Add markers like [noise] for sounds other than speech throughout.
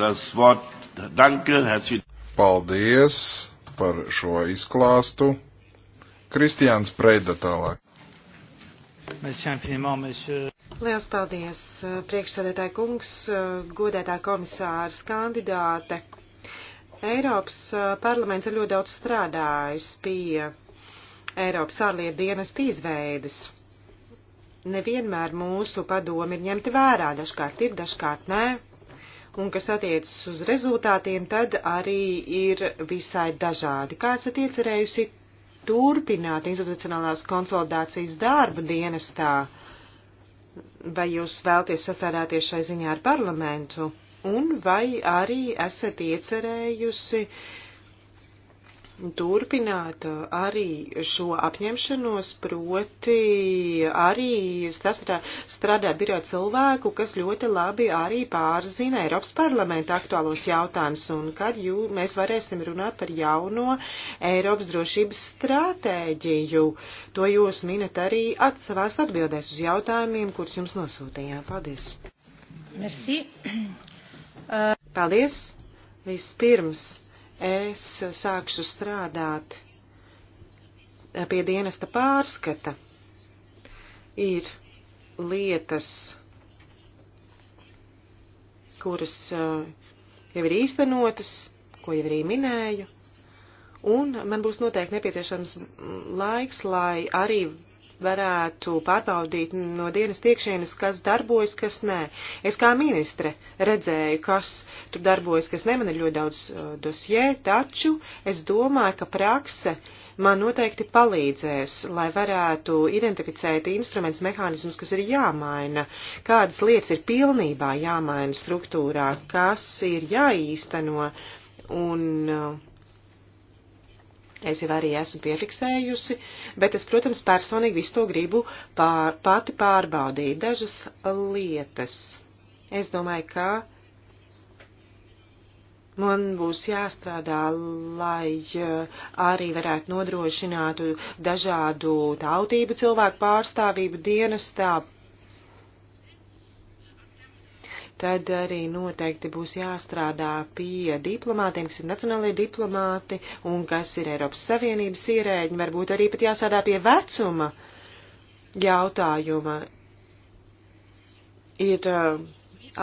das Wort. Danke, herzlichen Paldies par šo izklāstu. Kristiāns Preida tālāk. Liels paldies, priekšsēdētāji kungs, godētā komisārs kandidāte. Eiropas uh, parlaments ir ļoti daudz strādājis pie Eiropas ārlietu dienesta izveides nevienmēr mūsu padomi ir ņemti vērā, dažkārt ir, dažkārt nē un kas attiecas uz rezultātiem, tad arī ir visai dažādi. Kā esat iecerējusi turpināt institucionālās konsolidācijas darbu dienestā? Vai jūs vēlties sasādāties šai ziņā ar parlamentu? Un vai arī esat iecerējusi uh, turpināt uh, arī šo apņemšanos, proti arī strādāt birot cilvēku, kas ļoti labi arī pārzina Eiropas parlamenta aktuālos jautājumus, un kad jū, mēs varēsim runāt par jauno Eiropas drošības stratēģiju. To jūs minat arī atsavās atbildēs uz jautājumiem, kurus jums nosūtījām. Paldies! Merci. Paldies! Vispirms es sākšu strādāt pie dienesta pārskata. Ir lietas, kuras uh, jau ir īstenotas, ko jau arī minēju, un man būs noteikti nepieciešams laiks, lai arī varētu pārbaudīt no dienas tiekšienes, kas darbojas, kas nē. Es kā ministre redzēju, kas tur darbojas, kas nē, man ir ļoti daudz uh, dosjē, taču es domāju, ka prakse man noteikti palīdzēs, lai varētu identificēt instruments, mehānismus, kas ir jāmaina, kādas lietas ir pilnībā jāmaina struktūrā, kas ir jāīsteno un uh, Es jau arī esmu piefiksējusi, bet es, protams, personīgi visu to gribu pār, pati pārbaudīt. Dažas lietas. Es domāju, ka man būs jāstrādā, lai eh, arī varētu nodrošināt dažādu tautību cilvēku pārstāvību dienestā, tad arī noteikti būs jāstrādā pie diplomātiem, kas ir nacionālie diplomāti un kas ir Eiropas Savienības ierēģi. Varbūt arī pat jāsādā pie vecuma jautājuma. Ir uh,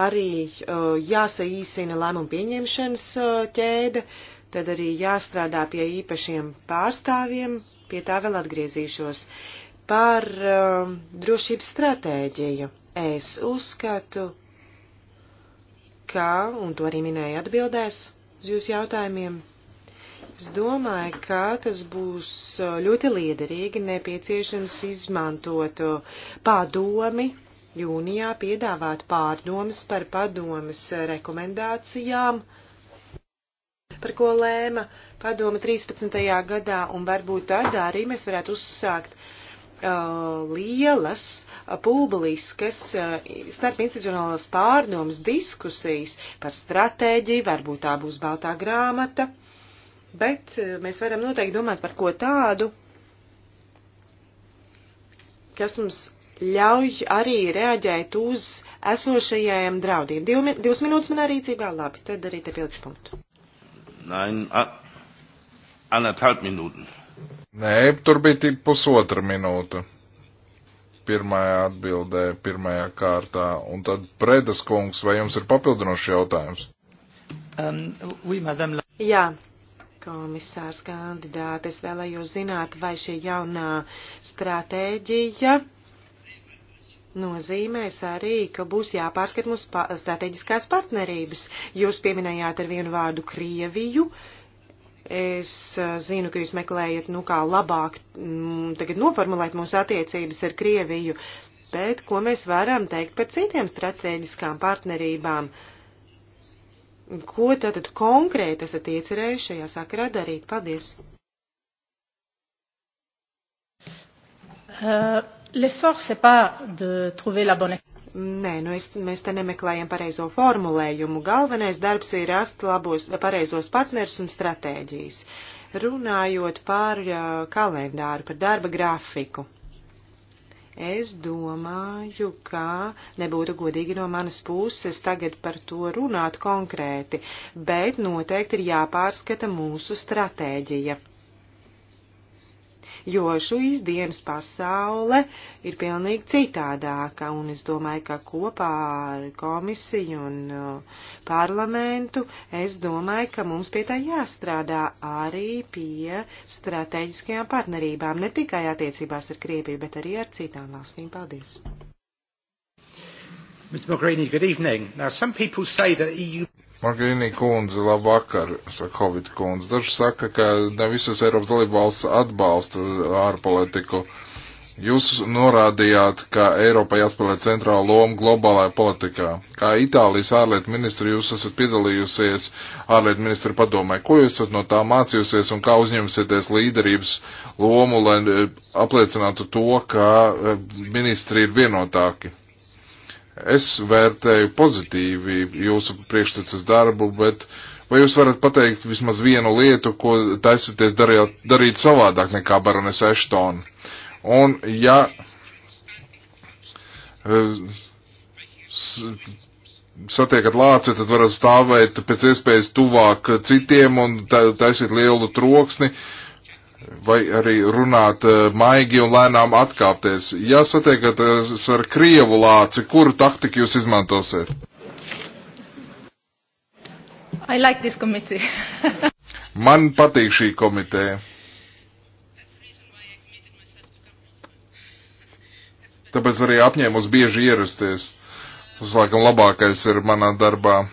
arī uh, jāsaīsina lēmumu pieņemšanas uh, ķēde, tad arī jāstrādā pie īpašiem pārstāvjiem, pie tā vēl atgriezīšos, par drošības stratēģiju. Es uzskatu, ka, un to arī minēja atbildēs uz jūsu jautājumiem, es domāju, ka tas būs uh, ļoti liederīgi nepieciešams izmantot uh, padomi jūnijā, piedāvāt pārdomas par padomas rekomendācijām, par ko lēma padoma 13. gadā, un varbūt tad arī mēs varētu uzsākt Uh, lielas uh, publiskas uh, starpinstitucionālās pārdomas diskusijas par stratēģiju, varbūt tā būs baltā grāmata, bet mēs varam noteikti domāt par ko tādu, kas mums ļauj arī reaģēt uz esošajiem draudiem. Div, divas minūtes manā rīcībā, labi, tad arī te pielikšu punktu. Nein, anderthalb Minūten. Nē, tur bija pusotra minūte. Pirmajā atbildē, pirmajā kārtā. Un tad Predas kungs, vai jums ir papildinošs jautājums? Um, oui, madame... Jā, komisārs kandidāte, es vēlējos zināt, vai šī jaunā stratēģija nozīmēs arī, ka būs jāpārskat mūsu pa strateģiskās partnerības. Jūs pieminējāt ar vienu vārdu Krieviju. Uh, Es zinu, ka jūs meklējat, nu kā labāk m, mm, tagad noformulēt mūsu attiecības ar Krieviju, bet ko mēs varam teikt par citiem strateģiskām partnerībām? Ko tātad konkrēti esat iecerējuši šajā sakarā darīt? Paldies! Uh, L'effort, c'est pas de trouver la bonne. Nē, nu es, mēs te nemeklējam pareizo formulējumu. Galvenais darbs ir rast labos, pareizos partners un stratēģijas. Runājot par uh, kalendāru, par darba grafiku. Es domāju, ka nebūtu godīgi no manas puses tagad par to runāt konkrēti, bet noteikti ir jāpārskata mūsu stratēģija jo šīs dienas pasaule ir pilnīgi citādāka, un es domāju, ka kopā ar komisiju un uh, parlamentu, es domāju, ka mums pie tā jāstrādā arī pie strateģiskajām partnerībām, ne tikai attiecībās ar Krieviju, bet arī ar citām valstīm. Paldies! Ms. Mogherini, good evening. Now, some people say that EU Margarīnī kundze, labvakar, saka Hovita kundze. Daži saka, ka ne visas Eiropas dalībvalsts atbalsta ārpolitiku. Jūs norādījāt, ka Eiropa jāspēlē centrāla loma globālajā politikā. Kā Itālijas ārlietu ministri jūs esat piedalījusies ārlietu ministra padomē. Ko jūs esat no tā mācījusies un kā uzņemsieties līderības lomu, lai eh, apliecinātu to, ka eh, ministri ir vienotāki? Es vērtēju pozitīvi jūsu priekšstats darbu, bet vai jūs varat pateikt vismaz vienu lietu, ko taisaties darījot, darīt savādāk nekā Baronis Eštona? Un ja eh, satiekat lāci, tad varat stāvēt pēc iespējas tuvāk citiem un taisīt lielu troksni, vai arī runāt eh, maigi un lēnām atkāpties. Ja satiekaties ar Krievu lāci, kuru taktiku jūs izmantosiet? I like this committee. [laughs] Man patīk šī komiteja. Tāpēc arī apņēmos bieži ierasties. Tas, laikam, labākais ir manā darbā.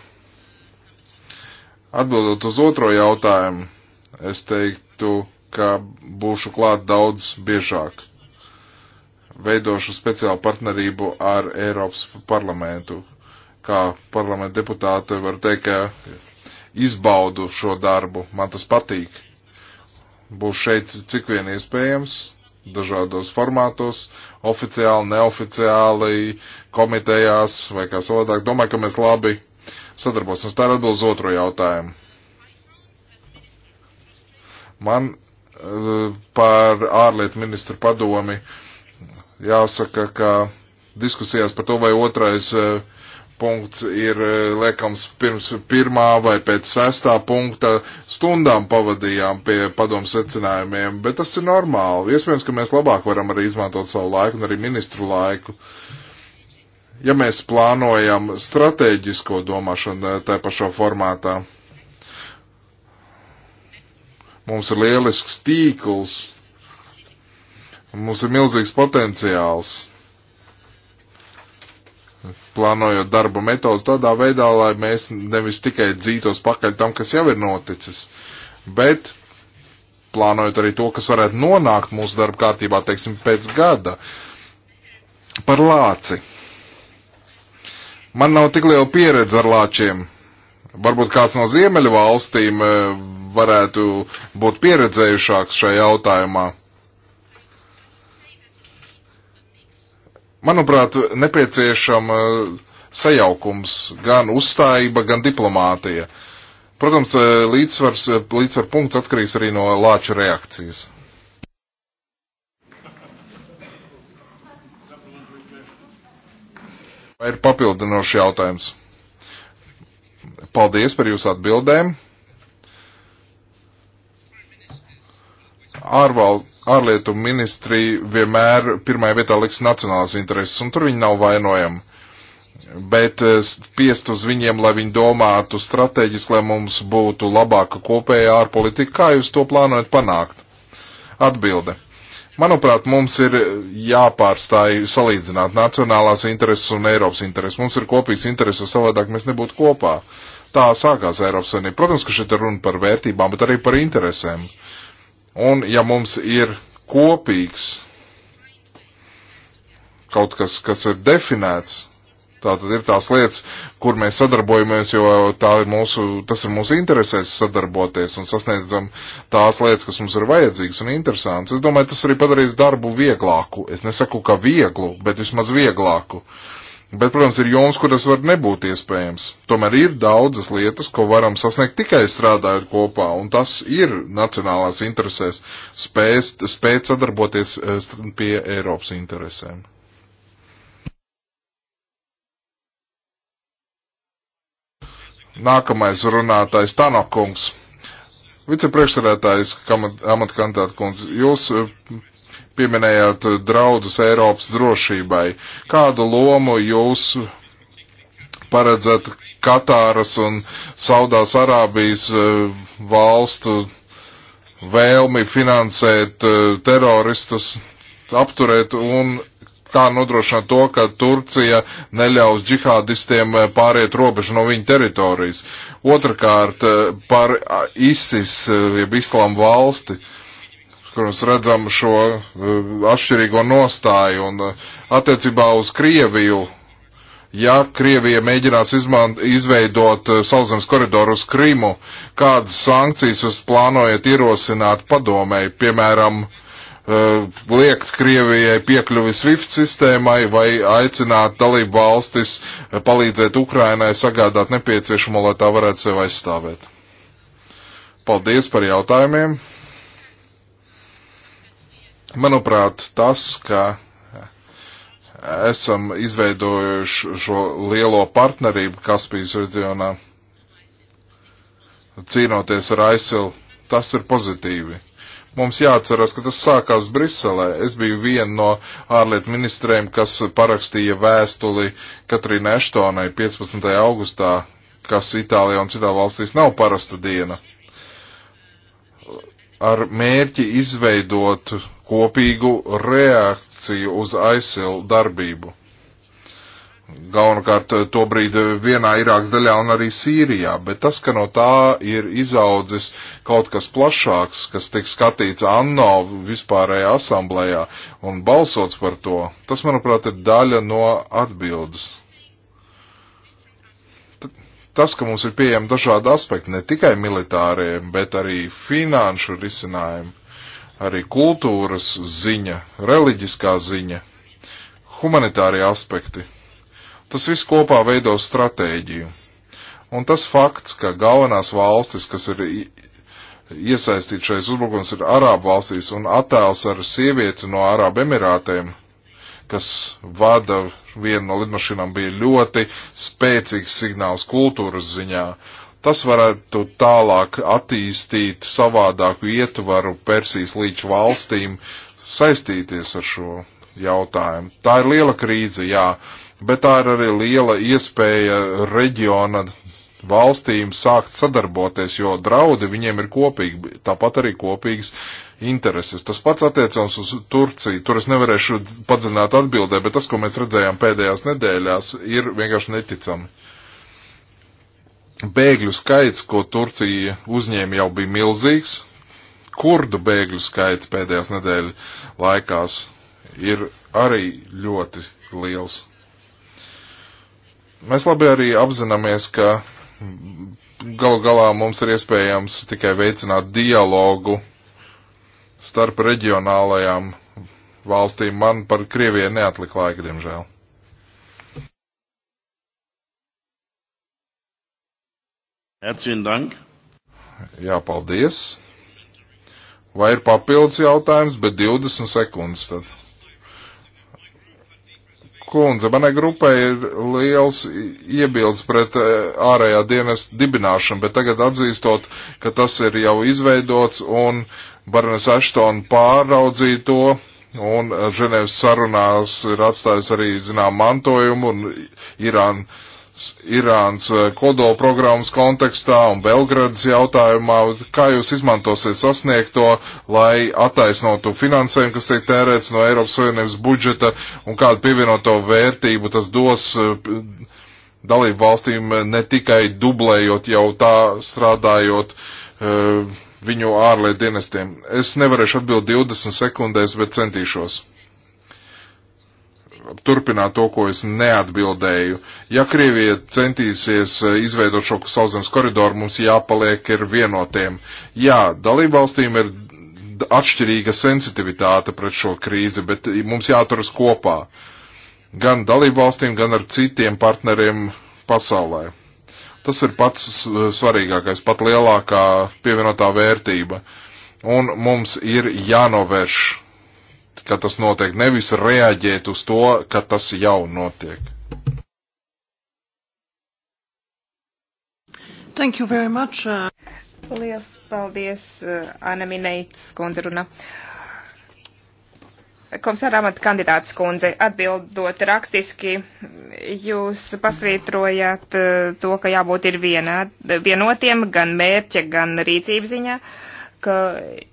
Atbildot uz otro jautājumu, es teiktu, ka būšu klāt daudz biežāk. Veidošu speciālu partnerību ar Eiropas parlamentu. Kā parlamenta deputāte var teikt, ka izbaudu šo darbu, man tas patīk. Būšu šeit cik vien iespējams, dažādos formātos, oficiāli, neoficiāli, komitejās vai kā savādāk. Domāju, ka mēs labi sadarbosimies. Tā ir atbildes otro jautājumu. Man par ārlietu ministru padomi. Jāsaka, ka diskusijās par to, vai otrais e, punkts ir e, liekams pirms pirmā vai pēc sestā punkta stundām pavadījām pie padomu secinājumiem, bet tas ir normāli. Iespējams, ka mēs labāk varam arī izmantot savu laiku un arī ministru laiku. Ja mēs plānojam stratēģisko domāšanu e, tā pašā formātā Mums ir lielisks tīkls, mums ir milzīgs potenciāls. Plānojot darba metodus tādā veidā, lai mēs nevis tikai dzītos pakaļ tam, kas jau ir noticis, bet plānojot arī to, kas varētu nonākt mūsu darba kārtībā, teiksim, pēc gada. Par lāci. Man nav tik liela pieredze ar lāčiem. Varbūt kāds no ziemeļu valstīm eh, varētu būt pieredzējušāks šajā jautājumā. Manuprāt, nepieciešama sajaukums gan uzstājība, gan diplomātija. Protams, līdzsvars, līdzsvar punkts atkarīgs arī no lāča reakcijas. Vai ir papildinošs jautājums? Paldies par jūsu atbildēm. ārval, ārlietu ministri vienmēr pirmajā vietā liks nacionālās intereses, un tur viņi nav vainojami. Bet eh, spiest uz viņiem, lai viņi domātu strateģiski, lai mums būtu labāka kopējā ārpolitika, kā jūs to plānojat panākt? Atbilde. Manuprāt, mums ir jāpārstāj salīdzināt nacionālās intereses un Eiropas intereses. Mums ir kopīgs intereses, savādāk mēs nebūtu kopā. Tā sākās Eiropas Savienība. Protams, ka šeit ir runa par vērtībām, bet arī par interesēm. Uh, Un ja mums ir kopīgs kaut kas, kas ir definēts, tā tad ir tās lietas, kur mēs sadarbojamies, jo tā ir mūsu, tas ir mūsu interesēs sadarboties un sasniedzam tās lietas, kas mums ir vajadzīgas un interesantas. Es domāju, tas arī padarīs darbu vieglāku. Es nesaku, ka vieglu, bet vismaz vieglāku. Uh, Bet, protams, ir joms, kuras var nebūt iespējams. Tomēr ir daudzas lietas, ko varam sasniegt tikai strādājot kopā, un tas ir nacionālās interesēs spēst, spēt sadarboties eh, pie Eiropas interesēm. Nākamais runātājs Tanokungs. Vicepriekšsarētājs, amat kandidāta kundze, jūs eh, pieminējāt draudus Eiropas drošībai. Kādu lomu jūs paredzat Katāras un Saudās Arābijas eh, valstu vēlmi finansēt eh, teroristus, apturēt un kā nodrošināt to, ka Turcija neļaus džihādistiem eh, pāriet robežu no viņa teritorijas. Otrakārt, par ISIS, jeb Islām valsti. Uh, kuros redzam šo eh, atšķirīgo nostāju un eh, attiecībā uz Krieviju. Ja Krievija mēģinās izmant, izveidot eh, sauszemes koridoru uz Krimu, kādas sankcijas jūs plānojat ierosināt padomēji, piemēram, liekt Krievijai piekļuvi SWIFT sistēmai vai aicināt dalību valstis palīdzēt Ukrainai sagādāt nepieciešamo, lai tā varētu sevi aizstāvēt? Paldies par jautājumiem! Manuprāt, tas, ka esam izveidojuši šo lielo partnerību Kaspijas reģionā, cīnoties ar ASIL, tas ir pozitīvi mums jāatcerās, ka tas sākās Briselē. Es biju viena no ārlietu ministriem, kas parakstīja vēstuli Katrīna Eštonai 15. augustā, kas Itālijā un citā valstīs nav parasta diena, ar mērķi izveidot kopīgu reakciju uz aizsil darbību. Galvenokārt eh, to brīdi vienā Irākas daļā un arī Sīrijā, bet tas, ka no tā ir izaudzis kaut kas plašāks, kas tiek skatīts ANO vispārējā asamblējā un balsots par to, tas, manuprāt, ir daļa no atbildes. Tas, ka mums ir pieejami dažādi aspekti, ne tikai militārie, bet arī finanšu risinājumi arī kultūras ziņa, reliģiskā ziņa, humanitārie aspekti. Tas viss kopā veido stratēģiju. Un tas fakts, ka galvenās valstis, kas ir iesaistīts šais uzbrukums, ir Arābu valstīs un attēls ar sievieti no Arābu Emirātēm, kas vada vienu no lidmašīnām, bija ļoti spēcīgs signāls kultūras ziņā. Uh, Tas varētu tālāk attīstīt savādāku ietvaru Persijas līča valstīm saistīties ar šo jautājumu. Tā ir liela krīze, jā, bet tā ir arī liela iespēja reģiona valstīm sākt sadarboties, jo draudi viņiem ir kopīgi, tāpat arī kopīgas intereses. Tas pats attiecams uz Turciju. Tur es nevarēšu padzināt atbildē, bet tas, ko mēs redzējām pēdējās nedēļās, ir vienkārši neticami bēgļu skaits, ko Turcija uzņēma, jau bija milzīgs. Kurdu bēgļu skaits pēdējās nedēļu laikās ir arī ļoti liels. Mēs labi arī apzināmies, ka galu galā mums ir iespējams tikai veicināt dialogu starp reģionālajām valstīm. Man par Krieviju neatlika laika, diemžēl. Herzlichen Dank. Jā, paldies. Vai ir papildus jautājums, bet 20 sekundes tad. Kundze, manai grupai ir liels iebilds pret eh, ārējā dienas dibināšanu, bet tagad atzīstot, ka tas ir jau izveidots un Barnes Ashton pāraudzīja to un Ženevas sarunās ir atstājusi arī, zinām, mantojumu un Irāna Irāns eh, kodola programmas kontekstā un Belgradas jautājumā, kā jūs izmantosiet sasniegto, lai attaisnotu finansējumu, kas tiek tērēts no Eiropas Savienības budžeta un kādu pievienoto vērtību tas dos eh, dalību valstīm eh, ne tikai dublējot jau tā strādājot viņu ārlietu dienestiem. Es nevarēšu atbildēt 20 sekundēs, bet centīšos turpināt to, ko es neatbildēju. Ja Krievija centīsies eh, izveidot šo sauszemes koridoru, mums jāpaliek ir vienotiem. Jā, dalībvalstīm ir atšķirīga sensitivitāte pret šo krīzi, bet mums jāturas kopā. Gan dalībvalstīm, gan ar citiem partneriem pasaulē. Tas ir pats svarīgākais, pat lielākā pievienotā vērtība. Un mums ir jānovērš ka tas notiek, nevis reaģēt uz to, ka tas jau notiek. Thank you very much. Uh, Lielas paldies, uh, Anna Mineits kundze runa. Komisāra amata kandidāts kundze, atbildot rakstiski, jūs pasvītrojāt uh, to, ka jābūt ir vienā, vienotiem gan mērķa, gan rīcības ziņā. Uh, ka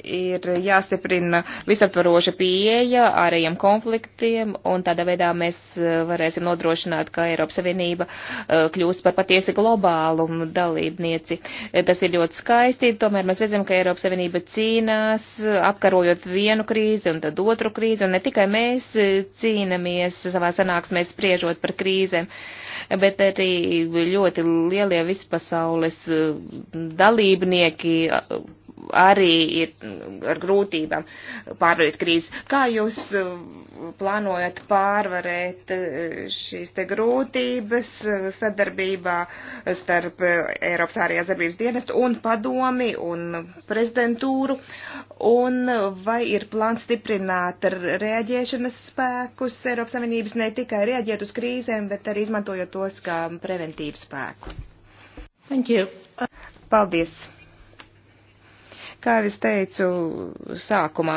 ir jāstiprina visaptvaroša pieeja ārējiem konfliktiem, un tādā veidā mēs eh, varēsim nodrošināt, ka Eiropas Savienība eh, kļūst par patiesi globālu dalībnieci. Eh, tas ir ļoti skaisti, tomēr mēs redzam, ka Eiropas Savienība cīnās, apkarojot vienu krīzi un tad otru krīzi, un ne tikai mēs cīnamies savā sanāksmēs spriežot par krīzēm, bet arī ļoti lielie vispasaules dalībnieki arī ir mm, ar grūtībām pārvarēt krīzes. Kā jūs mm, plānojat pārvarēt mm, šīs te grūtības sadarbībā starp Eiropas ārējās darbības dienestu un padomi un prezidentūru? Un vai ir plāns stiprināt reaģēšanas spēkus Eiropas Savienības ne tikai reaģēt uz krīzēm, bet arī izmantojot tos kā preventīvu spēku? Thank you. Paldies. Kā jau es teicu sākumā,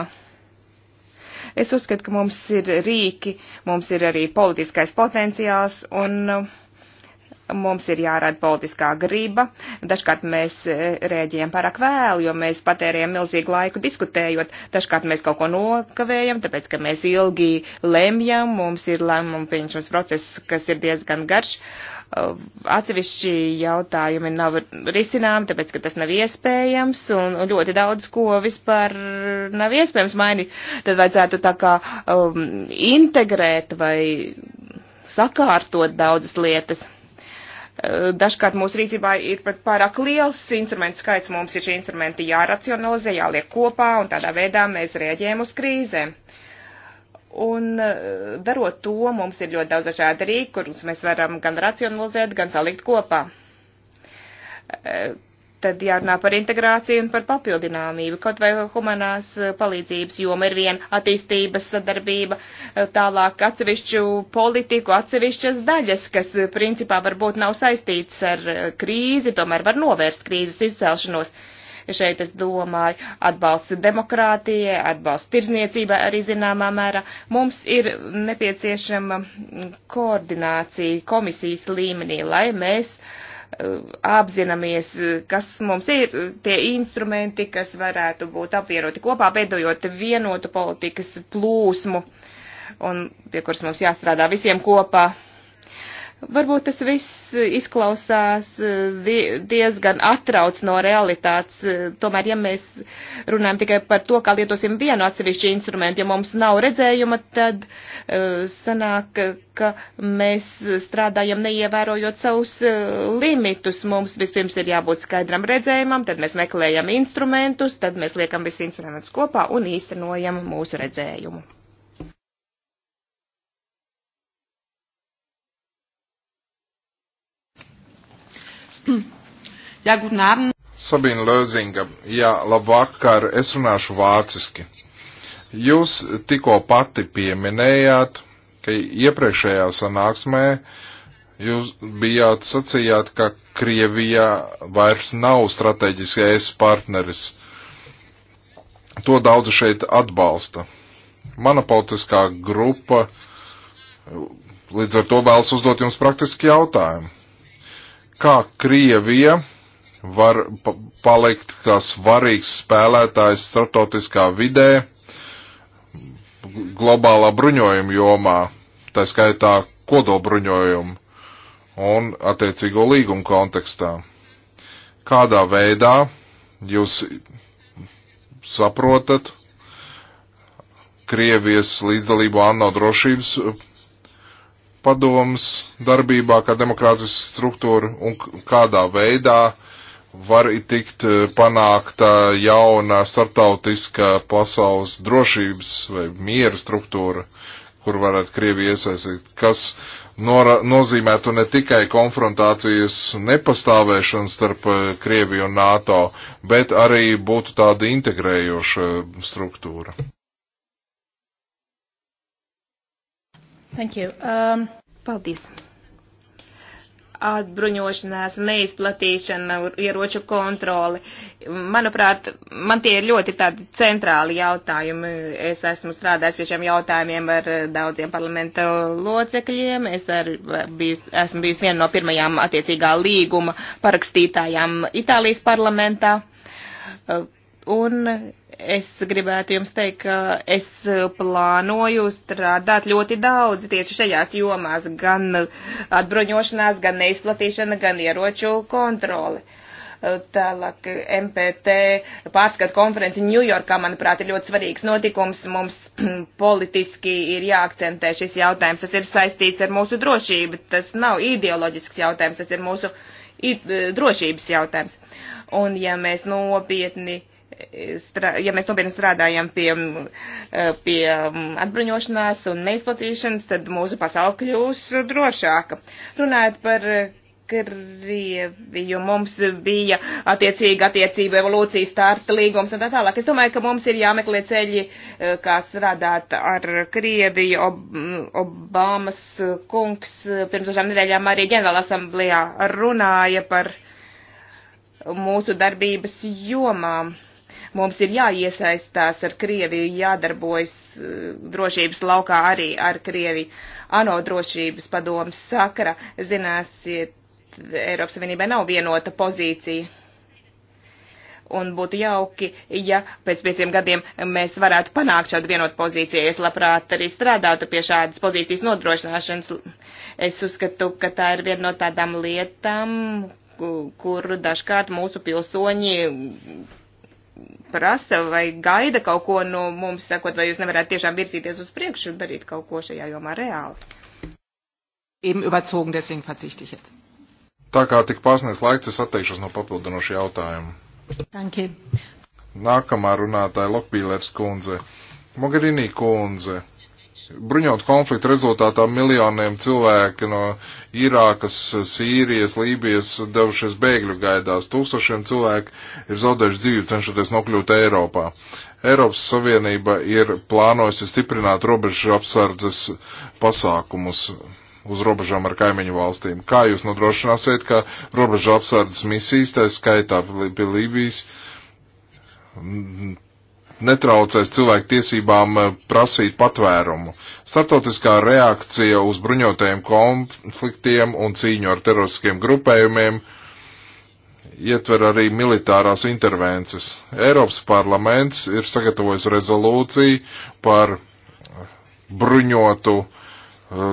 es uzskatu, ka mums ir rīki, mums ir arī politiskais potenciāls un uh, Mums ir jārada politiskā griba. Dažkārt mēs e, rēģējam pārāk vēlu, jo mēs patērējam milzīgu laiku diskutējot. Dažkārt mēs kaut ko nokavējam, tāpēc, ka mēs ilgi lemjam. Mums ir lēmumu pieņemšanas process, kas ir diezgan garš. E, Atsevišķi jautājumi nav risinām, tāpēc, ka tas nav iespējams, un ļoti daudz ko vispār nav iespējams mainīt. Tad vajadzētu tā kā um, integrēt vai sakārtot daudzas lietas. Eh, dažkārt mūsu rīcībā ir pat pārāk liels instrumentu skaits, mums ir šie instrumenti jāracionalizē, jāliek kopā, un tādā veidā mēs rēģējam uz krīzēm. Un eh, darot to, mums ir ļoti daudz dažādi rīki, kurus mēs varam gan racionalizēt, gan salikt kopā eh, tad jārunā par integrāciju un par papildināmību. Kaut vai humanās eh, palīdzības joma ir viena attīstības sadarbība, eh, tālāk atsevišķu politiku, atsevišķas daļas, kas eh, principā varbūt nav saistītas ar krīzi, tomēr var novērst krīzes izcelšanos. Šeit es domāju atbalsts demokrātijai, atbalsts tirzniecībai arī zināmā mērā. Mums ir nepieciešama koordinācija komisijas līmenī, lai mēs uh, apzināmies, kas mums ir tie instrumenti, kas varētu būt apvienoti kopā, veidojot vienotu politikas plūsmu, un pie kuras mums jāstrādā visiem kopā. Varbūt tas viss izklausās eh, diezgan atrauc no realitātes. Eh, tomēr, ja mēs runājam tikai par to, kā lietosim vienu atsevišķu instrumentu, ja mums nav redzējuma, tad eh, sanāk, ka mēs strādājam neievērojot savus limitus. Mums vispirms ir jābūt skaidram redzējumam, tad mēs meklējam instrumentus, tad mēs liekam visus instrumentus kopā un īstenojam mūsu redzējumu. Jā, guten Abend. Sabīna Lēzinga, jā, labvakar, es runāšu vāciski. Jūs tikko pati pieminējāt, ka iepriekšējā sanāksmē jūs bijāt sacījāt, ka Krievija vairs nav strateģiskais e partneris. To daudzi šeit atbalsta. Mana politiskā grupa līdz ar to vēlas uzdot jums praktiski jautājumu kā Krievija var palikt kā svarīgs spēlētājs starptautiskā vidē, globālā bruņojuma jomā, tā skaitā kodobruņojumu un attiecīgo līgumu kontekstā. Kādā veidā jūs saprotat Krievijas līdzdalību ANO drošības padomas darbībā, kā demokrātisku struktūru un kādā veidā var tikt e, panākta jauna startautiska pasaules drošības vai miera struktūra, kur varētu Krievi iesaistīt, kas nora, nozīmētu ne tikai konfrontācijas nepastāvēšanu starp e, Krieviju un NATO, bet arī būtu tāda integrējoša struktūra. Thank you. Um... Paldies. Atbruņošanās, neizplatīšana, ieroču kontroli. Manuprāt, man tie ir ļoti tādi centrāli jautājumi. Es esmu strādājis pie šiem jautājumiem ar daudziem parlamenta locekļiem. Es ar, bijus, esmu bijusi viena no pirmajām attiecīgā līguma parakstītājām Itālijas parlamentā Un es gribētu jums teikt, ka es plānoju strādāt ļoti daudz tieši šajās jomās, gan atbruņošanās, gan neizplatīšana, gan ieroču kontroli. Tālāk MPT pārskatu konferenci Ņujorkā, manuprāt, ir ļoti svarīgs notikums. Mums [clears throat] politiski ir jāakcentē šis jautājums. Tas ir saistīts ar mūsu drošību. Tas nav ideoloģisks jautājums, tas ir mūsu drošības jautājums. Un ja mēs nopietni. Nu, ja mēs nopietni strādājam pie, e, pie atbruņošanās un neizplatīšanas, tad mūsu pasauli kļūs drošāka. Runājot par Krieviju, mums bija attiecīga attiecība evolūcijas starta līgums un tā tālāk. Es domāju, ka mums ir jāmeklē ceļi, e, kā strādāt ar Krieviju. Ob Obamas kungs e, pirms dažām nedēļām arī ģenerāla asamblējā runāja par mūsu darbības jomām Mums ir jāiesaistās ar Krieviju, jādarbojas eh, drošības laukā arī ar Krieviju. ANO drošības padomas sakara, zināsiet, Eiropas Savienībai nav vienota pozīcija. Un būtu jauki, ja pēc pieciem gadiem mēs varētu panākt šādu vienotu pozīciju. Es labprāt arī strādātu pie šādas pozīcijas nodrošināšanas. Es uzskatu, ka tā ir viena no tādām lietām, kur dažkārt mūsu pilsoņi prasa vai gaida kaut ko no mums, sakot, vai jūs nevarētu tiešām virzīties uz priekšu un darīt kaut ko šajā jomā reāli. Eben überzogen, deswegen verzichte ich jetzt. Tā kā tik pārsniedz laiks, es atteikšos no papildinošu jautājumu. Danke. Nākamā runātāja Lokbīlers kundze. Mogherini kundze bruņot konfliktu rezultātā miljoniem cilvēku no Irākas, Sīrijas, Lībijas devušies bēgļu gaidās. Tūkstošiem cilvēku ir zaudējuši dzīvi cenšoties nokļūt Eiropā. Eiropas Savienība ir plānojusi stiprināt robežu apsardzes pasākumus uz robežām ar kaimiņu valstīm. Kā jūs nodrošināsiet, ka robežu apsardzes misijas, tā skaitā pie Lībijas, netraucēs cilvēku tiesībām eh, prasīt patvērumu. Startautiskā reakcija uz bruņotajiem konfliktiem un cīņu ar teroristiskiem grupējumiem ietver arī militārās intervences. Eiropas parlaments ir sagatavojis rezolūciju par bruņotu eh,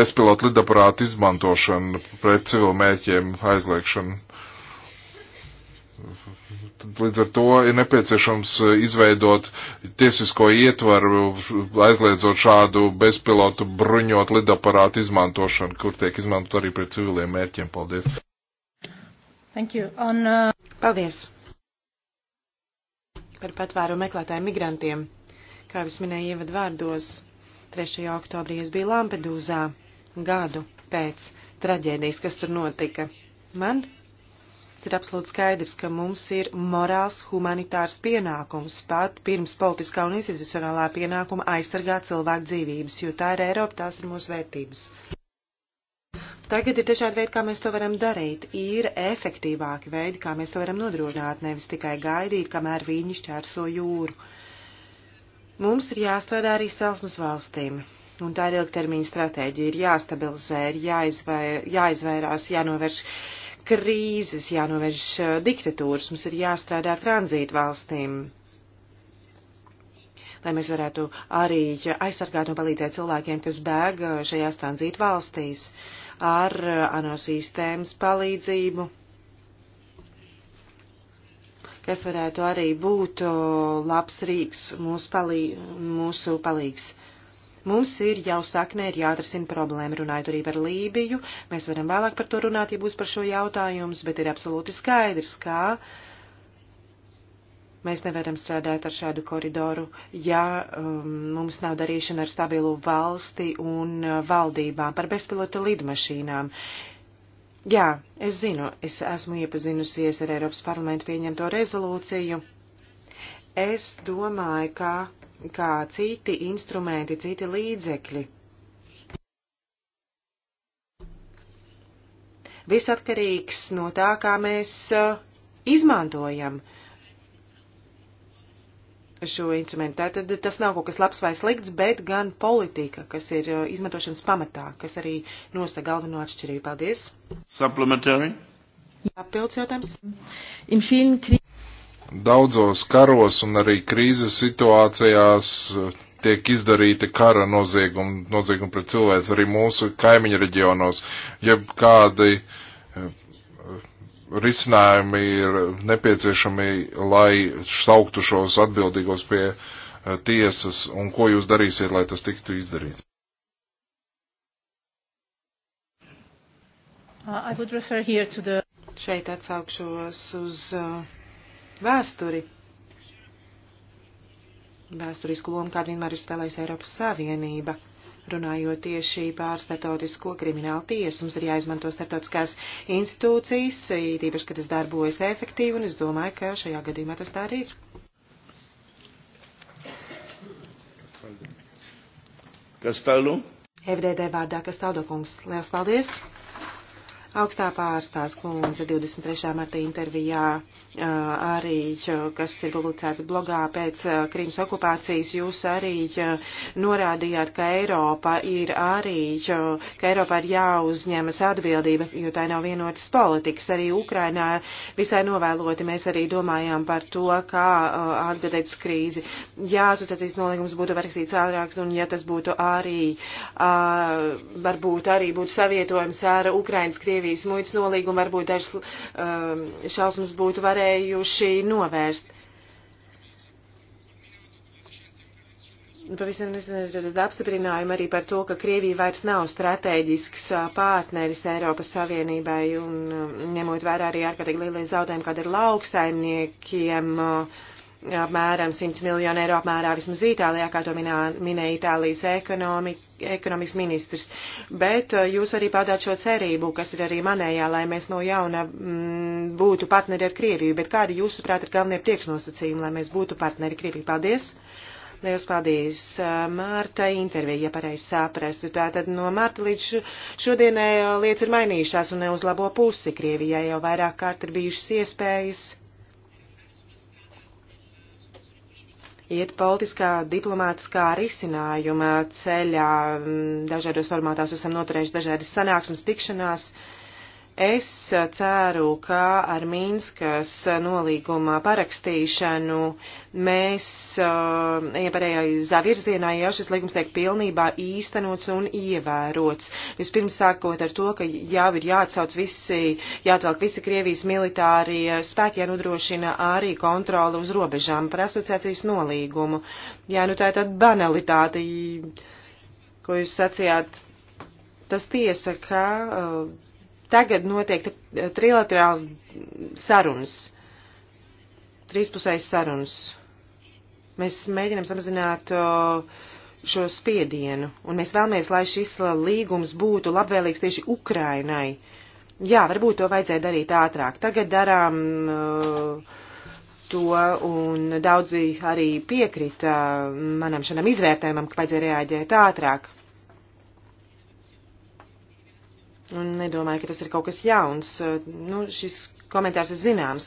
bezpilotu lidaparātu izmantošanu pret civilmēķiem aizliekšanu. Līdz ar to ir nepieciešams e, izveidot tiesisko ietvaru, aizliedzot šādu bezpilotu bruņot lidaparātu izmantošanu, kur tiek izmantot arī pret civiliem mērķiem. Paldies! Thank you. On, uh... Paldies! Par patvēru meklētājiem migrantiem. Kā jau es minēju ievadvārdos, 3. oktobrī es biju Lampedūzā gadu pēc traģēdijas, kas tur notika. Man Tas ir absolūti skaidrs, ka mums ir morāls humanitārs pienākums pat pirms politiskā un institucionālā pienākuma aizsargāt cilvēku dzīvības, jo tā ir Eiropa, tās ir mūsu vērtības. Tagad ir dažādi veidi, kā mēs to varam darīt. Ir efektīvāki veidi, kā mēs to varam nodrošināt, nevis tikai gaidīt, kamēr viņi šķērso jūru. Mums ir jāstrādā arī celsmas valstīm. Un tā ir ilgtermiņa stratēģija. Ir jāstabilizē, ir jāizvair, jāizvairās, jānovērš krīzes, jānovērš diktatūras, mums ir jāstrādā ar tranzītu valstīm, lai mēs varētu arī aizsargāt un palīdzēt cilvēkiem, kas bēg šajās tranzītu valstīs ar ANO sistēmas palīdzību kas varētu arī būt labs rīks mūsu, palī, mūsu palīgs. Mums ir jau saknē ir jāatrisina problēma, runājot arī par Lībiju. Mēs varam vēlāk par to runāt, ja būs par šo jautājums, bet ir absolūti skaidrs, kā mēs nevaram strādāt ar šādu koridoru, ja um, mums nav darīšana ar stabilu valsti un uh, valdībām par bezpilota lidmašīnām. Jā, es zinu, es esmu iepazinusies ar Eiropas parlamentu pieņemto rezolūciju. Es domāju, ka kā citi instrumenti, citi līdzekļi. Viss atkarīgs no tā, kā mēs uh, izmantojam šo instrumentu. Tātad tas nav kaut kas labs vai slikts, bet gan politika, kas ir uh, izmantošanas pamatā, kas arī nosaka galveno atšķirību. Paldies! Supplementary. Papildus jautājums. Daudzos karos un arī krīzes situācijās eh, tiek izdarīti kara noziegumi, noziegumi pret cilvēks arī mūsu kaimiņu reģionos, ja kādi eh, risinājumi ir nepieciešami, lai sauktu šos atbildīgos pie eh, tiesas, un ko jūs darīsiet, lai tas tiktu izdarīts? Uh, the... Šeit atsaukšos uz uh, vēsturi. Vēsturisku lomu, kādu vienmēr ir spēlējusi Eiropas Savienība. Runājot tieši pār starptautisko kriminālu tiesu, mums ir jāizmanto starptautiskās institūcijas, īpaši, ka tas darbojas efektīvi, un es domāju, ka šajā gadījumā tas tā arī ir. Kastaldu. FDD vārdā Kastaldo kungs. Lielas paldies! augstā pārstās kundze 23. marta intervijā arī, kas ir publicēts blogā pēc Krīmas okupācijas, jūs arī norādījāt, ka Eiropa ir arī, ka Eiropā ir jāuzņemas atbildība, jo tā nav vienotas politikas. Arī Ukrainā visai novēloti mēs arī domājām par to, kā atbildēt uz krīzi. Jā, asociācijas nolīgums būtu rakstīts ātrāks, un ja tas būtu arī, varbūt arī būtu savietojums ar Ukrainas Krievijas Krievijas muitas nolīgumu, varbūt dažas um, šausmas būtu varējuši novērst. Pavisam nesen apstiprinājumu arī par to, ka Krievija vairs nav strateģisks uh, partneris Eiropas Savienībai un um, ņemot vērā arī ārkārtīgi lielie zaudējumi, kāda ir lauksaimniekiem. Uh, apmēram 100 miljonu eiro apmērā vismaz Itālijā, kā to minā, minēja Itālijas ekonomi, ekonomikas ministrs. Bet eh, jūs arī paudāt šo cerību, kas ir arī manējā, lai mēs no jauna m, mm, būtu partneri ar Krieviju. Bet kādi jūsuprāt ir galvenie priekšnosacījumi, lai mēs būtu partneri Krieviju? Paldies! Liels paldies, eh, Mārta, intervija, ja pareizi saprastu. Tātad no Mārta līdz šodienai eh, lietas ir mainījušās un ne uz labo pusi. Krievijai jau vairāk kārt ir bijušas iespējas iet politiskā, diplomātiskā risinājuma ceļā. Mm, dažādos formātās esam noturējuši dažādas sanāksmes, tikšanās. Uh, Es ceru, ka ar Mīnskas nolīguma parakstīšanu mēs iepareizā uh, ja virzienā jau šis līgums tiek pilnībā īstenots un ievērots. Vispirms sākot ar to, ka jau ir jāatsauc visi, jāatvelk visi Krievijas militārie spēki, jānodrošina arī kontroli uz robežām par asociācijas nolīgumu. Jā, nu tā ir tāda banalitāte, ko jūs sacījāt. Tas tiesa, ka. Uh, Tagad notiek trilaterāls sarunas, trīspusējas sarunas. Mēs mēģinām samazināt uh, šo spiedienu, un mēs vēlamies, lai šis līgums būtu labvēlīgs tieši Ukrainai. Jā, varbūt to vajadzēja darīt ātrāk. Tagad darām uh, to, un daudzi arī piekrita manam šādam izvērtējumam, ka vajadzēja reaģēt ātrāk. Un nedomāju, ka tas ir kaut kas jauns. Eh, nu, šis komentārs ir zināms.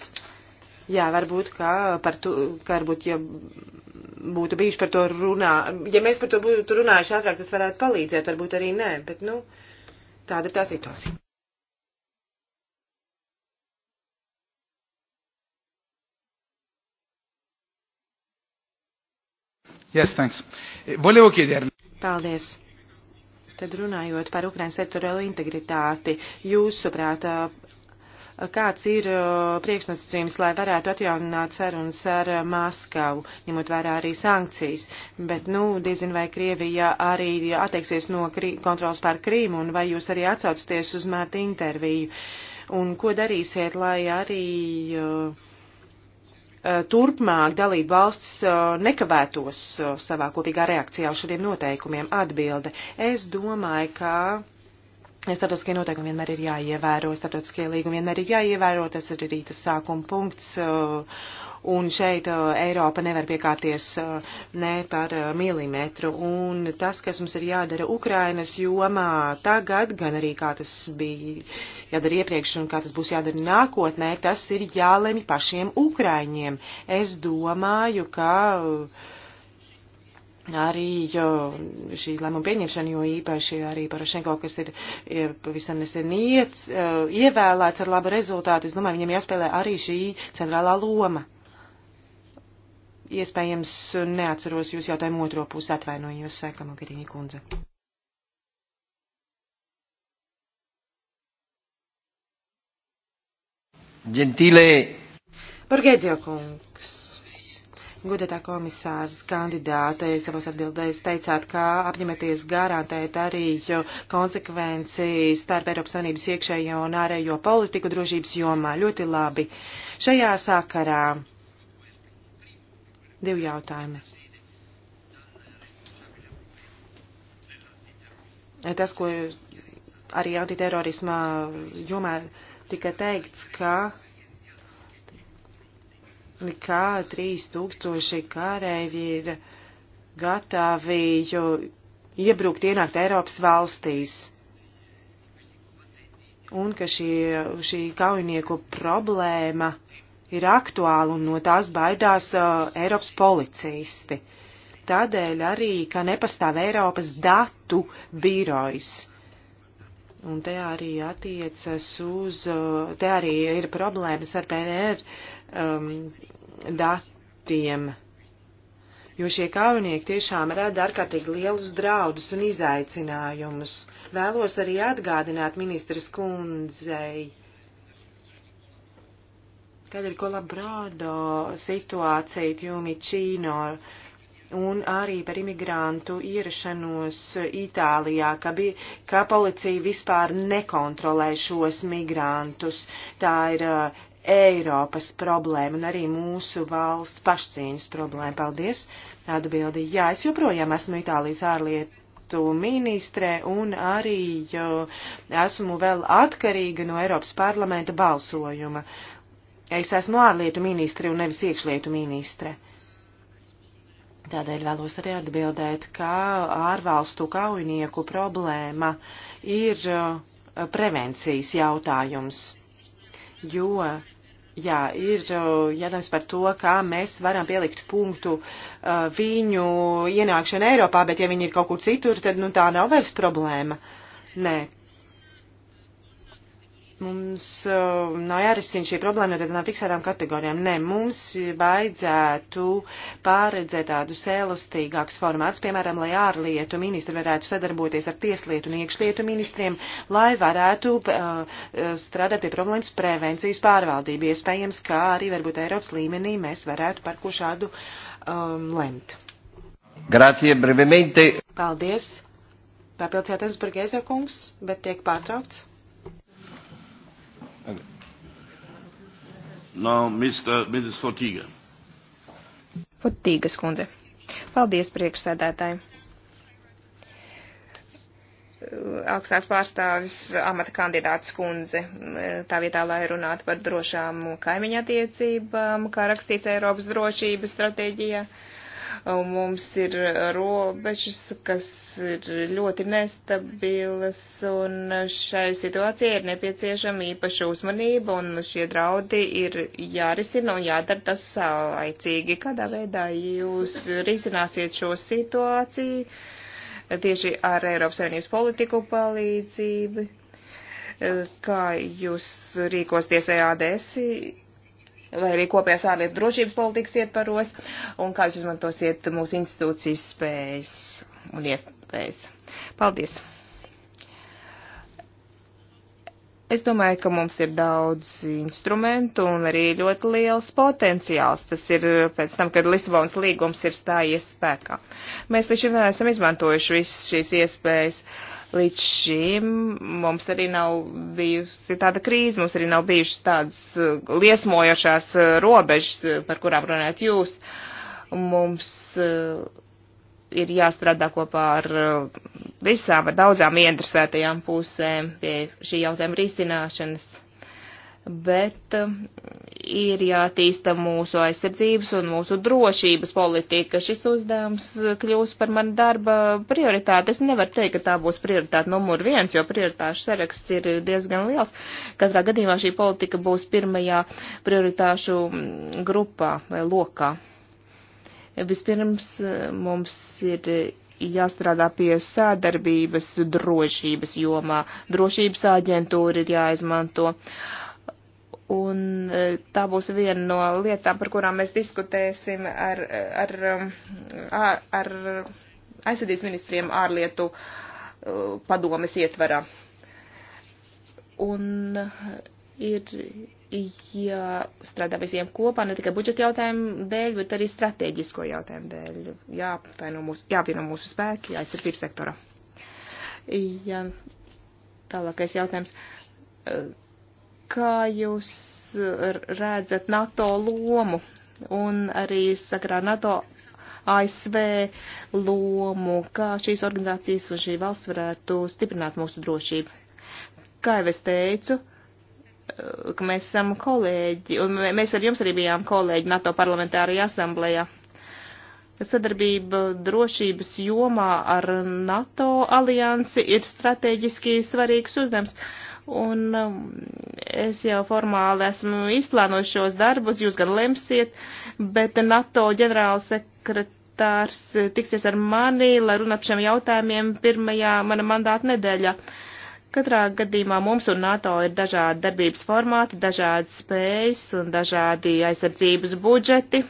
Jā, varbūt, ka par to, ka varbūt, ja būtu bijuši par to runā, ja mēs par to būtu runājuši ātrāk, tas varētu palīdzēt, varbūt arī nē, bet, nu, tāda ir tā situācija. Yes, thanks. Volevo chiederle. Paldies. Tad runājot par Ukrainas teritoriālo integritāti, jūsuprāt, kāds ir priekšnosacījums, lai varētu atjaunināt sarunas ar Maskavu, ņemot vērā arī sankcijas. Bet, nu, diezin vai Krievija arī atteiksies no kontrols pār Krīmu, un vai jūs arī atsaucaties uz Mārta interviju? Un ko darīsiet, lai arī. Uh, Eh, turpmāk dalību valsts eh, nekavētos eh, savā kopīgā reakcijā uz šādiem noteikumiem? Atbilde. Es domāju, ka. Startautiskie noteikumi vienmēr ir jāievēro, startautiskie līgumi vienmēr ir jāievēro, tas ir arī tas sākuma punkts uh, un šeit uh, Eiropa nevar piekāpties uh, ne par uh, milimetru. Un tas, kas mums ir jādara Ukrainas jomā tagad, gan arī kā tas bija jādara iepriekš un kā tas būs jādara nākotnē, tas ir jālemj pašiem Ukraiņiem. Es domāju, ka arī šī lēmuma pieņemšana, jo īpaši arī Parašenko, kas ir pavisam nesen ievēlēts ar labu rezultātu, es domāju, viņam jāspēlē arī šī centrālā loma iespējams neatceros jūs jautājumu otro pusi, atvainojos, saka Mogherini kundze. Gentilē. Borgēdzio kungs. Gudētā komisārs kandidāte savos atbildēs teicāt, ka apņematies garantēt arī konsekvenci starp Eiropas Savienības iekšējo un ārējo politiku drošības jomā. Ļoti labi. Šajā sakarā Divi jautājumi. Tas, ko arī antiterorisma jomā tika teikts, ka kā 3000 kārēji ir gatavi iebrukt ienākt Eiropas valstīs. Un ka šī, šī kaujinieku problēma ir aktuāla un no tās baidās uh, Eiropas policisti. Tādēļ arī, ka nepastāv Eiropas datu birojs. Un te arī attiecas uz, uh, te arī ir problēmas ar PNR um, datiem, jo šie kaujinieki tiešām rada ārkārtīgi lielus draudus un izaicinājumus. Vēlos arī atgādināt ministras kundzei Tādēļ Kolabrado situācija Pjumičīno un arī par imigrantu ierašanos Itālijā, ka, bija, ka policija vispār nekontrolē šos migrantus. Tā ir uh, Eiropas problēma un arī mūsu valsts pašcīņas problēma. Paldies! Atbildi, jā, es joprojām esmu Itālijas ārlietu ministrē un arī esmu vēl atkarīga no Eiropas parlamenta balsojuma. Uh, Es esmu ārlietu ministre un nevis iekšlietu ministre. Tādēļ vēlos arī atbildēt, ka ārvalstu kaujinieku problēma ir uh, prevencijas jautājums, jo Jā, ir uh, jādams par to, kā mēs varam pielikt punktu uh, viņu ienākšanu Eiropā, bet ja viņi ir kaut kur citur, tad nu, tā nav vairs problēma. Nē, Mums uh, nav jārisina šī problēma no tādām fiksētām kategorijām. Nē, mums vajadzētu pārredzēt tādus elastīgākus formātus, piemēram, lai ārlietu ministri varētu sadarboties ar tieslietu un iekšlietu ministriem, lai varētu uh, uh strādāt pie problēmas prevencijas pārvaldību. Iespējams, kā arī varbūt Eiropas līmenī mēs varētu par ko šādu um, lemt. Grācie, brevemente. Paldies. Papildus jautājums par Geiza kungs, bet tiek pārtraukts. Now, Mr. Mrs. Fortīga. Fortīgas kundze. Paldies, priekšsēdētāji. Augstās pārstāvis amata kandidāts kundze, tā vietā, lai runātu par drošām kaimiņa attiecībām, kā rakstīts Eiropas drošības stratēģijā. Uh, Mums ir robežas, kas ir ļoti nestabilas, un šai situācijai ir nepieciešama īpaša uzmanība, un šie draudi ir jārisina un jādara tas saulaicīgi. Kādā veidā jūs risināsiet šo situāciju? Tieši ar Eiropas Savienības politiku palīdzību, kā jūs rīkosties EADS vai arī kopējās ārlietu drošības politikas ietvaros, un kā jūs izmantosiet mūsu institūcijas spējas un iespējas. Paldies! Es domāju, ka mums ir daudz instrumentu un arī ļoti liels potenciāls. Tas ir pēc tam, kad Lisabonas līgums ir stājies spēkā. Mēs līdz šim neesam izmantojuši visas šīs iespējas. Uh, Līdz šim mums arī nav bijusi tāda krīze, mums arī nav bijušas tādas uh, liesmojošās uh, robežas, uh, par kurām runājat jūs. Mums ir jāstrādā kopā ar visām, ar daudzām interesētajām pusēm pie šī jautājuma risināšanas bet um, ir jātīsta mūsu aizsardzības un mūsu drošības politika. Šis uzdevums uh, kļūs par manu darba prioritāti. Es nevaru teikt, ka tā būs prioritāte numur viens, jo prioritāšu saraksts ir diezgan liels. Katrā gadījumā šī politika būs pirmajā prioritāšu mm, grupā vai lokā. Vispirms uh, mums ir jāstrādā pie sadarbības drošības jomā. Drošības aģentūra ir jāizmanto. Uh, Un e, tā būs viena no lietām, par kurām mēs diskutēsim ar, ar, ar, ar aizsardzības ministriem ārlietu e, padomes ietvarā. Un e, ir jāstrādā visiem kopā, ne tikai budžeta jautājumu dēļ, bet arī strateģisko jautājumu dēļ. Jāapvieno mūsu, jāapvieno mūsu spēki aizsardzības sektora. Jā, tālākais jautājums kā jūs uh, redzat NATO lomu un arī sakarā NATO ASV lomu, kā šīs organizācijas un šī valsts varētu stiprināt mūsu drošību. Kā jau es teicu, uh, ka mēs esam kolēģi, un mēs ar jums arī bijām kolēģi NATO parlamentārajā asamblējā. Sadarbība drošības jomā ar NATO aliansi ir strateģiski svarīgs uzdevums. Uh, Un um, es jau formāli esmu izplānojis šos darbus, jūs gan lemsiet, bet NATO ģenerālsekretārs tiksies ar mani, lai runātu par šiem jautājumiem pirmajā mana mandāta nedēļā. Katrā gadījumā mums un NATO ir dažādi darbības formāti, dažādas spējas un dažādi aizsardzības budžeti.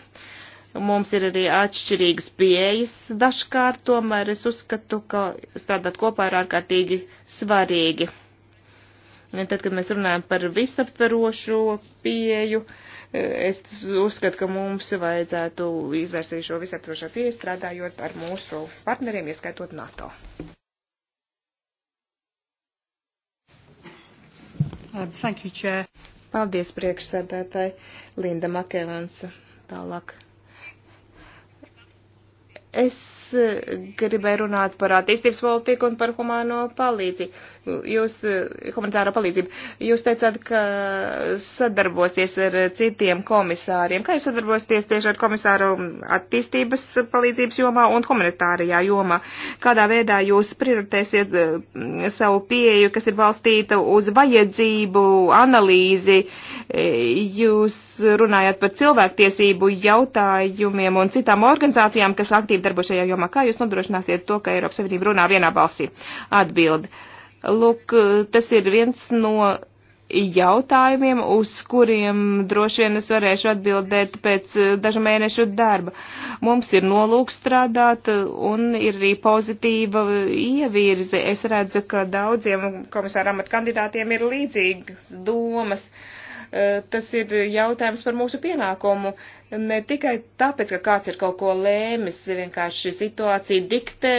Mums ir arī atšķirīgas pieejas dažkārt, tomēr es uzskatu, ka strādāt kopā ir ārkārtīgi svarīgi. Tad, kad mēs runājam par visaptverošo pieju, e, es uzskatu, ka mums vajadzētu izvērsīt šo visaptverošo pieju, strādājot ar mūsu partneriem, ieskaitot NATO. Uh, thank you, Chair. Paldies priekšsēdētāji Linda Makēvans. Tālāk. Es e, gribēju runāt par attīstības politiku un par humāno palīdzību. Jūs, e, humanitāro palīdzību, jūs teicāt, ka sadarbosies ar citiem komisāriem. Kā jūs sadarbosieties tieši ar komisāru attīstības palīdzības jomā un humanitārajā jomā? Kādā veidā jūs prioritēsiet e, savu pieeju, kas ir balstīta uz vajadzību, analīzi? Jūs runājat par cilvēktiesību jautājumiem un citām organizācijām, kas aktīvi darbu šajā jomā. Kā jūs nodrošināsiet to, ka Eiropas Savienība runā vienā balsī? Atbildi. Lūk, tas ir viens no jautājumiem, uz kuriem droši vien es varēšu atbildēt pēc eh, dažu mēnešu darba. Mums ir nolūks strādāt eh, un ir arī pozitīva ievirze. Es redzu, ka daudziem komisāra amata kandidātiem ir līdzīgas domas. Eh, tas ir jautājums par mūsu pienākumu Ne tikai tāpēc, ka kāds ir kaut ko lēmis, vienkārši situācija diktē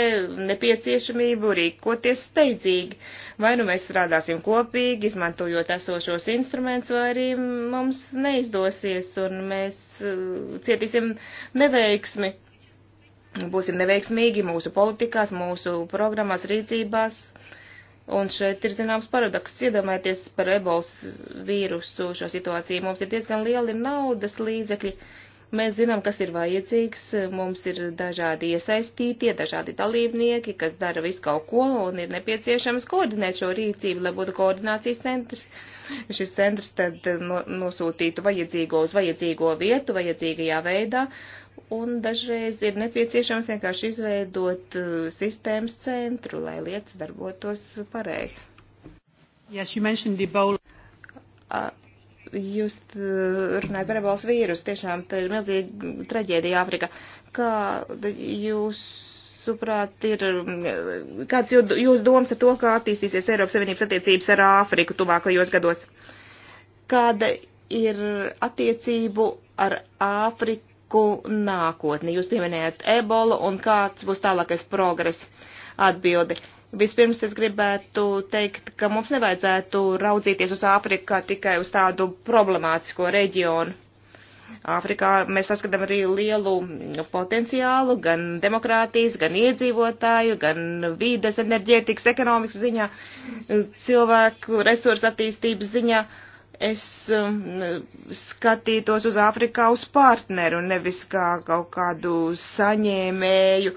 nepieciešamību rīkoties steidzīgi. Vai nu mēs strādāsim kopīgi, izmantojot esošos instrumentus, vai arī mums neizdosies un mēs uh, cietīsim neveiksmi. Būsim neveiksmīgi mūsu politikās, mūsu programmās, rīcībās Un šeit ir zināms paradoks. Iedomājieties par ebols vīrusu šo situāciju. Mums ir diezgan lieli naudas līdzekļi. Mēs zinām, kas ir vajadzīgs. Mums ir dažādi iesaistītie, dažādi dalībnieki, kas dara visu kaut ko un ir nepieciešams koordinēt šo rīcību, lai būtu koordinācijas centrs. Šis centrs tad no, nosūtītu vajadzīgo uz vajadzīgo vietu, vajadzīgajā veidā un dažreiz ir nepieciešams vienkārši izveidot uh, sistēmas centru, lai lietas darbotos pareizi. Yes, Jūs uh, runājat par ebolas vīrusu, tiešām tā ir milzīga traģēdija Āfrikā. Kā jūs jūsuprāt, ir um, kāds jūs domas ar to, kā attīstīsies Eiropas Savienības attiecības ar Āfriku tuvākajos gados? Kāda ir attiecību ar Āfriku? politiku nākotni. Jūs pieminējat ebolu un kāds būs tālākais progress atbildi. Vispirms es gribētu teikt, ka mums nevajadzētu raudzīties uz Āfriku kā tikai uz tādu problemātisko reģionu. Āfrikā mēs saskatām arī lielu potenciālu gan demokrātijas, gan iedzīvotāju, gan vīdes, enerģētikas, ekonomikas ziņā, cilvēku resursu attīstības ziņā. Uh, es um, skatītos uz Āfrikā uz partneru, nevis kā kaut kādu saņēmēju,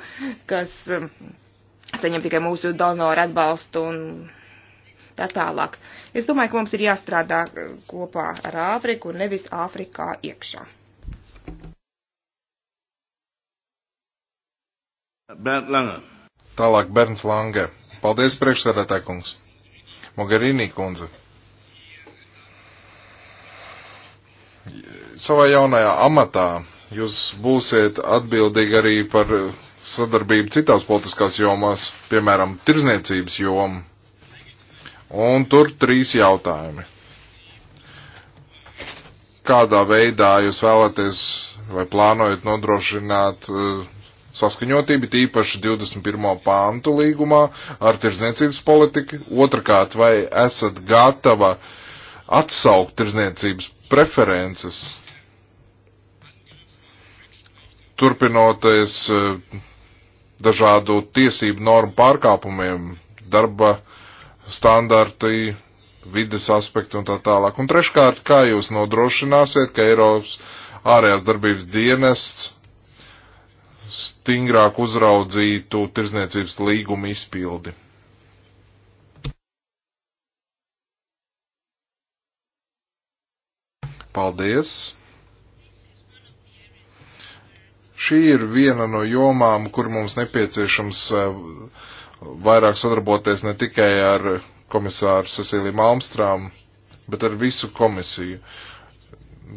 kas um, saņem tikai mūsu donoru atbalstu un tā tālāk. Es domāju, ka mums ir jāstrādā kopā ar Āfriku un nevis Āfrikā iekšā. Bernd Lange. Tālāk Bernds Lange. Paldies priekšsēdētāj kungs. Mogherini kundze. savā jaunajā amatā jūs būsiet atbildīgi arī par sadarbību citās politiskās jomās, piemēram, tirzniecības jomu. Un tur trīs jautājumi. Kādā veidā jūs vēlaties vai plānojat nodrošināt uh, saskaņotību, tīpaši 21. pāntu līgumā ar tirzniecības politiku? Otrakārt, vai esat gatava uh, atsaukt tirzniecības preferences, turpinoties eh, dažādu tiesību normu pārkāpumiem, darba standarti, vides aspekti un tā tālāk. Un treškārt, kā jūs nodrošināsiet, ka Eiropas ārējās darbības dienests stingrāk uzraudzītu tirzniecības līgumu izpildi? Paldies! Šī ir viena no jomām, kur mums nepieciešams eh, vairāk sadarboties ne tikai ar komisāru Cecīliju Malmstrām, bet ar visu komisiju.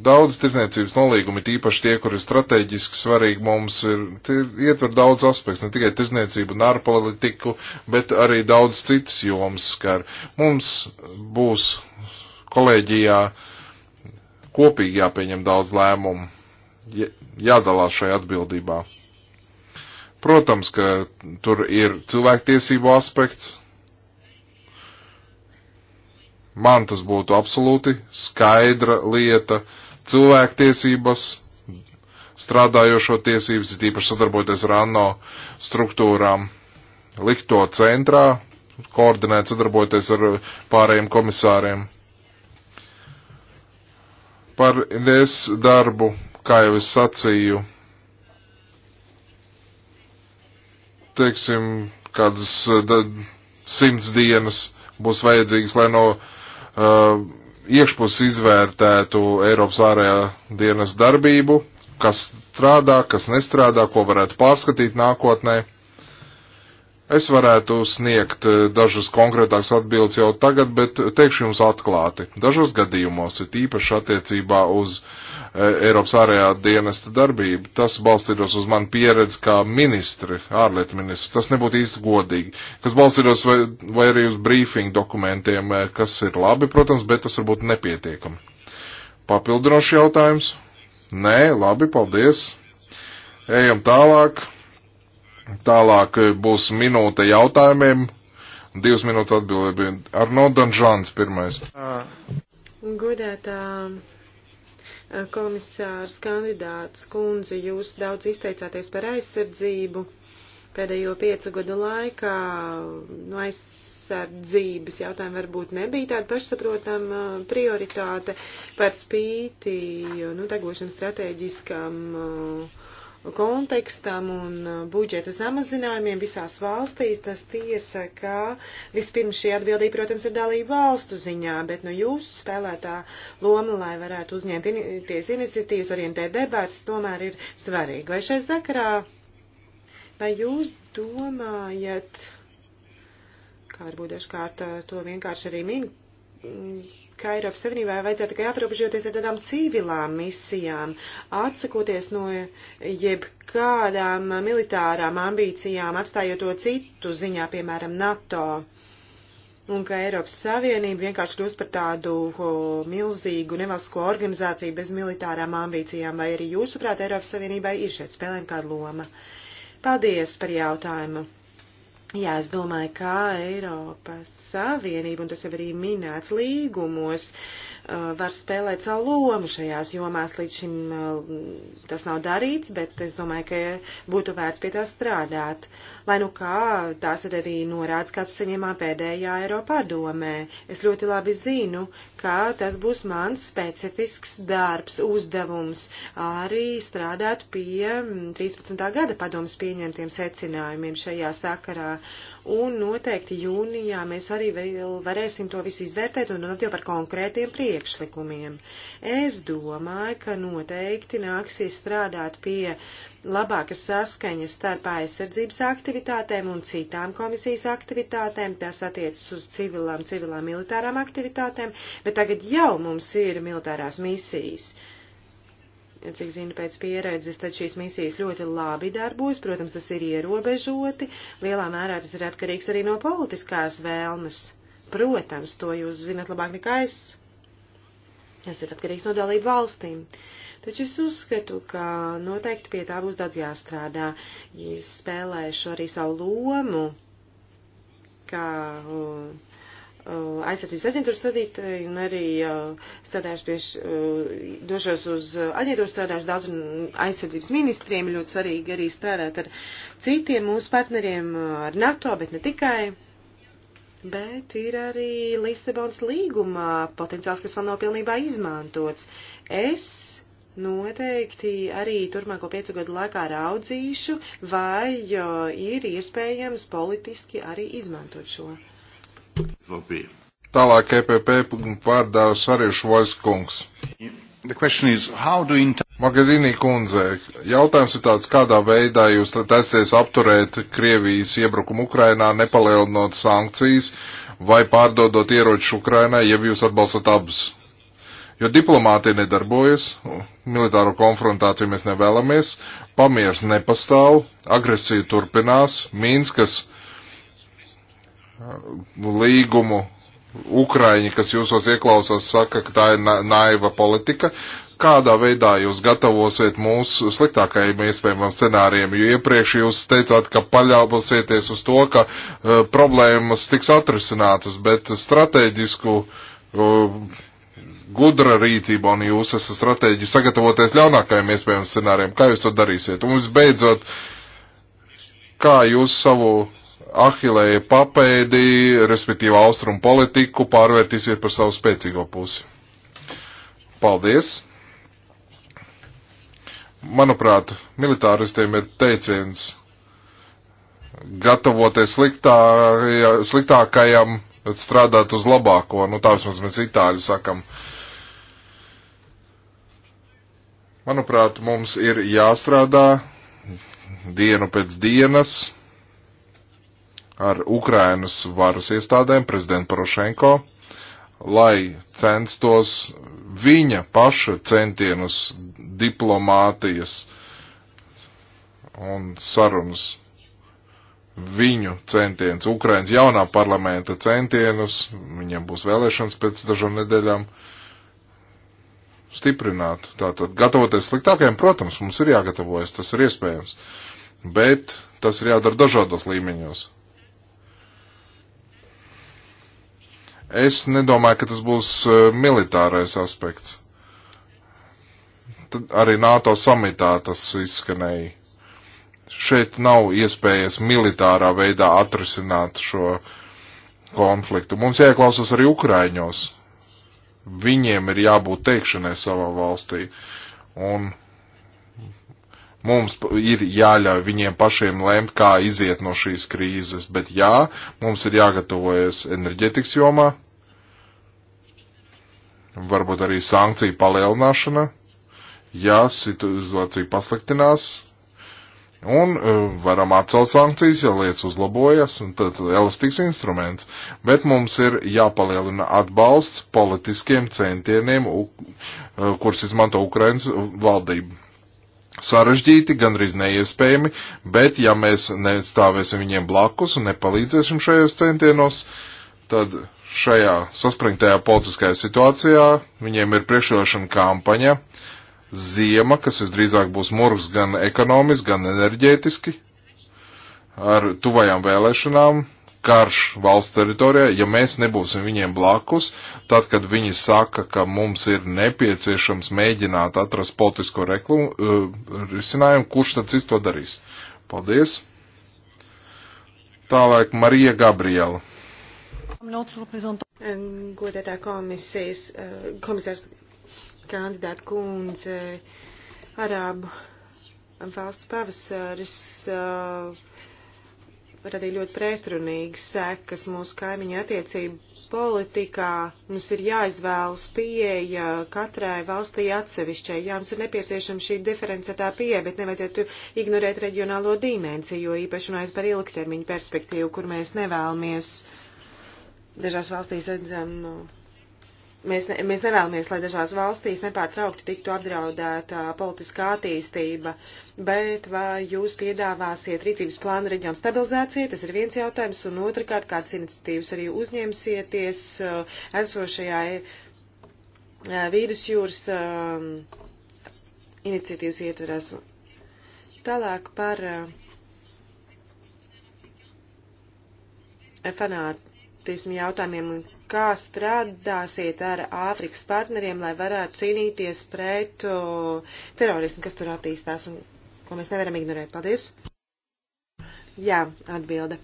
Daudz tirniecības nolīgumi, tīpaši tie, kur ir strateģiski svarīgi mums, ir, ietver daudz aspekts, ne tikai tirniecību un ārpolitiku, bet arī daudz citas jomas skar. Mums būs kolēģijā uh, kopīgi jāpieņem daudz lēmumu, jādalās šai atbildībā. Protams, ka tur ir cilvēktiesību aspekts. Man tas būtu absolūti skaidra lieta. Cilvēktiesības, strādājošo tiesības, ir īpaši sadarbojoties ar ANO struktūrām, likt to centrā, koordinēt, sadarbojoties ar pārējiem komisāriem. Par NS darbu, kā jau es sacīju, teiksim, kādas da, simts dienas būs vajadzīgas, lai no uh, iekšpus izvērtētu Eiropas ārējā dienas darbību, kas strādā, kas nestrādā, ko varētu pārskatīt nākotnē. Es varētu sniegt eh, dažas konkrētākas atbildes jau tagad, bet teikšu jums atklāti. Dažos gadījumos, ir tīpaši attiecībā uz eh, Eiropas ārējā dienesta darbību, tas balstītos uz manu pieredzi kā ministri, ārlietu ministri. Tas nebūtu īsti godīgi. Kas balstītos vai, vai arī uz brīfingu dokumentiem, eh, kas ir labi, protams, bet tas varbūt nepietiekami. Papildinošs jautājums? Nē, labi, paldies. Ejam tālāk. Tālāk eh, būs minūte jautājumiem, divas minūtes atbildēm. Arno Danžāns pirmais. Uh, godētā uh, komisārs kandidāts kundze, jūs daudz izteicāties par aizsardzību pēdējo piecu gadu laikā. No nu, aizsardzības jautājumi varbūt nebija tāda pašsaprotama uh, prioritāte par spīti nu, degošana strateģiskam uh, kontekstam un uh, budžeta samazinājumiem visās valstīs, tas tiesa, ka vispirms šī atbildība, protams, ir dalība valstu ziņā, bet no nu, jūsu spēlētā loma, lai varētu uzņemties iniciatīvas, orientēt debātas, tomēr ir svarīga. Vai šai sakarā, vai jūs domājat, kā varbūt dažkārt uh, to vienkārši arī min, ka Eiropas Savienībai vajadzētu tikai aprobežoties ar tādām civilām misijām, atsakoties no jebkādām militārām ambīcijām, atstājot to citu ziņā, piemēram, NATO un ka Eiropas Savienība vienkārši kļūst par tādu o, milzīgu nevalstisko organizāciju bez militārām ambīcijām, vai arī jūsuprāt Eiropas Savienībai ir šeit spēlēm kāda loma? Paldies par jautājumu! Jā, es domāju, kā Eiropas Savienība, un tas jau arī minēts līgumos, uh, var spēlēt savu lomu šajās jomās. Līdz šim uh, tas nav darīts, bet es domāju, ka būtu vērts pie tā strādāt lai nu kā tās ir arī norādes, kāds saņemā pēdējā Eiropā domē. Es ļoti labi zinu, ka tas būs mans specifisks darbs, uzdevums arī strādāt pie 13. Mm, gada padomas pieņemtiem secinājumiem šajā sakarā. Un noteikti jūnijā mēs arī vēl varēsim to visu izvērtēt un runāt jau par konkrētiem priekšlikumiem. Es domāju, ka noteikti nāksies strādāt pie uh, labākas saskaņas starp aizsardzības aktivitātēm un citām komisijas aktivitātēm, tas attiecas uz civilām, civilām militārām aktivitātēm, bet tagad jau mums ir militārās misijas. Cik zinu pēc pieredzes, tad šīs misijas ļoti labi darbojas, protams, tas ir ierobežoti, lielā mērā tas ir atkarīgs arī no politiskās vēlmes. Protams, to jūs zinat labāk nekā es. Tas ir atkarīgs no dalību valstīm. Uh, Taču es uzskatu, ka noteikti pie tā būs daudz jāstrādā. Ja es spēlēšu arī savu lomu, kā uh, aizsardzības aģentūras vadītāji un arī strādājuši pie, došos uz aģentūru strādājuši daudz aizsardzības ministriem, ļoti svarīgi arī strādāt ar citiem mūsu partneriem, ar NATO, bet ne tikai. Bet ir arī Lisabonas līgumā potenciāls, kas vēl nav pilnībā izmantots. Es Noteikti arī turpmāko piecu gadu laikā raudzīšu, vai ir iespējams politiski arī izmantot šo. Tālāk EPP vārdā Sarjušu Vaiskungs. You... Magadīnī kundze, jautājums ir tāds, kādā veidā jūs testies apturēt Krievijas iebrukumu Ukrainā, nepalielinot sankcijas vai pārdodot ieroču Ukrainai, ja jūs atbalstat abus Jo diplomātija nedarbojas, militāro konfrontāciju mēs nevēlamies, pamiers nepastāv, agresija turpinās, Mīnskas uh, līgumu Ukraiņi, kas jūsos ieklausās, saka, ka tā ir na naiva politika. Kādā veidā jūs gatavosiet mūsu sliktākajiem iespējamam scenārijiem, jo iepriekš jūs teicāt, ka paļāvosieties uz to, ka uh, problēmas tiks atrisinātas, bet strateģisku uh, gudra rīcība un jūs esat strateģi sagatavoties ļaunākajiem iespējamiem scenārijiem. Kā jūs to darīsiet? Un visbeidzot, kā jūs savu ahilēju papēdi, respektīvi austrumu politiku, pārvērtīsiet par savu spēcīgo pusi? Paldies! Manuprāt, militāristiem ir teiciens gatavoties sliktā, sliktākajam, bet strādāt uz labāko. Nu, tā vismaz mēs itāļi sakam. Uh, Manuprāt, mums ir jāstrādā dienu pēc dienas ar Ukrainas varas iestādēm, prezidentu Porošenko, lai censtos viņa paša centienus diplomātijas un sarunas viņu centienus, Ukrainas jaunā parlamenta centienus, viņiem būs vēlēšanas pēc dažām nedēļām, uh, stiprināt. Tātad gatavoties sliktākajam, protams, mums ir jāgatavojas, tas ir iespējams. Bet tas ir jādara dažādos līmeņos. Es nedomāju, ka tas būs e, militārais aspekts. Tad arī NATO samitā tas izskanēja. Šeit nav iespējas militārā veidā atrisināt šo konfliktu. Mums jāieklausās arī Ukraiņos, Viņiem ir jābūt teikšanai savā valstī. Un mums ir jāļauj viņiem pašiem lēmt, kā iziet no šīs krīzes. Bet jā, mums ir jāgatavojas enerģetikas jomā, varbūt arī sankciju palielināšana. Ja situācija pasliktinās, Un e, varam atcelt sankcijas, ja lietas uzlabojas, un tad elastīgs instruments. Bet mums ir jāpalielina atbalsts politiskiem centieniem, e, kurus izmanto Ukrainas valdība. Sarežģīti, gandrīz neiespējami, bet ja mēs nestāvēsim viņiem blakus un nepalīdzēsim šajos centienos, tad šajā saspringtajā politiskajā situācijā viņiem ir priekšrošana kampaņa ziema, kas visdrīzāk būs murgs gan ekonomiski, gan enerģētiski, ar tuvajām vēlēšanām, karš valsts teritorijā, ja mēs nebūsim viņiem blakus, tad, kad viņi saka, ka mums ir nepieciešams mēģināt atrast politisko reklamu, uh, risinājumu, kurš tad cits to darīs? Paldies! Tālāk Marija Gabriela. Godētā komisijas, uh, komisārs kandidāta kundze, Arābu valsts pavasaris uh, radīja ļoti pretrunīgas sekas mūsu kaimiņu attiecību politikā. Mums ir jāizvēlas pieeja katrai valstī atsevišķai. Jā, mums ir nepieciešama šī diferencētā pieeja, bet nevajadzētu ignorēt reģionālo dimensiju, jo īpaši runājot par ilgtermiņu perspektīvu, kur mēs nevēlamies. Dažās valstīs redzam. Nu, no mēs, ne, mēs nevēlamies, lai dažās valstīs nepārtraukti tiktu apdraudēta politiskā attīstība, bet vai jūs piedāvāsiet rīcības plānu reģionu stabilizācijai, tas ir viens jautājums, un otrkārt, kādas iniciatīvas arī uzņemsieties uh, esošajā uh, vīrusjūras um, iniciatīvas ietveras. Tālāk par uh, fanātismu jautājumiem un kā strādāsiet ar Āfrikas partneriem, lai varētu cīnīties pret uh, terorismu, kas tur attīstās un ko mēs nevaram ignorēt. Paldies! Jā, atbilde.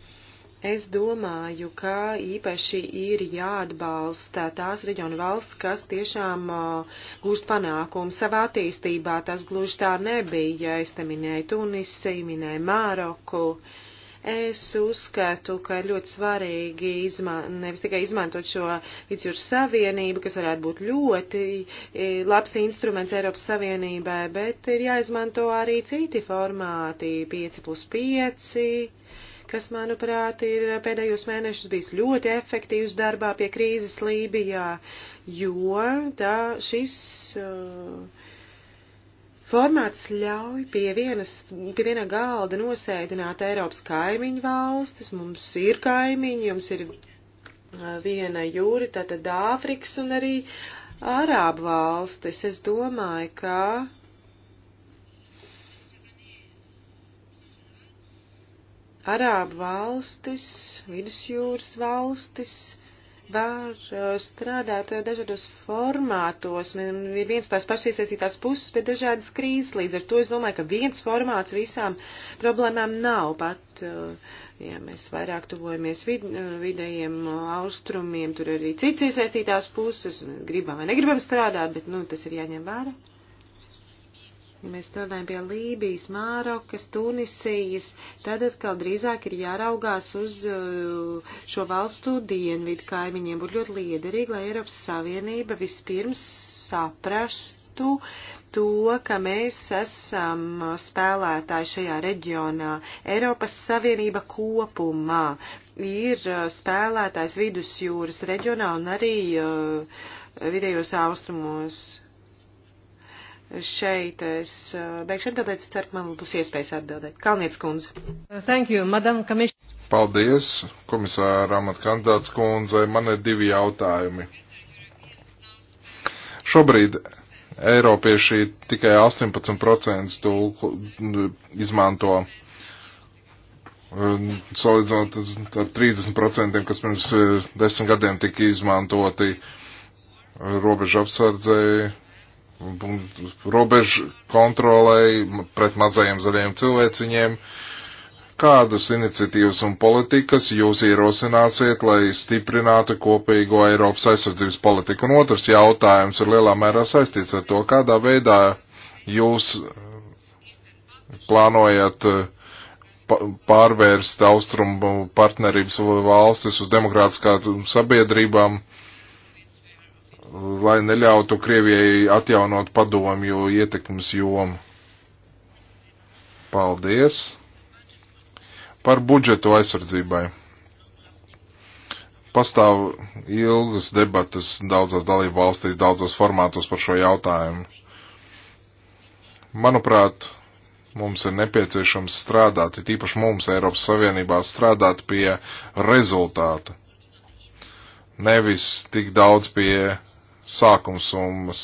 Es domāju, ka īpaši ir jāatbalsta tās reģionu valsts, kas tiešām uh, gūst panākumu savā attīstībā. Tas gluži tā nebija, ja es te minēju Tunisiju, minēju Māroku. Uh, Es uzskatu, ka ir ļoti svarīgi izman, nevis tikai izmantot šo vidusjūras savienību, kas varētu būt ļoti e, labs instruments Eiropas Savienībai, bet ir jāizmanto arī citi formāti - 5 plus 5 kas, manuprāt, ir pēdējos mēnešus bijis ļoti efektīvs darbā pie krīzes Lībijā, jo tā šis uh, Formāts ļauj pie, vienas, pie viena galda nosēdināt Eiropas kaimiņu valstis. Mums ir kaimiņi, jums ir viena jūri, tātad Āfrikas un arī Arābu valstis. Es domāju, ka. Arābu valstis, vidusjūras valstis var uh, strādāt uh, dažādos formātos. Man ir viens tās pašas iesaistītās puses, bet dažādas krīzes. Līdz ar to es domāju, ka viens formāts visām problēmām nav. Pat, uh, ja mēs vairāk tuvojamies vid vidējiem austrumiem, tur arī cits iesaistītās puses. Gribam vai negribam strādāt, bet, nu, tas ir jāņem vērā mēs strādājam pie Lībijas, Mārokas, Tunisijas, tad atkal drīzāk ir jāraugās uz uh, šo valstu dienvidu kaimiņiem. Būtu ļoti liederīgi, lai Eiropas Savienība vispirms saprastu to, ka mēs esam spēlētāji šajā reģionā. Eiropas Savienība kopumā ir uh, spēlētājs vidusjūras reģionā un arī uh, vidējos austrumos šeit. Es beigšu atbildēt, es ceru, ka man būs iespējas atbildēt. Kalnietis kundze. Thank you, madam komisār. Paldies, komisāra amatkandidāts kundze. Man ir divi jautājumi. Šobrīd Eiropieši tikai 18% tulku izmanto. Salīdzinot ar 30%, kas pirms desmit gadiem tika izmantoti robežu apsardzēji, robežu kontrolei pret mazajiem zaļajiem cilvēciņiem. Kādas iniciatīvas un politikas jūs ierosināsiet, lai stiprinātu kopīgo Eiropas aizsardzības politiku? Un otrs jautājums ir lielā mērā saistīts ar to, kādā veidā jūs plānojat uh, pārvērst austrumu partnerības valstis uz demokrātiskām sabiedrībām lai neļautu Krievijai atjaunot padomju ietekmes jomu. Paldies! Par budžetu aizsardzībai. Pastāv ilgas debatas daudzās dalību valstīs, daudzos formātos par šo jautājumu. Manuprāt, mums ir nepieciešams strādāt, ir īpaši mums Eiropas Savienībā strādāt pie rezultāta. Nevis tik daudz pie sākumsummas.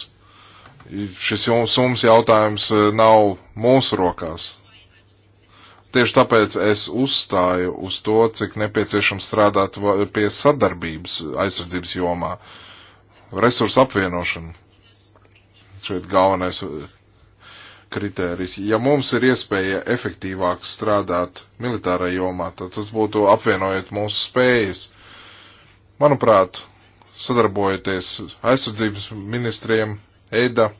Šis summas jautājums eh, nav mūsu rokās. Tieši tāpēc es uzstāju uz to, cik nepieciešams strādāt pie sadarbības aizsardzības jomā. Resursu apvienošana. Šeit galvenais eh, kritērijs. Ja mums ir iespēja efektīvāk strādāt militārajā jomā, tad tas būtu apvienojot mūsu spējas. Manuprāt, sadarbojoties aizsardzības ministriem, EIDA,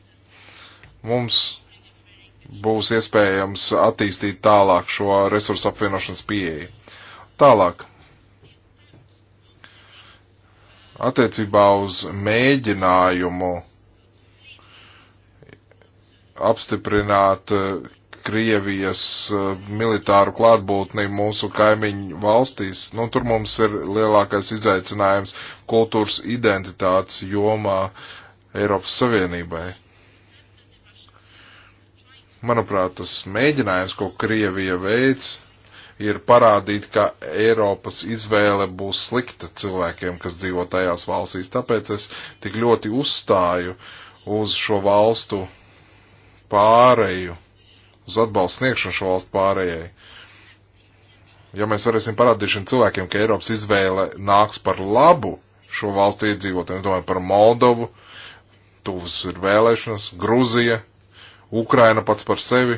mums būs iespējams attīstīt tālāk šo resursu apvienošanas pieeju. Tālāk. Attiecībā uz mēģinājumu apstiprināt Krievijas uh, militāru klātbūtni mūsu kaimiņu valstīs. Nu, tur mums ir lielākais izaicinājums kultūras identitātes jomā Eiropas Savienībai. Manuprāt, tas mēģinājums, ko Krievija veids, ir parādīt, ka Eiropas izvēle būs slikta cilvēkiem, kas dzīvo tajās valstīs. Tāpēc es tik ļoti uzstāju uz šo valstu pāreju uz atbalstu sniegšanu šo valstu pārējai. Ja mēs varēsim parādīt šiem cilvēkiem, ka Eiropas izvēle nāks par labu šo valstu iedzīvotājiem, domāju par Moldovu, tuvas ir vēlēšanas, Gruzija, Ukraina pats par sevi.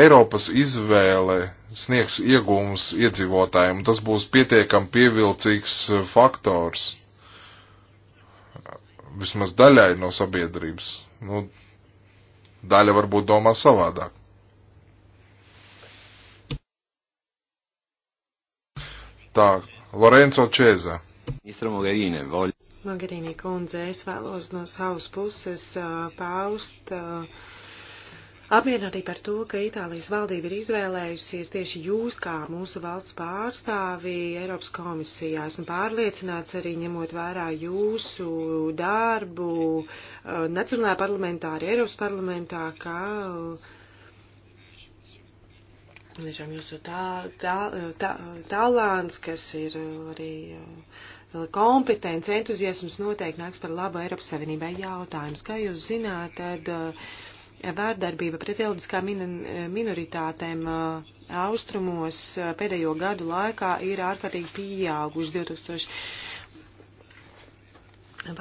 Eiropas izvēle sniegs iegūmus iedzīvotājiem, un tas būs pietiekami pievilcīgs eh, faktors vismaz daļai no sabiedrības. Nu, Daļa varbūt domā savādāk. Tā, Lorenzo Čēza. Ministra Mogherini, voļ. Mogherini kundze, es vēlos no savas puses uh, paust. Uh, apmierināti par to, ka Itālijas valdība ir izvēlējusies tieši jūs kā mūsu valsts pārstāvi Eiropas komisijā. Esmu pārliecināts arī ņemot vērā jūsu darbu uh, Nacionālajā parlamentā, arī Eiropas parlamentā, ka. Uh, tiešām jūsu tā, tā, tā, talants, kas ir uh, arī kompetence, entuziasms noteikti nāks par labu Eiropas Savienībai jautājums. Kā jūs zināt, tad uh, Vārdarbība pret reliģiskām minoritātēm austrumos pēdējo gadu laikā ir ārkārtīgi pieauguši 2000.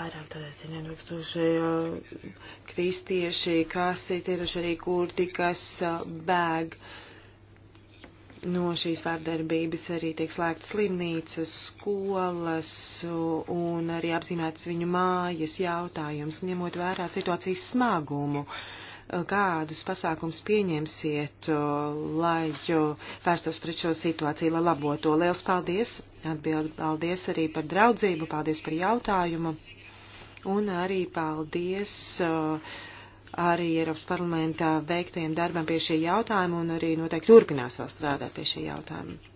Vairāk tādā ziņā tūkstoši kristieši, kas ir cietuši arī kurdi, kas bēg no šīs vārdarbības arī tiek slēgtas slimnīcas, skolas un arī apzīmētas viņu mājas jautājums, ņemot vērā situācijas smagumu. Uh, Eh, kādus pasākums pieņemsiet, eh, lai vērstos pret šo situāciju, lai laboto. Liels paldies! Atbild, paldies arī par draudzību, paldies par jautājumu un arī paldies eh, arī Eiropas parlamentā veiktajiem darbam pie šī jautājuma un arī noteikti turpinās vēl strādāt pie šī jautājuma.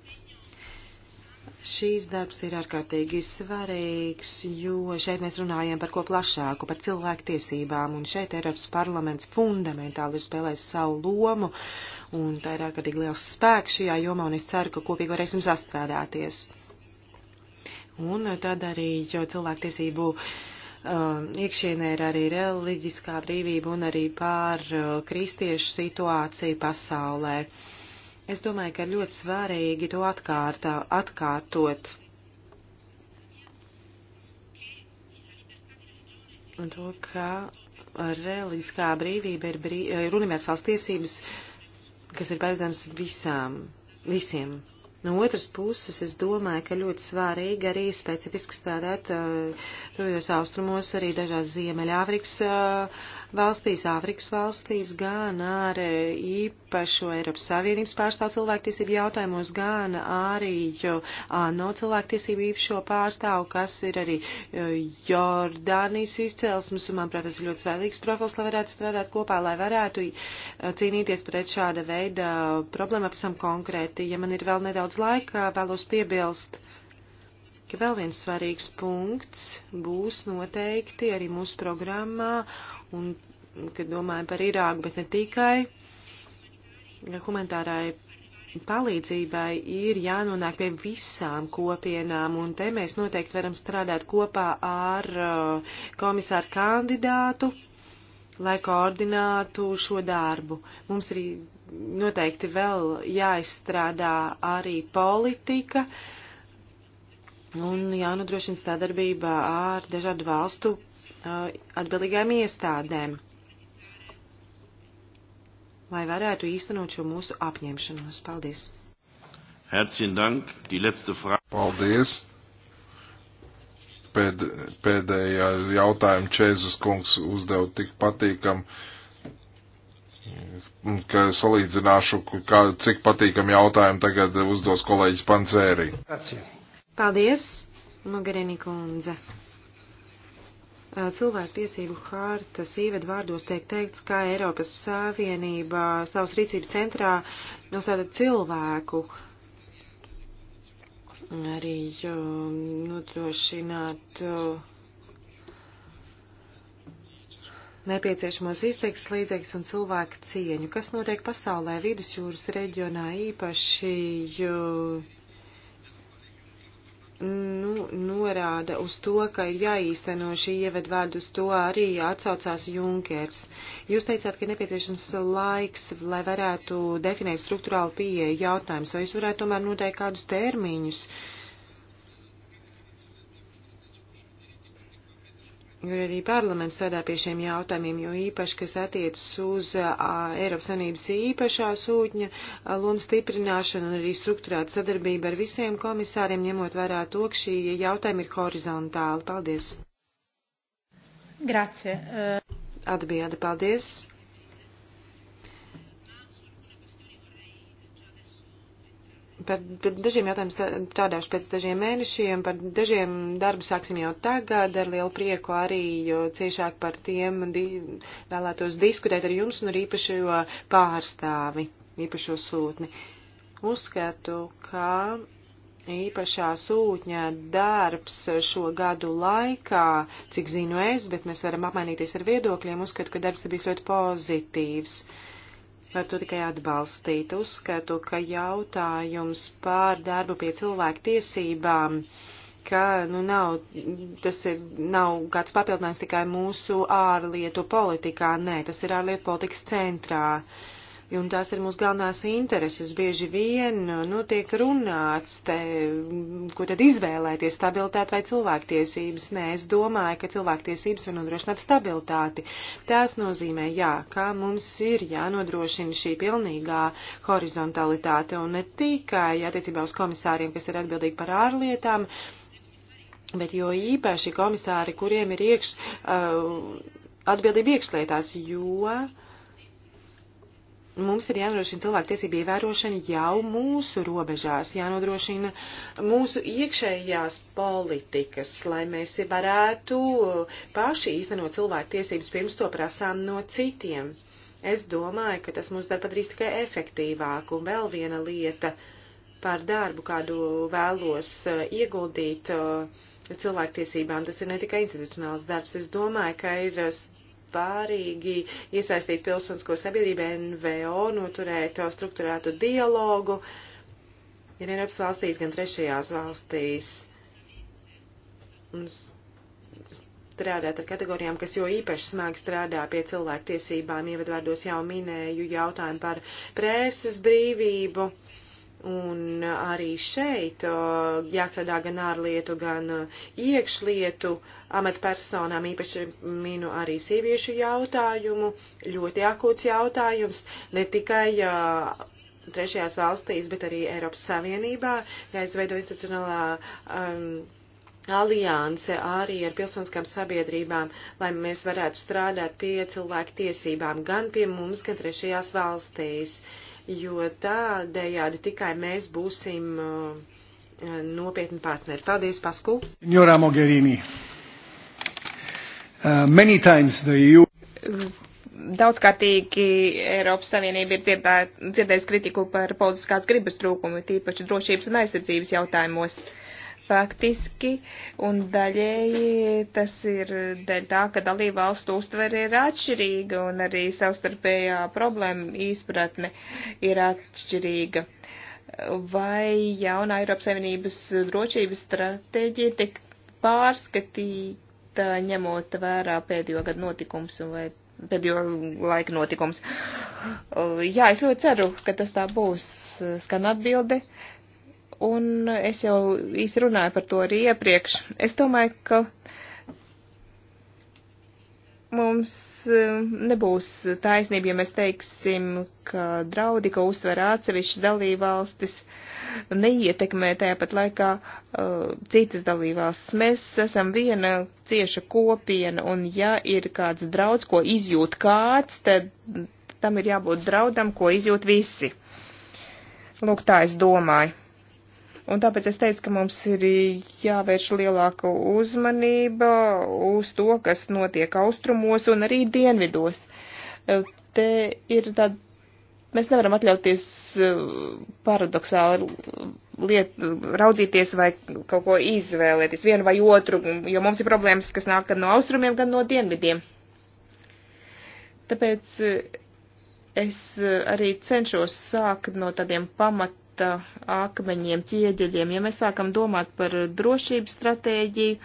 Šīs darbs ir ārkārtīgi svarīgs, jo šeit mēs runājam par ko plašāku, par cilvēku tiesībām, un šeit Eiropas parlaments fundamentāli ir spēlējis savu lomu, un tā ir ārkārtīgi liels spēks šajā jomā, un es ceru, ka kopīgi varēsim sastrādāties. Un tad arī cilvēktiesību um, iekšienē ir arī reliģiskā brīvība un arī pār uh, kristiešu situāciju pasaulē. Uh, Es domāju, ka ļoti svarīgi to atkārtā, atkārtot. Un to, ka reliģiskā brīvība ir brī, eh, ir universāls tiesības, kas ir paredzams visām, visiem. No otras puses, es domāju, ka ļoti svārīgi arī specifiski strādāt uh, tojos austrumos, arī dažās Ziemeļāfrikas uh, valstīs, Āfrikas valstīs, gan ar īpašo Eiropas Savienības pārstāvu cilvēktiesību jautājumos, gan arī ANO cilvēktiesību īpašo pārstāvu, kas ir arī Jordānijas izcelsmes, un manuprāt, tas ir ļoti svarīgs profils, lai varētu strādāt kopā, lai varētu e, cīnīties pret šāda veida problēmu apsam konkrēti. Ja man ir vēl nedaudz laika, vēlos piebilst ka vēl viens svarīgs punkts būs noteikti arī mūsu programmā un kad domājam par Irāku, bet ne tikai, humanitārai palīdzībai ir jānonāk pie visām kopienām, un te mēs noteikti varam strādāt kopā ar uh, komisāru kandidātu, lai koordinātu šo darbu. Mums ir noteikti vēl jāizstrādā arī politika. Un jānodrošina sadarbība ar dažādu valstu Uh, atbildīgām iestādēm, lai varētu īstenot šo mūsu apņemšanos. Paldies! Herzlichen Dank. Die letzte Frage. Paldies. Pēd, pēdējā jautājuma Čēzes kungs uzdev tik patīkam, ka salīdzināšu, kā, cik patīkam jautājumu tagad uzdos kolēģis Pancēri. Paldies, Mogherini kundze cilvēktiesību hārtas īvedvārdos tiek teikts, kā Eiropas Savienība savas rīcības centrā nostāda cilvēku arī nodrošināt nepieciešamos izteiksmes līdzekļus un cilvēku cieņu. Kas notiek pasaulē vidusjūras reģionā īpaši? Jo, nu, norāda uz to, ka ir jāīsteno šī ievedvārdu, uz to arī atsaucās Junkers. Jūs teicāt, ka nepieciešams laiks, lai varētu definēt struktūrālu pieeju jautājums, vai jūs varētu tomēr noteikt kādus termiņus? Uh, Jo arī parlaments strādā pie šiem jautājumiem, jo īpaši, kas attiecas uz uh, Eiropas Savienības īpašā sūtņa uh, lomas stiprināšanu un arī struktūrāta sadarbība ar visiem komisāriem, ņemot vērā to, ka šī jautājuma ir horizontāli. Paldies! Grazie! Atbilde, paldies! par dažiem jautājumiem strādāšu pēc dažiem mēnešiem, par dažiem darbu sāksim jau tagad, ar lielu prieku arī ciešāk par tiem di vēlētos diskutēt ar jums un ar īpašo pārstāvi, īpašo sūtni. Uzskatu, ka īpašā sūtņa darbs šo gadu laikā, cik zinu es, bet mēs varam apmainīties ar viedokļiem, uzskatu, ka darbs ir bijis ļoti pozitīvs. Uh, Var to tikai atbalstīt. Uzskatu, ka jautājums pār darbu pie cilvēku tiesībām, ka nu, nav, tas ir, nav kāds papildinājums tikai mūsu ārlietu politikā. Nē, tas ir ārlietu politikas centrā. Uh, un tās ir mūsu galvenās intereses. Bieži vien nu, tiek runāts, te, ko tad izvēlēties, stabilitāti vai cilvēktiesības. Nē, es domāju, ka cilvēktiesības var nodrošināt stabilitāti. Tās nozīmē, jā, kā mums ir jānodrošina šī pilnīgā horizontalitāte un ne tikai attiecībā uz komisāriem, kas ir atbildīgi par ārlietām, bet jo īpaši komisāri, kuriem ir iekš, uh, atbildība iekšlietās, jo. Uh, mums ir jānodrošina cilvēktiesību ievērošana jau mūsu robežās, jānodrošina mūsu iekšējās politikas, lai mēs varētu paši īstenot cilvēktiesības pirms to prasām no citiem. Es domāju, ka tas mūs dara padarīs tikai efektīvāku. Un vēl viena lieta par darbu, kādu vēlos uh, ieguldīt uh, cilvēktiesībām, tas ir ne tikai institucionāls darbs. Es domāju, ka ir uh, svarīgi iesaistīt pilsonisko sabiedrību NVO, noturēt struktūrētu dialogu gan Eiropas valstīs, gan trešajās valstīs. Un strādāt ar kategorijām, kas jo īpaši smagi strādā pie cilvēktiesībām. Ievadvārdos jau minēju jautājumu par prēses brīvību. Un arī šeit jāstrādā gan ārlietu, gan iekšlietu amatpersonām, īpaši minu arī sieviešu jautājumu, ļoti akūts jautājums, ne tikai uh, trešajās valstīs, bet arī Eiropas Savienībā, jāizveido institucionālā um, alianse arī ar pilsoniskām sabiedrībām, lai mēs varētu strādāt pie cilvēku tiesībām gan pie mums, gan trešajās valstīs. Uh, jo tādējādi tikai mēs būsim uh, nopietni partneri. Paldies, Pasku! Jorā Mogherini. Uh, many times the EU daudzkārtīgi Eiropas Savienība ir dzirdējusi kritiku par politiskās gribas trūkumu, tīpaši drošības un aizsardzības jautājumos. Uh, faktiski un daļēji tas ir dēļ tā, ka dalība valstu uztvere ir atšķirīga un arī savstarpējā problēma izpratne ir atšķirīga. Vai jaunā Eiropas Savienības drošības stratēģija tik pārskatīta, ņemot vērā pēdējo gadu notikums un vai pēdējo laika notikums? Jā, es ļoti ceru, ka tas tā būs. Skan atbildi. Uh, un es jau īsi runāju par to arī iepriekš. Es domāju, ka mums eh, nebūs taisnība, ja mēs teiksim, ka draudi, ko uztver atsevišķas dalībvalstis, neietekmē tāpat laikā uh, citas dalībvalstis. Mēs esam viena cieša kopiena, un ja ir kāds drauds, ko izjūt kāds, tad tam ir jābūt draudam, ko izjūt visi. Lūk, tā es domāju. Un tāpēc es teicu, ka mums ir jāvērš lielāka uzmanība uz to, kas notiek austrumos un arī dienvidos. E, te ir tāda, mēs nevaram atļauties e, paradoxāli liet, raudzīties vai kaut ko izvēlēties, vienu vai otru, jo mums ir problēmas, kas nāk gan no austrumiem, gan no dienvidiem. Tāpēc e, es arī cenšos sākt no tādiem pamat cementa akmeņiem, ķieģeļiem. Ja mēs sākam domāt par drošības stratēģiju,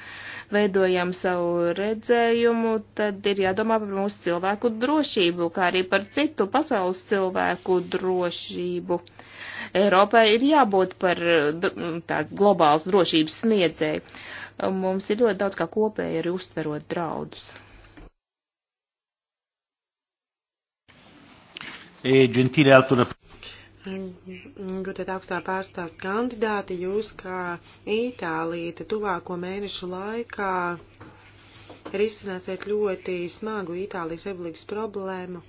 veidojam savu redzējumu, tad ir jādomā par mūsu cilvēku drošību, kā arī par citu pasaules cilvēku drošību. Eiropai ir jābūt par tāds globāls drošības sniedzēju. Mums ir ļoti daudz kā kopēji arī uztverot draudus. E, gentile alto Gutiet augstā pārstāvja kandidāti, jūs kā Itālija tuvāko mēnešu laikā risināsiet ļoti smagu Itālijas republikas problēmu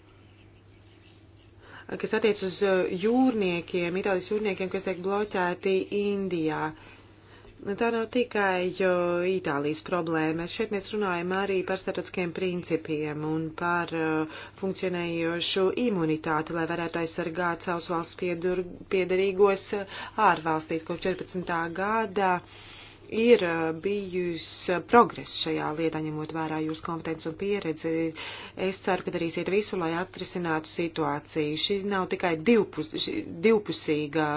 kas attiec uz jūrniekiem, itālijas jūrniekiem, kas tiek bloķēti Indijā. Uh, Tā nav tikai jo, Itālijas problēma. Šeit mēs runājam arī par starptautiskiem principiem un par uh, funkcionējošu imunitāti, lai varētu aizsargāt savus valsts piedur, piedarīgos uh, ārvalstīs. Kopš 14. gada ir uh, bijis uh, progress šajā lietā, ņemot vērā jūsu kompetenci un pieredzi. Es ceru, ka darīsiet visu, lai atrisinātu situāciju. Šis nav tikai divpus, divpusīga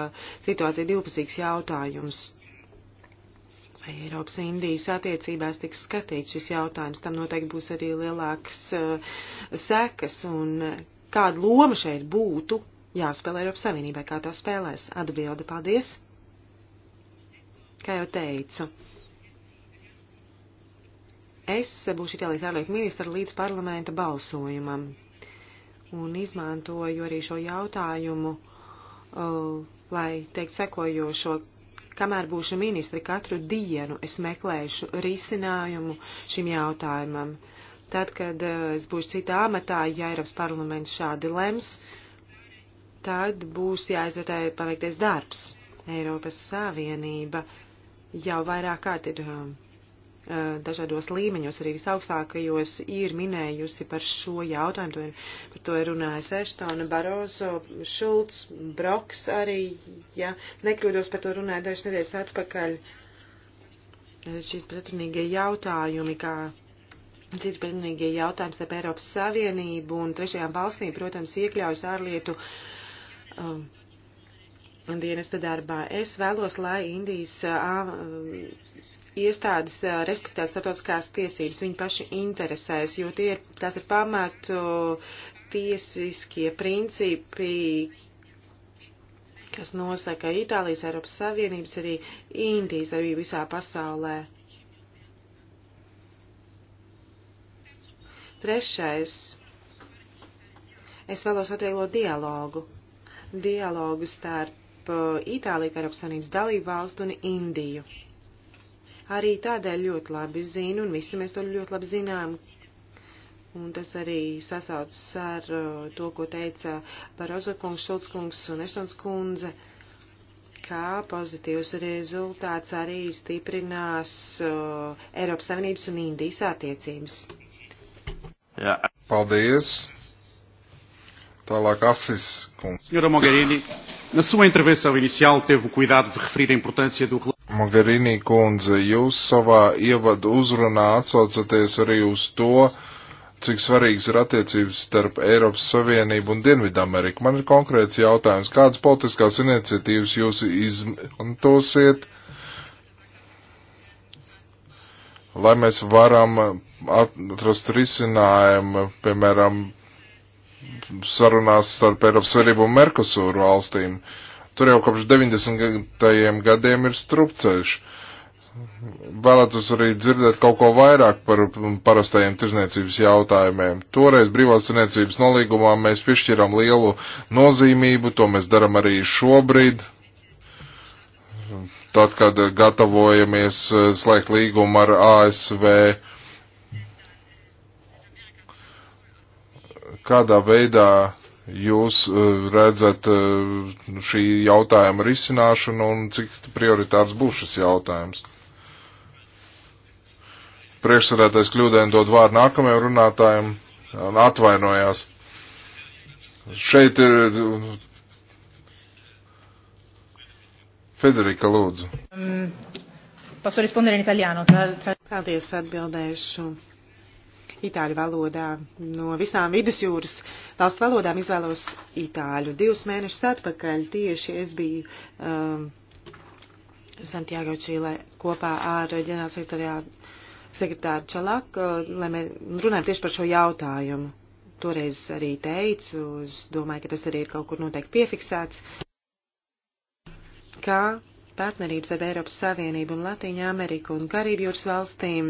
situācija, divpusīgs jautājums Eiropas Indijas attiecībās tiks skatīts šis jautājums, tam noteikti būs arī lielākas uh, sekas un eh, kāda loma šeit būtu jāspēlē Eiropas Savienībai, kā tā spēlēs. Atbilde, paldies! Kā jau teicu, es būšu Itālijas ārlietu ministra līdz parlamenta balsojumam un izmantoju arī šo jautājumu, uh, lai teikt sekojošo, Kamēr būšu ministri, katru dienu es meklēšu risinājumu šim jautājumam. Tad, kad eh, es būšu citā amatā, ja Eiropas parlaments šādi lems, tad būs jāizvērtē paveiktais darbs. Eiropas Savienība jau vairāk kārt ir um, Eh, dažādos līmeņos, arī visaugstākajos, ir minējusi par šo jautājumu. To ir, par to ir runājis Eštona, Barozo, Šulcs, Broks arī, ja nekļūdos par to runāja dažas nedēļas atpakaļ. Eh, Šīs pretrunīgie jautājumi, kā citi pretrunīgie jautājumi starp Eiropas Savienību un trešajām valstīm, protams, iekļaujas ārlietu. Um, dienesta darbā. Es vēlos, lai Indijas iestādes respektē starptautiskās tiesības, viņi paši interesēs, jo tie ir, tās ir pamatu tiesiskie principi, kas nosaka Itālijas, Eiropas Savienības, arī Indijas, arī visā pasaulē. Trešais. Es vēlos atvieglot dialogu. Dialogu starp Itāliju, Eiropas Savienības dalību valstu un Indiju arī tādēļ ļoti labi zinu, un visi mēs to ļoti labi zinām. Un tas arī sasaucas ar uh, to, ko teica Barozo kungs, Šulc kungs un Eštons kundze, kā pozitīvs rezultāts arī stiprinās uh, Eiropas Savienības un Indijas attiecības. Jā. Paldies! Tālāk Assis kungs. Senhora Mogherini, na sua intervenção inicial teve o cuidado de referir a importância do Mogherini kundze, jūs savā ievadu uzrunā atsaucaties arī uz to, cik svarīgs ir attiecības starp Eiropas Savienību un Dienvidameriku. Man ir konkrēts jautājums, kādas politiskās iniciatīvas jūs izmantosiet, lai mēs varam atrast risinājumu, piemēram, sarunās starp Eiropas Savienību un Merkosūru valstīm? Uh, Tur jau kopš 90. gadiem ir strupceļš. Vēlētos arī dzirdēt kaut ko vairāk par parastajiem tirzniecības jautājumiem. Toreiz brīvās tirzniecības nolīgumā mēs piešķiram lielu nozīmību, to mēs daram arī šobrīd, tad, kad gatavojamies eh, slēgt līgumu ar ASV, kādā veidā jūs e, redzat e, šī jautājuma risināšanu un cik prioritārs būs šis jautājums? Priekšsarētais kļūdēm dod vārdu nākamajam runātājam un atvainojās. Šeit ir Federika Lūdzu. Um, posso rispondere in italiano? Tra, tra... Paldies, atbildēšu itāļu valodā no visām vidusjūras valstu valodām izvēlos itāļu. Divus mēnešus atpakaļ tieši es biju um, Santiago Čīlē kopā ar ģenerālsekretāru Čalaku, lai mēs runājam tieši par šo jautājumu. Toreiz arī teicu, es domāju, ka tas arī ir kaut kur noteikti piefiksēts, kā partnerības ar Eiropas Savienību un Latīņu Ameriku un Karību jūras valstīm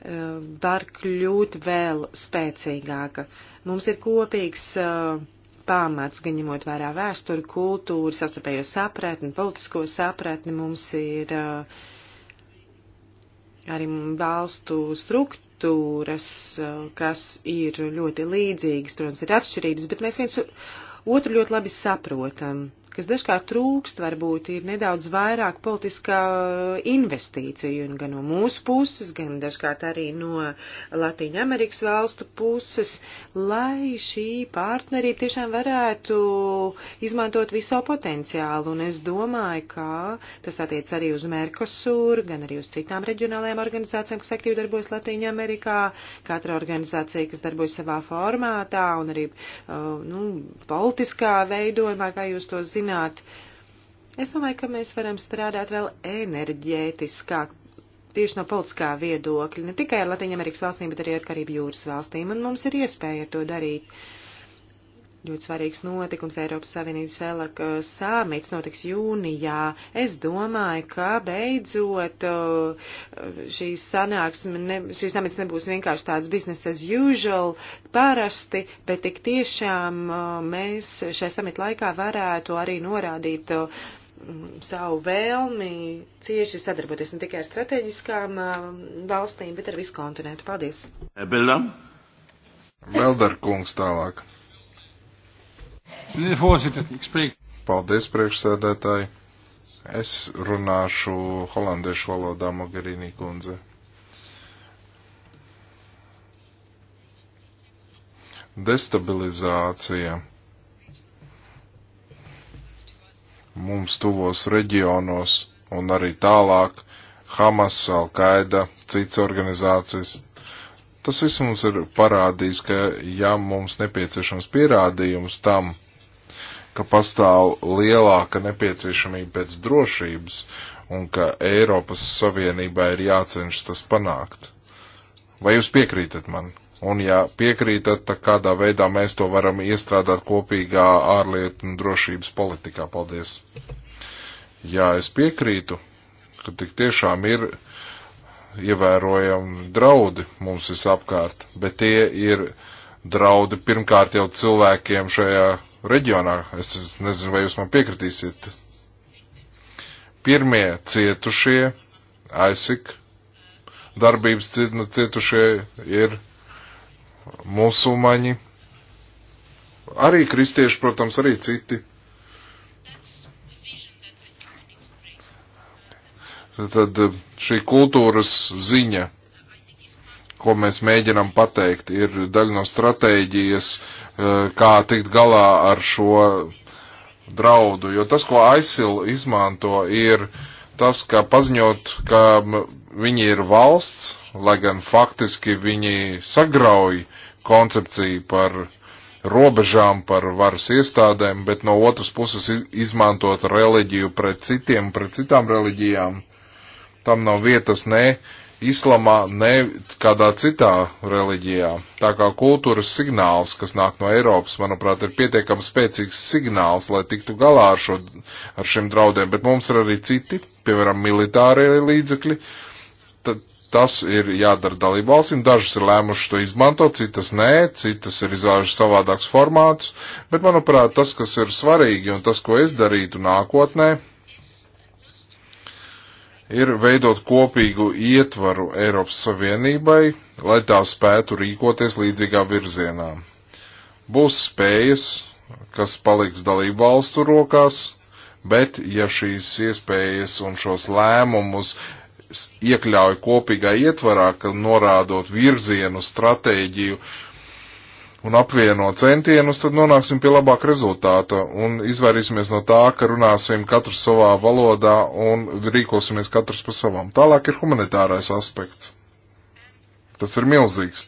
Eh, var kļūt vēl spēcīgāka. Mums ir kopīgs uh, pamats, gan ņemot vērā vēsturi, kultūru, sastarpējo sapratni, politisko sapratni, mums ir uh, arī valstu struktūras, uh, kas ir ļoti līdzīgas, protams, ir atšķirības, bet mēs viens otru ļoti labi saprotam kas dažkārt trūkst, varbūt ir nedaudz vairāk politiskā investīcija, un gan no mūsu puses, gan dažkārt arī no Latīņa Amerikas valstu puses, lai šī partnerība tiešām varētu izmantot visu savu potenciālu, un es domāju, ka tas attiec arī uz Merkosur, gan arī uz citām reģionālajām organizācijām, kas aktīvi darbojas Latīņa Amerikā, katra organizācija, kas darbojas savā formātā, un arī, uh, nu, politiskā veidojumā, kā jūs to zināt, veicināt. Es domāju, ka mēs varam strādāt vēl enerģētiskāk, tieši no politiskā viedokļa, ne tikai ar Latviju Amerikas valstīm, bet arī ar Karību jūras valstīm, un mums ir iespēja to darīt. Uh, Ļoti svarīgs notikums Eiropas Savienības ELAK uh, samits notiks jūnijā. Es domāju, ka beidzot uh, šī sanāksme, ne, šī samits nebūs vienkārši tāds business as usual, parasti, bet tik tiešām uh, mēs šajā samita laikā varētu arī norādīt mm, savu vēlmi cieši sadarboties ne tikai ar strateģiskām valstīm, bet ar visu kontinentu. Paldies! Bildam! Velderkungs tālāk. Paldies, priekšsēdētāji. Es runāšu holandiešu valodā, Mogherini kundze. Destabilizācija mums tuvos reģionos un arī tālāk Hamas, Al-Qaida, citas organizācijas. Tas viss mums ir parādījis, ka ja mums nepieciešams pierādījums tam, ka pastāv lielāka nepieciešamība pēc drošības un ka Eiropas Savienībā ir jācenšas tas panākt. Vai jūs piekrītat man? Un ja piekrītat, tad kādā veidā mēs to varam iestrādāt kopīgā ārlietu un drošības politikā? Paldies! Jā, es piekrītu, ka tik tiešām ir ievērojami draudi mums visapkārt, bet tie ir draudi pirmkārt jau cilvēkiem šajā reģionā. Es nezinu, vai jūs man piekritīsiet. Pirmie cietušie, aizsik, darbības nu, cietušie ir musulmaņi. Arī kristieši, protams, arī citi. Tad eh, šī kultūras ziņa ko mēs mēģinam pateikt, ir daļa no stratēģijas E, kā tikt galā ar šo draudu, jo tas, ko ISIL izmanto, ir tas, ka paziņot, ka viņi ir valsts, lai gan faktiski viņi sagrauj koncepciju par robežām, par varas iestādēm, bet no otras puses izmantot reliģiju pret citiem, pret citām reliģijām. Tam nav vietas ne islamā, ne kādā citā reliģijā. Tā kā kultūras signāls, kas nāk no Eiropas, manuprāt, ir pietiekami spēcīgs signāls, lai tiktu galā ar, šo, ar šiem draudiem, bet mums ir arī citi, piemēram, militārie līdzekļi. Tad tas ir jādara dalību valstīm, dažas ir lēmušas to izmantot, citas nē, citas ir izvēlušas savādāks formāts, bet manuprāt, tas, kas ir svarīgi un tas, ko es darītu nākotnē, ir veidot kopīgu ietvaru Eiropas Savienībai, lai tā spētu rīkoties līdzīgā virzienā. Būs spējas, kas paliks dalību valstu rokās, bet ja šīs iespējas un šos lēmumus iekļauj kopīgā ietvarā, ka norādot virzienu, stratēģiju, uh, un apvieno centienus, tad nonāksim pie labāka rezultāta un izvairīsimies no tā, ka runāsim katrs savā valodā un rīkosimies katrs pa savam. Tālāk ir humanitārais aspekts. Tas ir milzīgs.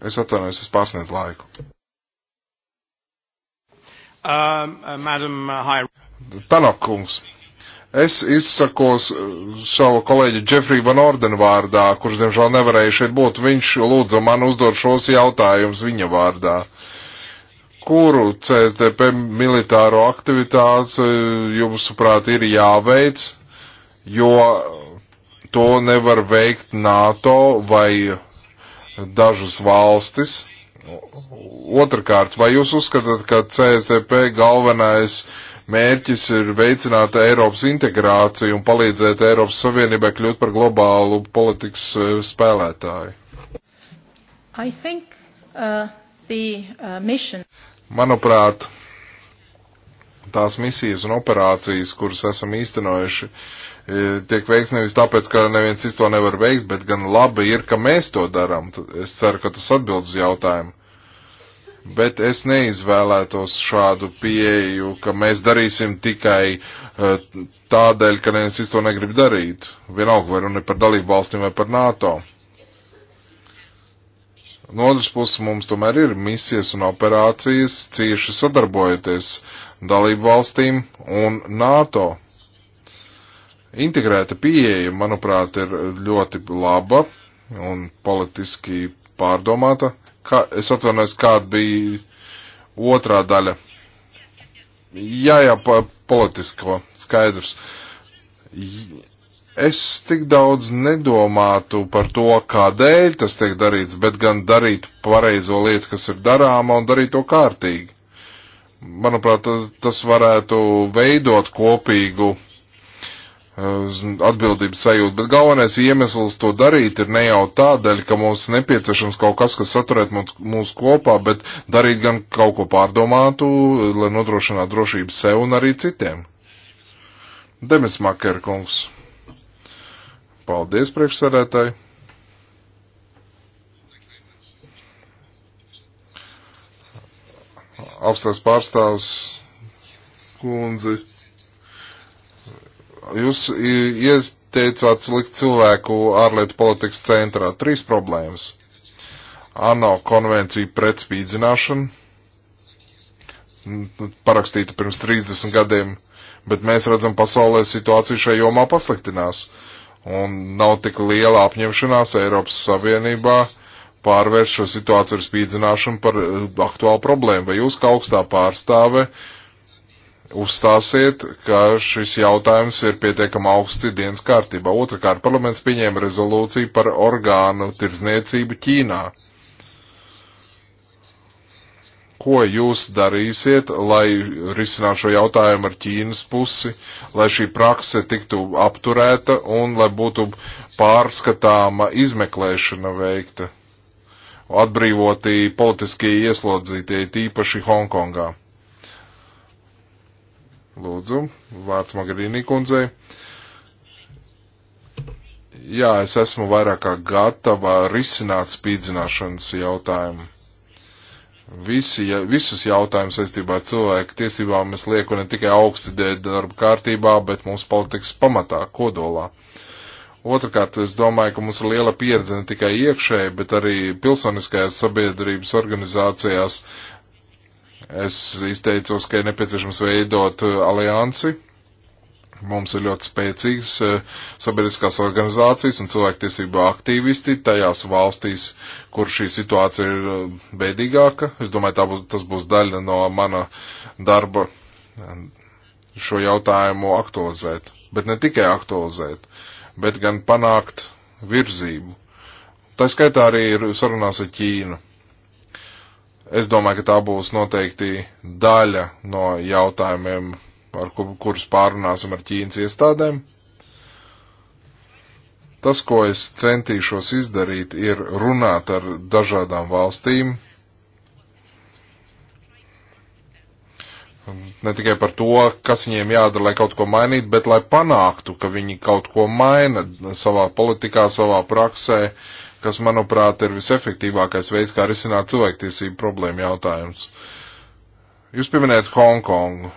Es atvainojos, es pārsniedzu laiku. Um, uh, madam, uh, hi. Tanokungs. Es izsakos uh, savu kolēģi Džefriju Van Ordenu vārdā, kurš, diemžēl, nevarēja šeit būt. Viņš lūdza man uzdot šos jautājumus viņa vārdā. Kuru CSDP militāro aktivitāti uh, jums,prāt, ir jāveic, jo to nevar veikt NATO vai dažas valstis? Otrakārt, vai jūs uzskatāt, ka CSDP galvenais uh, Mērķis ir veicināt Eiropas integrāciju un palīdzēt Eiropas Savienībai kļūt par globālu politikas e, spēlētāju. I think, uh, the, uh, mission... Manuprāt, tās misijas un operācijas, kuras esam īstenojuši, e, tiek veikts nevis tāpēc, ka neviens cits to nevar veikt, bet gan labi ir, ka mēs to darām. Es ceru, ka tas atbild uz jautājumu bet es neizvēlētos šādu pieeju, ka mēs darīsim tikai eh, tādēļ, ka neviens cits to negrib darīt. Vienalga vai runa ir par dalību valstīm vai par NATO. No otras puses mums tomēr ir misijas un operācijas cieši sadarbojoties dalību valstīm un NATO. Integrēta pieeja, manuprāt, ir ļoti laba un politiski pārdomāta. Uh, Kā, es atvainojos, kāda bija otrā daļa. Jā, jā, pa, politisko, skaidrs. Es tik daudz nedomātu par to, kādēļ tas tiek darīts, bet gan darīt pareizo lietu, kas ir darāma un darīt to kārtīgi. Manuprāt, tas varētu veidot kopīgu atbildības sajūta, bet galvenais iemesls to darīt ir ne jau tādēļ, ka mums nepieciešams kaut kas, kas saturēt mūs kopā, bet darīt gan kaut ko pārdomātu, lai nodrošinātu drošību sev un arī citiem. Demis Makerkungs. Paldies, priekšsēdētāji. Augstās pārstāvs kundze Jūs ieteicāt likt cilvēku ārlietu politikas centrā. Trīs problēmas. ANO konvencija pret spīdzināšanu, parakstīta pirms 30 gadiem, bet mēs redzam pasaulē situācija šajā jomā pasliktinās. Un nav tik liela apņemšanās Eiropas Savienībā pārvērst šo situāciju ar spīdzināšanu par e, aktuālu problēmu. Vai jūs kā augstā pārstāve uh, uzstāsiet, ka šis jautājums ir pietiekami augsti dienas kārtībā. Otrakārt, parlaments pieņēma rezolūciju par orgānu tirdzniecību Ķīnā. Ko jūs darīsiet, lai risinātu šo jautājumu ar Ķīnas pusi, lai šī prakse tiktu apturēta un lai būtu pārskatāma izmeklēšana veikta, atbrīvotī politiski ieslodzītie, tīpaši Hongkongā? Lūdzu, vārds Magarīnī kundzei. Jā, es esmu vairāk kā gatava risināt spīdzināšanas jautājumu. Visi, ja, visus jautājumus saistībā ar cilvēku tiesībām es lieku ne tikai augsti darba kārtībā, bet mūsu politikas pamatā, kodolā. Otrakārt, es domāju, ka mums ir liela pieredze ne tikai iekšēji, bet arī pilsoniskajās sabiedrības organizācijās Es izteicos, ka ir nepieciešams veidot uh, aliansi. Mums ir ļoti spēcīgas uh, sabiedriskās organizācijas un cilvēktiesība aktīvisti tajās valstīs, kur šī situācija ir uh, bēdīgāka. Es domāju, būs, tas būs daļa no mana darba um, šo jautājumu aktualizēt. Bet ne tikai aktualizēt, bet gan panākt virzību. Tā skaitā arī ir sarunās ar Ķīnu Es domāju, ka tā būs noteikti daļa no jautājumiem, ar kur, kurus pārunāsim ar Ķīnas iestādēm. Tas, ko es centīšos izdarīt, ir runāt ar dažādām valstīm, ne tikai par to, kas viņiem jādara, lai kaut ko mainītu, bet lai panāktu, ka viņi kaut ko maina savā politikā, savā praksē, uh, kas, manuprāt, ir visefektīvākais veids, kā risināt cilvēktiesību problēmu jautājumus. Jūs pieminējat Hongkongu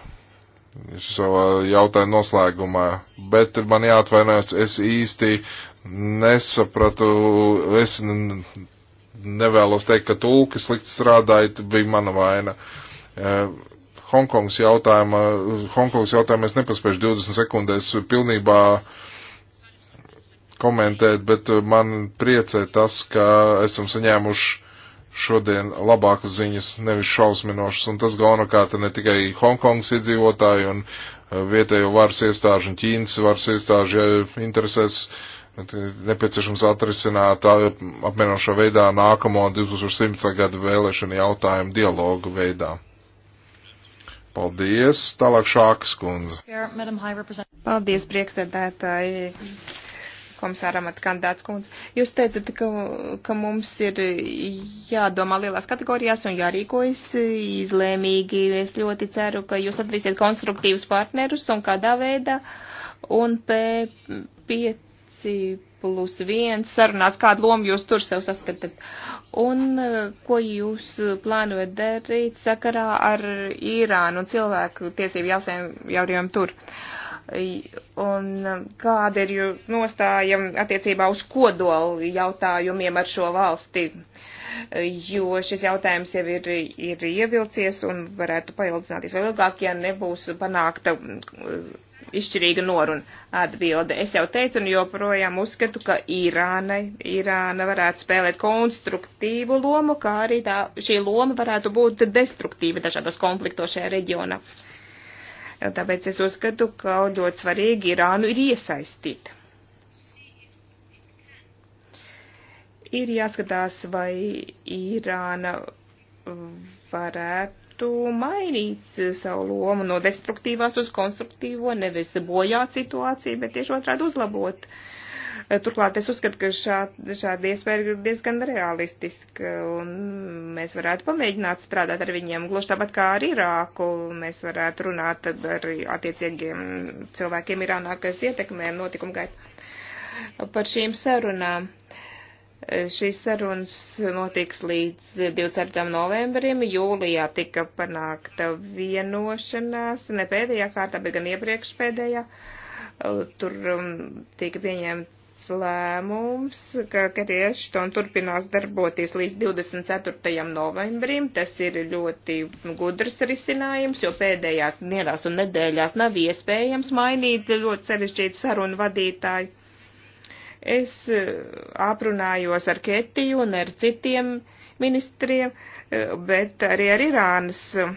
savā jautājuma noslēgumā, bet man jāatvainojas, es īsti nesapratu, es nevēlos teikt, ka tulki slikti strādājot, bija mana vaina. E, Hongkongas jautājuma, Hongkongas jautājuma es nepaspēju 20 sekundēs pilnībā uh, komentēt, bet uh, man priecē tas, ka esam saņēmuši šodien labākas ziņas, nevis šausminošas, un tas galvenokārt ne tikai Hongkongas iedzīvotāji un uh, vietējo varas iestāžu un Ķīnas varas iestāžu interesēs, bet uh, nepieciešams atrisināt apmienošā veidā nākamo 2100. gadu vēlēšanu jautājumu dialogu veidā. Paldies, tālāk šākas kundze. Paldies, priekšsēdētāji komisāra amata kandidāts kundze. Jūs teicat, ka, ka mums ir jādomā lielās kategorijās un jārīkojas izlēmīgi. Es ļoti ceru, ka jūs atradīsiet konstruktīvus partnerus un kādā veidā. Un P5 plus viens sarunās, kādu lomu jūs tur sev saskatat. Un ko jūs plānojat darīt sakarā ar Irānu un cilvēku tiesību jāsēm jau jau tur. Uh, un kāda ir nostāja attiecībā uz kodolu jautājumiem ar šo valsti, jo šis jautājums jau ir, ir ievilcies un varētu paildzināties vēl ilgāk, ja nebūs panākta mm, izšķirīga noruna atbilde. Es jau teicu un joprojām uzskatu, ka Irāna, Irāna varētu spēlēt konstruktīvu lomu, kā arī tā, šī loma varētu būt destruktīva dažādos konfliktos šajā reģionā. Uh, Tāpēc es uzskatu, ka ļoti svarīgi Irānu ir iesaistīt. Ir jāskatās, vai Irāna varētu mainīt savu lomu no destruktīvās uz konstruktīvo, nevis bojāt situāciju, bet tieši otrādi uzlabot uh, Turklāt es uzskatu, ka šā, šāda iespēja ir diezgan realistiska, un mēs varētu pamēģināt strādāt ar viņiem, gluži tāpat kā ar Irāku. Mēs varētu runāt ar attiecīgiem cilvēkiem Irānā, kas ietekmē notikumu gaitu par šīm sarunām. Šīs sarunas notiks līdz 24. novembrim. Jūlijā tika panākta vienošanās, ne pēdējā kārtā, bet gan iepriekš pēdējā tur um, tika pieņemta pieņemts lēmums, ka Kerija Ešton turpinās darboties līdz 24. novembrim. Tas ir ļoti gudrs risinājums, jo pēdējās dienās un nedēļās nav iespējams mainīt ļoti sarežģītu sarunu vadītāju. Es eh, aprunājos ar Ketiju un ar citiem uh, ministriem, eh, bet arī ar Irānas eh,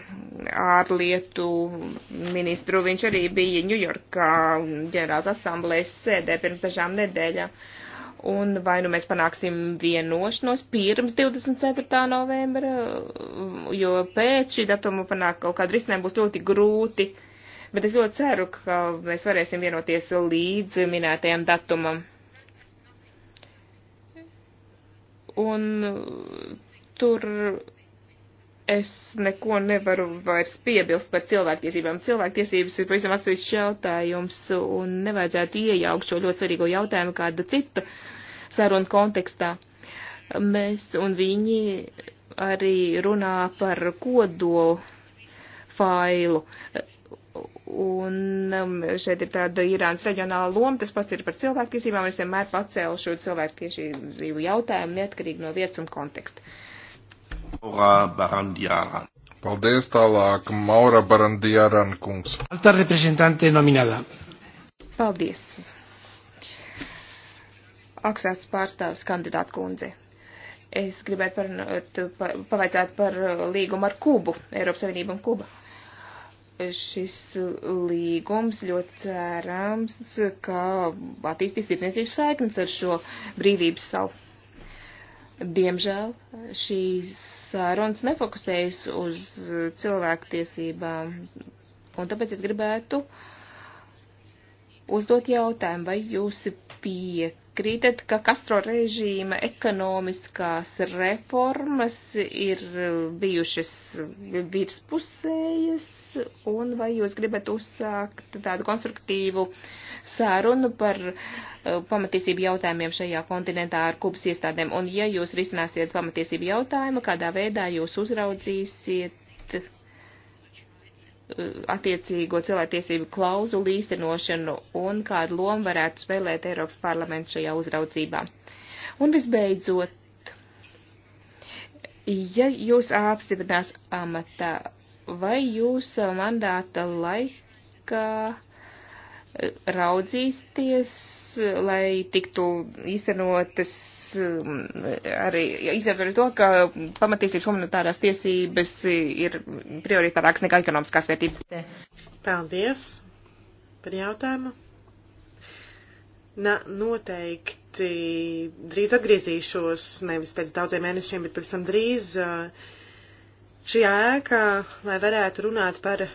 ārlietu ministru. Viņš arī bija Ņujorkā ģenerāls asamblējas sēdē pirms dažām nedēļām. Un vai nu mēs panāksim vienošanos pirms 24. novembra, jo pēc šī datuma panākt kaut kādu risinājumu būs ļoti grūti. Bet es ļoti ceru, ka mēs varēsim vienoties līdz minētajam datumam. un Tur es neko nevaru vairs piebilst par cilvēktiesībām. Cilvēktiesības ir pavisam atsevišķs jautājums un nevajadzētu iejaukt šo ļoti svarīgo jautājumu kāda cita saruna kontekstā. Mēs un viņi arī runā par kodolu failu. Un um, šeit ir tāda Irānas reģionāla loma, tas pats ir par cilvēktiesībām, es vienmēr pacēlu šo cilvēktiesību jautājumu neatkarīgi no vietas un konteksta. Uh, Maura Barandiaran. Paldies tālāk, Maura Barandiaran kungs. Alta reprezentante nominēta. Paldies. Augstās pārstāvis kandidāta kundze. Es gribētu parunāt, pa, pavaicāt par līgumu ar Kubu, Eiropas Savienību un Kubu šis līgums ļoti cerams, ka attīstīs tirdzniecības saiknes ar šo brīvības savu. Diemžēl šīs sarunas eh, nefokusējas uz eh, cilvēktiesībām. Un tāpēc es gribētu uzdot jautājumu, vai jūs piekrītat piekrītat, ka Kastro režīma ekonomiskās reformas ir bijušas virspusējas, un vai jūs gribat uzsākt tādu konstruktīvu sārunu par uh, pamatiesību jautājumiem šajā kontinentā ar Kubas iestādēm, un ja jūs risināsiet pamatiesību jautājumu, kādā veidā jūs uzraudzīsiet Eh, attiecīgo cilvēktiesību klauzulu īstenošanu un kādu lomu varētu spēlēt Eiropas parlaments šajā uzraudzībā. Un visbeidzot, ja jūs apstiprinās amatā, vai jūs mandāta laikā eh, raudzīsties, lai tiktu īstenotas Um, arī izdevēja to, ka pamatiesības humanitārās tiesības ir prioritārāks nekā ekonomiskās vērtības. Paldies par jautājumu. Na, noteikti drīz atgriezīšos, nevis pēc daudziem mēnešiem, bet pavisam drīz uh, šī ēka, lai varētu runāt par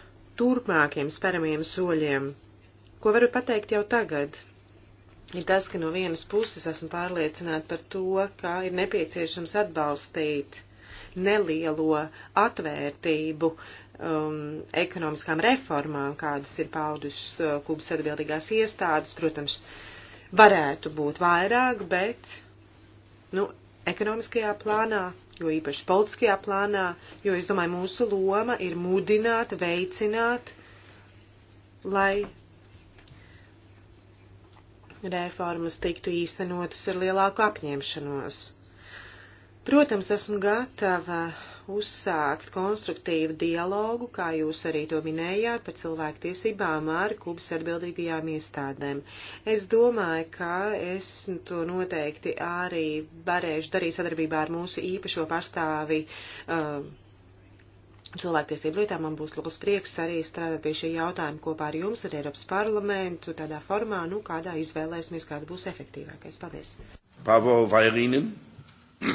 turpmākiem speramiem soļiem. Ko varu pateikt jau tagad? ir tas, ka no vienas puses esmu pārliecināta par to, ka ir nepieciešams atbalstīt nelielo atvērtību um, ekonomiskām reformām, kādas ir paudušas uh, klubas atbildīgās iestādes. Protams, varētu būt vairāk, bet, nu, ekonomiskajā plānā, jo īpaši politiskajā plānā, jo es domāju, mūsu loma ir mudināt, veicināt, lai reformas tiktu īstenotas ar lielāku apņemšanos. Protams, esmu gatava uzsākt konstruktīvu dialogu, kā jūs arī to minējāt, par cilvēktiesībām ar Kubas atbildīgajām iestādēm. Es domāju, ka es to noteikti arī varēšu darīt sadarbībā ar mūsu īpašo pārstāvi uh, cilvēktiesību lietā man būs liels prieks arī strādāt pie šī jautājuma kopā ar jums, ar Eiropas parlamentu, tādā formā, nu, kādā izvēlēsimies, kāda būs efektīvākais. Paldies. Pavo Vairīnen. [clears throat]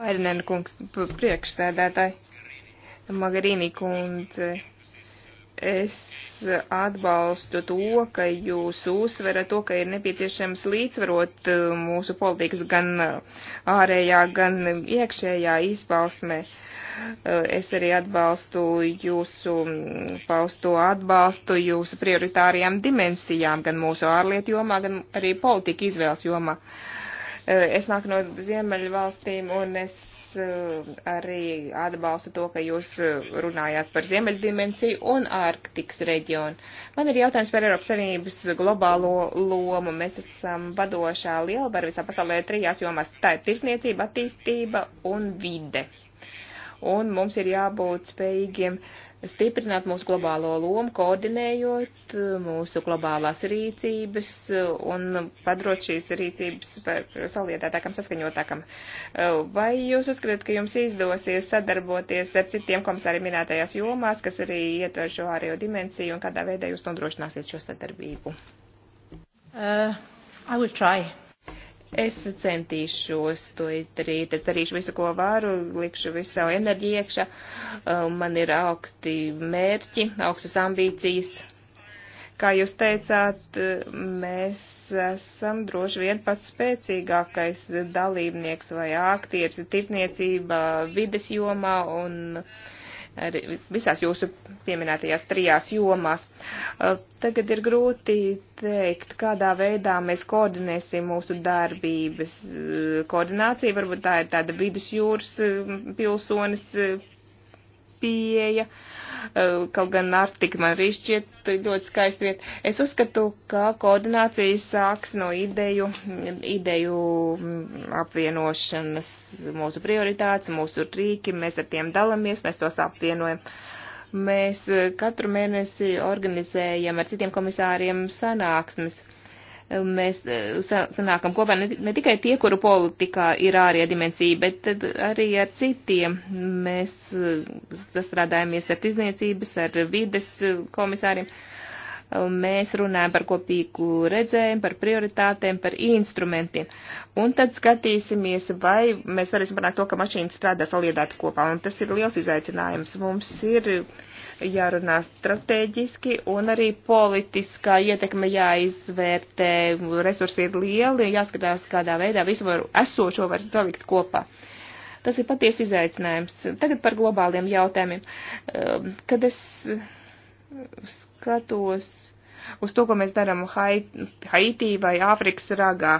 Vairīnen kungs, priekšsēdētāji. Magarīni kundze. Es atbalstu to, ka jūs uzsverat to, ka ir nepieciešams līdzvarot uh, mūsu politikas gan uh, ārējā, gan iekšējā izpausmē. Uh, Eh, es arī atbalstu jūsu mm, pausto atbalstu jūsu prioritārajām dimensijām, gan mūsu ārlietu jomā, gan arī politika izvēles jomā. Eh, es nāku no Ziemeļu valstīm un es eh, arī atbalstu to, ka jūs runājāt par Ziemeļu dimensiju un Ārktikas reģionu. Man ir jautājums par Eiropas Savienības globālo lomu. Mēs esam vadošā lielvara visā pasaulē trijās jomās. Tā ir tirsniecība, attīstība un vide un mums ir jābūt spējīgiem stiprināt mūsu globālo lomu, koordinējot uh, mūsu globālās rīcības uh, un padarot šīs rīcības par saliedētākam, saskaņotākam. Uh, vai jūs uzskatāt, ka jums izdosies sadarboties ar citiem komisāriem minētajās jomās, kas arī ietver šo ārējo dimensiju un kādā veidā jūs nodrošināsiet šo sadarbību? Uh, I will try. Es centīšos to izdarīt. Es darīšu visu, ko varu, likšu visu savu enerģiju iekšā. Uh, man ir augsti mērķi, augstas ambīcijas. Kā jūs teicāt, mēs esam droši vien pats spēcīgākais dalībnieks vai aktieris tirdzniecībā, vides jomā un uh, arī visās jūsu pieminētajās trijās jomās. Tagad ir grūti teikt, kādā veidā mēs koordinēsim mūsu darbības koordināciju. Varbūt tā ir tāda vidusjūras pilsonis pieeja. Uh, Eh, kaut gan Arktika man arī šķiet ļoti skaisti vieta. Es uzskatu, ka koordinācija sāks no ideju, ideju mm, apvienošanas, mūsu prioritātes, mūsu rīki, mēs ar tiem dalamies, mēs tos apvienojam. Mēs eh, katru mēnesi organizējam ar citiem komisāriem sanāksmes mēs e, sanākam kopā ne tikai tie, kuru politikā ir ārējā dimensija, bet arī ar citiem. Mēs e, sastrādājamies ar tirzniecības, ar vides e, komisāriem. Mēs runājam par kopīgu redzējumu, par prioritātēm, par instrumentiem. Un tad skatīsimies, vai mēs varēsim panākt to, ka mašīnas strādā saliedāti kopā. Un tas ir liels izaicinājums. Mums ir uh, jārunā strateģiski un arī politiskā ietekme jāizvērtē, resursi ir lieli, jāskatās, kādā veidā visu var esošo var salikt kopā. Tas ir patiesi izaicinājums. Tagad par globāliem jautājumiem. Ehm, kad es skatos uz to, ko mēs darām Haitī vai Āfrikas ragā,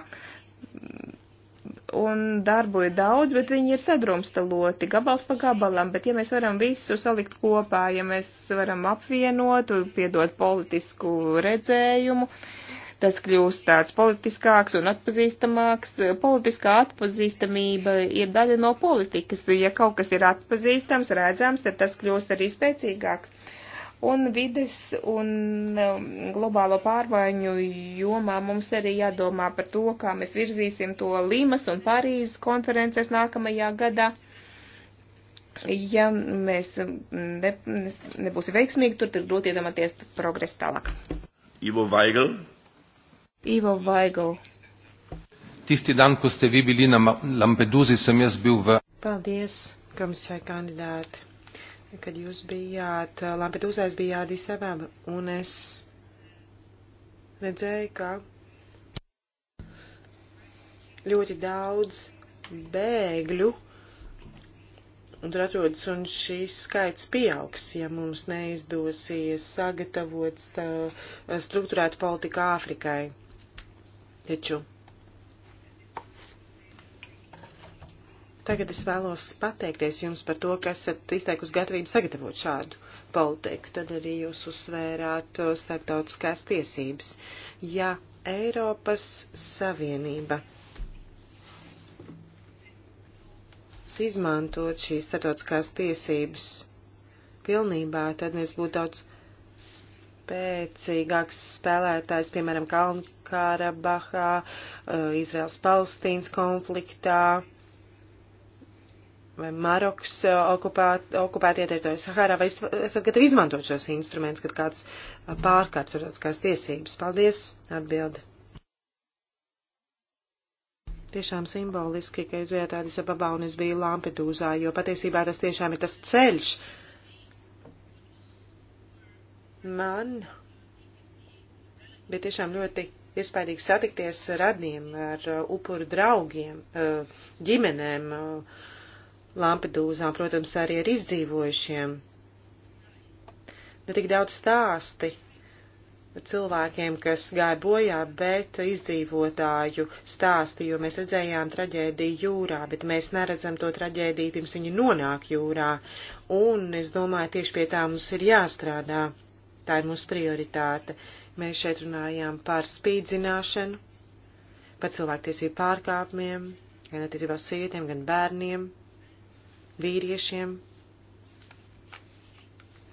un darbu ir daudz, bet viņi ir sadrumstaloti gabals pa gabalam, bet ja mēs varam visu salikt kopā, ja mēs varam apvienot, piedot politisku redzējumu, tas kļūst tāds politiskāks un atpazīstamāks. Politiskā atpazīstamība ir daļa no politikas. Ja kaut kas ir atpazīstams, redzams, tad tas kļūst arī spēcīgāks. Un vides un um, globālo pārmaiņu jomā mums arī jādomā par to, kā mēs virzīsim to Limas un Parīzes konferences nākamajā gadā. Ja mēs um, ne, nebūsim veiksmīgi, tur ir grūti iedomāties progresu tālāk. Ivo Vaigl. Ivo Vaigl. Tisti dan, ko ste vi bili na Lampeduzi, sem jaz bil v. Paldies, komisār kandidāti. Kad jūs bijāt Lampedūzēs, bijāt Disavēm, un es redzēju, ka ļoti daudz bēgļu un tur atrodas, un šīs skaits pieaugs, ja mums neizdosies sagatavot struktūrētu politiku Āfrikai. Taču Tagad es vēlos pateikties jums par to, ka esat izteikusi gatavību sagatavot šādu politiku. Tad arī jūs uzsvērāt uh, starptautiskās tiesības. Ja Eiropas Savienība izmantot šīs starptautiskās tiesības pilnībā, tad mēs būtu daudz spēcīgāks spēlētājs, piemēram, Kalnu Karabahā, uh, Izraels-Palestīnas konfliktā vai Marokas eh, okupēt, okupētie teritorijas Sahārā, vai esat gatavi izmantot šos instrumentus, kad kāds eh, pārkārts ar kādās tiesības? Paldies, atbildi. Tiešām simboliski, ka es biju tādis ababā un es biju Lampedūzā, jo patiesībā tas tiešām ir tas ceļš. Man bija tiešām ļoti iespējams satikties ar radniem, ar eh, upuru draugiem, ģimenēm, uh, Lampedūzā, protams, arī ar izdzīvojušiem. Ne tik daudz stāsti par cilvēkiem, kas gāja bojā, bet izdzīvotāju stāsti, jo mēs redzējām traģēdiju jūrā, bet mēs neredzam to traģēdiju, pirms viņi nonāk jūrā. Un es domāju, tieši pie tā mums ir jāstrādā. Tā ir mūsu prioritāte. Mēs šeit runājām par spīdzināšanu, par cilvēktiesību pārkāpumiem, gan attiecībā uz sievietēm, gan bērniem vīriešiem.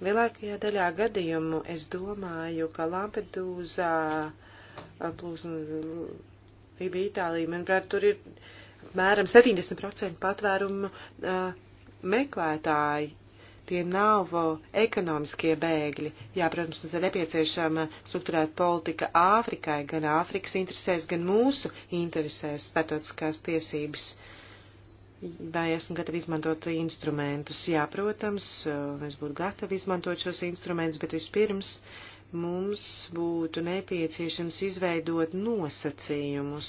Lielākajā daļā gadījumu es domāju, ka Lampedūzā plūsma Lībija, Itālija, manuprāt, tur ir mēram 70% patvērumu uh, meklētāji. Tie nav ekonomiskie bēgļi. Jā, protams, mums ir nepieciešama struktūrēta politika Āfrikai, gan Āfrikas interesēs, gan mūsu interesēs, statotiskās tiesības. Uh, vai esmu gatava izmantot instrumentus. Jā, protams, es būtu gatava izmantot šos instrumentus, bet vispirms mums būtu nepieciešams izveidot nosacījumus,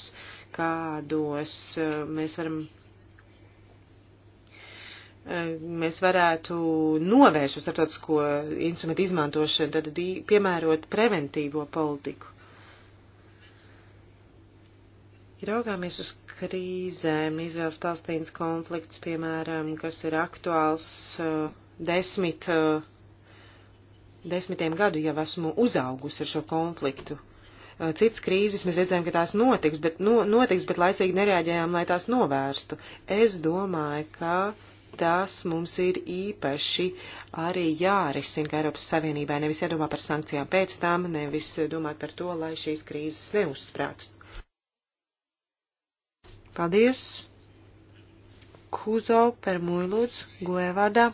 kādos eh, mēs varam. Eh, mēs varētu novērst starptautisko instrumentu izmantošanu, tad piemērot preventīvo politiku. Ja raugāmies uz krīzēm, Izraels Palestīnas konflikts, piemēram, kas ir aktuāls uh, desmit, uh, desmitiem gadu, jau esmu uzaugusi ar šo konfliktu. Uh, cits krīzes mēs redzējām, ka tās notiks, bet, no, notiks, bet laicīgi nereaģējām, lai tās novērstu. Es domāju, ka tas mums ir īpaši arī jārisina, ka Eiropas Savienībai nevis jādomā par sankcijām pēc tam, nevis domāt par to, lai šīs krīzes neuzsprākst. Paldies! Kūzo per mūlūdz, Guevada.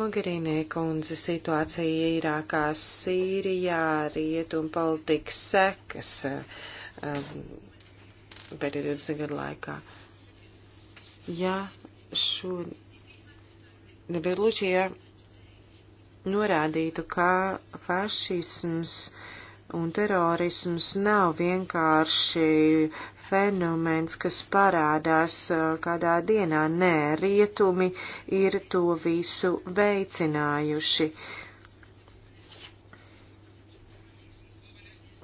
Mogherīnē kundze situācija Irākā, Sīrijā, rietuma politikas sekas um, pēdējo 20 gadu laikā. Ja šo nebēdlušie norādītu, ka fašisms uh, Un terorisms nav vienkārši fenomens, kas parādās uh, kādā dienā. Nē, rietumi ir to visu veicinājuši.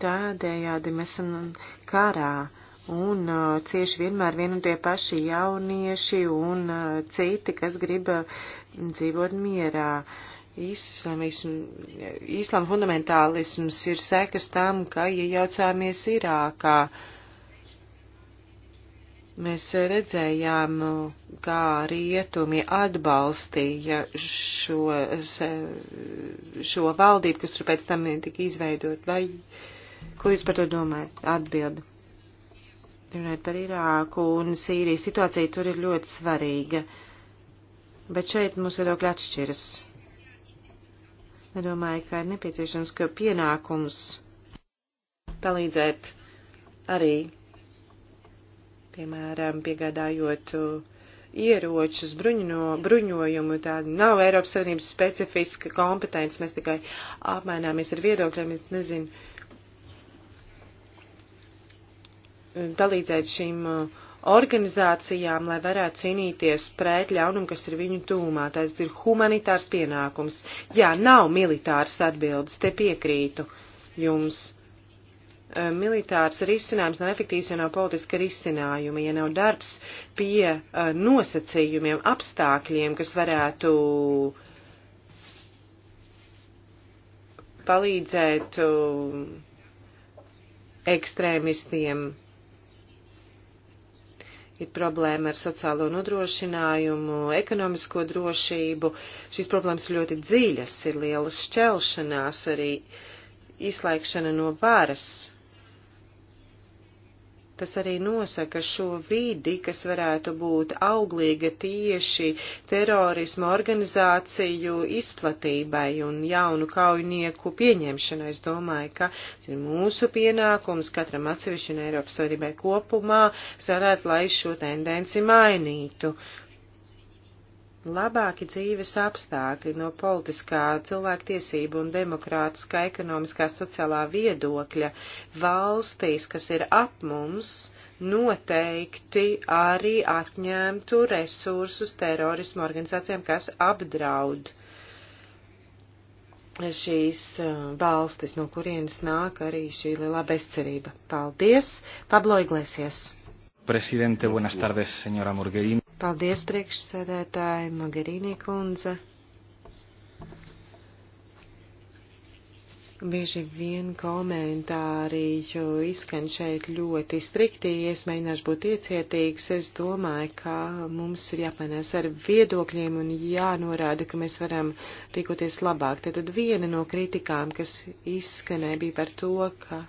Tādējādi mēs esam karā. Un uh, cieši vienmēr vien un tie paši jaunieši un uh, citi, kas grib uh, dzīvot mierā. Uh, Īslama fundamentālisms ir sekas tam, ka iejaucāmies Irākā. Mēs redzējām, kā rietumi atbalstīja šo, šo valdību, kas tur pēc tam tika izveidot. Vai, ko jūs par to domājat? Atbildi. Runājot par Irāku un Sīriju, situācija tur ir ļoti svarīga. Bet šeit mums viedokļi atšķiras Domāju, ka ir nepieciešams, ka pienākums palīdzēt arī, piemēram, piegādājot uh, ieročus, bruņino, bruņojumu, tā nav Eiropas Savienības specifiska kompetence, mēs tikai apmaināmies ar viedokļiem, es nezinu, uh, palīdzēt šīm uh, organizācijām, lai varētu cīnīties pret ļaunumu, kas ir viņu tūmā. Tas ir humanitārs pienākums. Jā, nav militārs atbildes, te piekrītu jums. Militārs risinājums nav efektīvs, ja nav politiska risinājuma, ja nav darbs pie nosacījumiem, apstākļiem, kas varētu palīdzēt ekstrēmistiem ir problēma ar sociālo nodrošinājumu, ekonomisko drošību. Šīs problēmas ir ļoti dziļas, ir lielas šķelšanās, arī izslēgšana no varas. Tas arī nosaka šo vidi, kas varētu būt auglīga tieši terorismu organizāciju izplatībai un jaunu kaujinieku pieņemšanai. Es domāju, ka tas ir mūsu pienākums katram atsevišķi un Eiropas Savienībai kopumā sarāt, lai šo tendenci mainītu. Uh, labāki dzīves apstākļi no politiskā, cilvēktiesību un demokrātiskā, ekonomiskā, sociālā viedokļa valstīs, kas ir ap mums, noteikti arī atņemtu resursus terorismu organizācijām, kas apdraud šīs eh, valstis, no kurienes nāk arī šī lielā bezcerība. Paldies, Pablo Iglesias. Presidente, buenas tardes, señora Morgherini. Paldies, priekšsēdētāji, Magarīnī kundze. Bieži vien komentāri izskan šeit ļoti strikti, es mēģināšu būt iecietīgs. Es domāju, ka mums ir jāpanās ar viedokļiem un jānorāda, ka mēs varam rīkoties labāk. Tad, tad viena no kritikām, kas izskanēja, bija par to, ka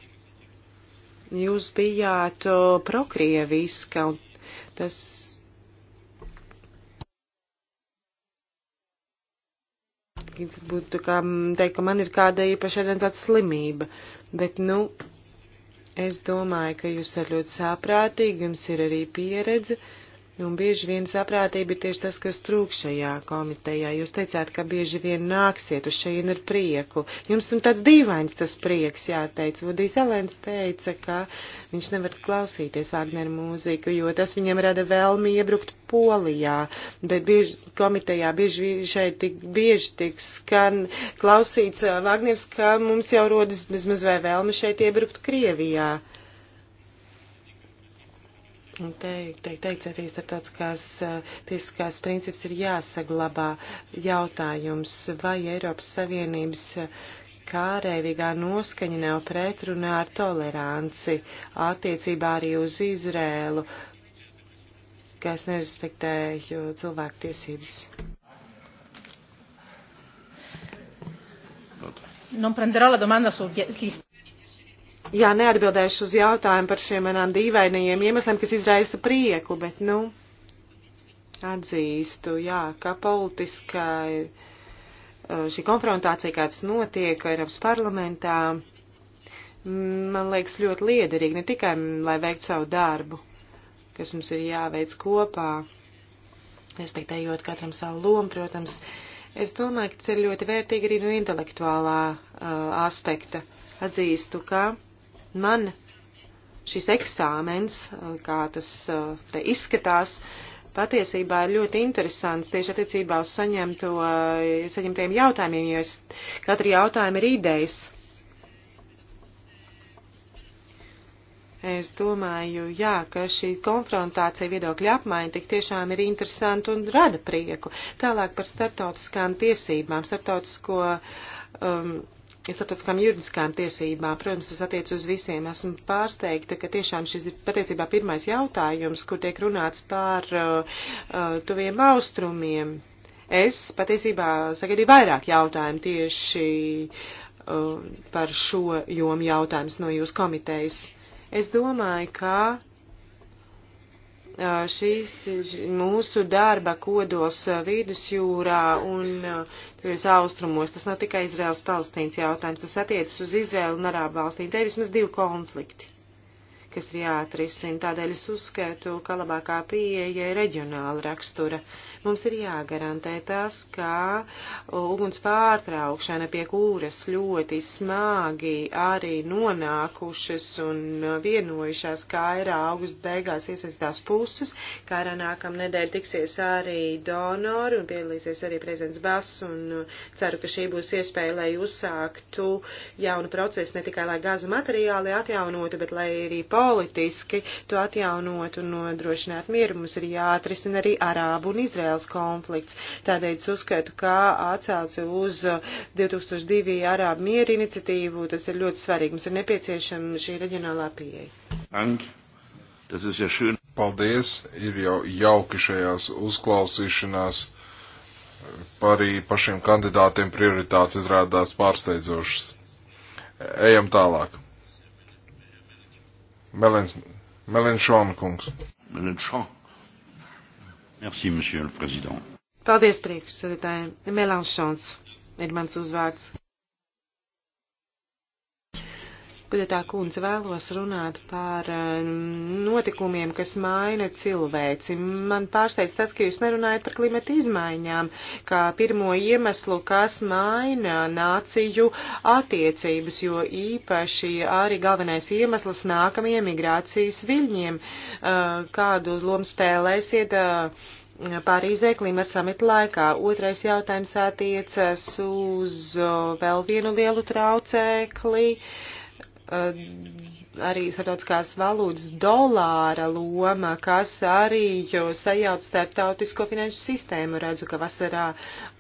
jūs bijāt prokrieviska, un tas Parkinsons būtu kā teikt, ka man ir kāda īpaši redzēta slimība, bet, nu, es domāju, ka jūs esat ļoti sāprātīgi, jums ir arī pieredze, uh, Un bieži vien saprātība ir tieši tas, kas trūk šajā komitejā. Jūs teicāt, ka bieži vien nāksiet uz šeit ar prieku. Jums nu tāds dīvains tas prieks, jāteic. Vudīs Elēns teica, ka viņš nevar klausīties Vāgneru mūziku, jo tas viņam rada vēlmi iebrukt Polijā. Bet bieži, komitejā bieži šeit tik bieži tik skan klausīts uh, Vāgners, ka mums jau rodas bezmaz vai vēlme šeit iebrukt Krievijā. Nu, teikt, teikt, teikt arī starptautiskās eh, tiesiskās princips ir jāsaglabā jautājums, vai Eiropas Savienības eh, kārēvīgā noskaņa nav pretrunā ar toleranci attiecībā arī uz Izrēlu, kas nerespektēju cilvēktiesības. Non prenderò la domanda sul Jā, neatbildēšu uz jautājumu par šiem manām dīvainajiem iemesliem, kas izraisa prieku, bet, nu, atzīstu, jā, ka politiskai eh, šī konfrontācija, kāds notiek Eiropas parlamentā, man liekas ļoti liederīgi, ne tikai, lai veiktu savu darbu, kas mums ir jāveic kopā, respektējot katram savu lomu, protams. Es domāju, ka tas ir ļoti vērtīgi arī no intelektuālā uh, aspekta. Atzīstu, ka man šis eksāmens, uh, kā tas uh, te izskatās, patiesībā ir ļoti interesants tieši attiecībā uz saņemto, uh, saņemtiem jautājumiem, jo es, katra jautājuma ir idejas. Es domāju, jā, ka šī konfrontācija viedokļa apmaiņa tik tiešām ir interesanta un rada prieku. Tālāk par starptautiskām tiesībām, starptautisko um, starptautiskām juridiskām tiesībām. Protams, tas attiec uz visiem. Esmu pārsteigta, ka tiešām šis ir patiecībā pirmais jautājums, kur tiek runāts par uh, uh, tuviem austrumiem. Es patiesībā sagaidīju vairāk jautājumu tieši uh, par šo jomu jautājums no jūsu komitejas. Es domāju, ka Uh, šīs ir mūsu darba kodos uh, vidusjūrā un uh, tuvies austrumos. Tas nav tikai Izraels-Palestīnas jautājums, tas attiecas uz Izraelu un Arābu valstīm. Te ir vismaz divi konflikti kas ir jāatrisina. Tādēļ es uzskatu, ka labākā pieeja ir reģionāla rakstura. Mums ir jāgarantē tas, ka uguns pārtraukšana, pie kuras ļoti smagi arī nonākušas un vienojušās kairā augusta beigās iesaistās puses, kairā nākamā nedēļa tiksies arī donori un piedalīsies arī prezidents Bass un ceru, ka šī būs iespēja, lai uzsāktu jaunu procesu ne tikai lai gāzu materiāli atjaunotu, bet lai arī politiski to atjaunot un nodrošināt mieru. Mums ir jāatrisina arī Arābu un Izraels konflikts. Tādēļ es uzskatu, kā atsauci uz 2002 Arābu mieru iniciatīvu, tas ir ļoti svarīgi. Mums ir nepieciešama šī reģionālā pieeja. Ank, tas ir jau šūn. Paldies, ir jau jauki šajās uzklausīšanās arī pašiem kandidātiem prioritātes izrādās pārsteidzošas. Ejam tālāk. Melenšona kungs. Melenšona. Merci, monsieur le président. Paldies, priekšsēdētāji. Melenšons ir mans uzvārds. Gudotā kundze vēlos runāt par eh, notikumiem, kas maina cilvēci. Man pārsteidz tas, ka jūs nerunājat par klimata izmaiņām, kā pirmo iemeslu, kas maina nāciju attiecības, jo īpaši arī galvenais iemesls nākamajiem migrācijas viļņiem, eh, kādu lomu spēlēsiet. Eh, Pārīzē klimata samita laikā. Otrais jautājums attiecas uz vēl vienu lielu traucēkli. Uh, Eh, arī starptautiskās valūtas dolāra loma, kas arī sajauc starptautisko finanšu sistēmu. Redzu, ka vasarā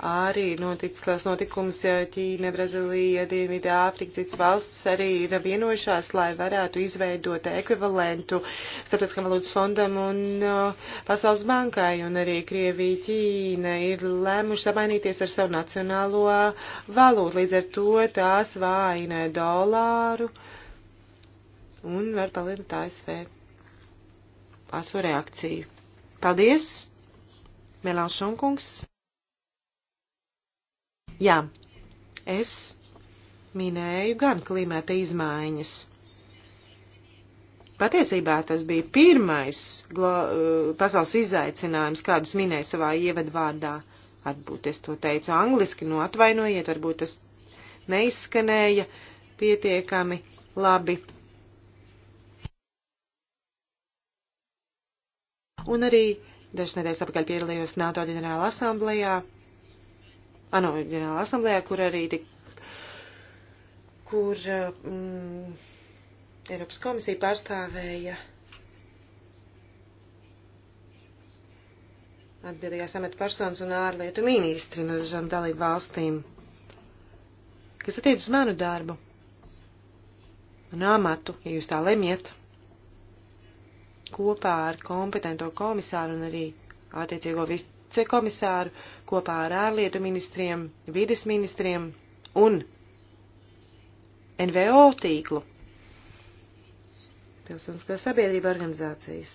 arī noticis liels notikums Ķīna, Brazīlija, Dienvidā, Āfrika, cits valsts arī ir vienojušās, lai varētu izveidot ekvivalentu starptautiskam valūtas fondam un eh, Pasaules bankai, un arī Krievija, Ķīna ir lēmuši samainīties ar savu nacionālo valūtu. Līdz ar to tās vājina dolāru. Uh, un var palielināt ASV ASV reakciju. Paldies, Melanšonkungs. Jā, es minēju gan klimata izmaiņas. Patiesībā tas bija pirmais glo, uh, pasaules izaicinājums, kādus minēja savā ievadvārdā. Atbūt es to teicu angliski, no nu atvainojiet, varbūt tas neizskanēja pietiekami labi. Un arī dažas nedēļas apakaļ piedalījos NATO ģenerāla asamblējā, ANO ģenerāla asamblējā, kur arī tik, kur mm, Eiropas komisija pārstāvēja atbildīgās amatpersonas un ārlietu ministri no dažām dalību valstīm, kas attiec uz manu darbu un amatu, ja jūs tā lemjat kopā ar kompetento komisāru un arī attiecīgo vicekomisāru, kopā ar ārlietu ministriem, vides ministriem un NVO tīklu, pilsoniskā sabiedrība organizācijas,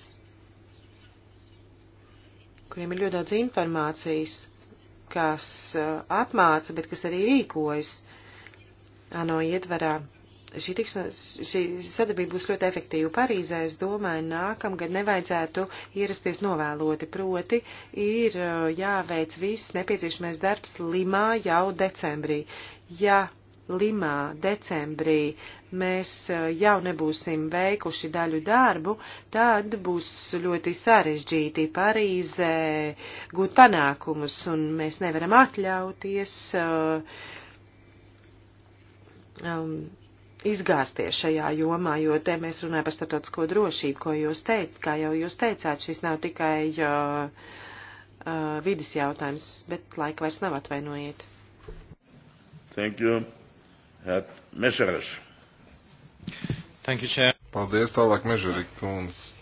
kuriem ir ļoti daudz informācijas, kas uh, apmāca, bet kas arī rīkojas ANO ietvarā šī, tikšanās, šī sadarbība būs ļoti efektīva. Parīzē, es domāju, nākamgad nevajadzētu ierasties novēloti, proti ir uh, jāveic viss nepieciešamais darbs Limā jau decembrī. Ja Limā decembrī mēs uh, jau nebūsim veikuši daļu darbu, tad būs ļoti sarežģīti Parīzē gūt panākumus, un mēs nevaram atļauties. Uh, um, izgāzties šajā jomā, jo te mēs runājam par starptautisko drošību, ko jūs teicat, kā jau jūs teicāt, šis nav tikai uh, uh, vidas jautājums, bet laika vairs nav atvainojiet. Thank you. Mešaraš. Thank you, Chair. Paldies, tālāk Mežarik kundze.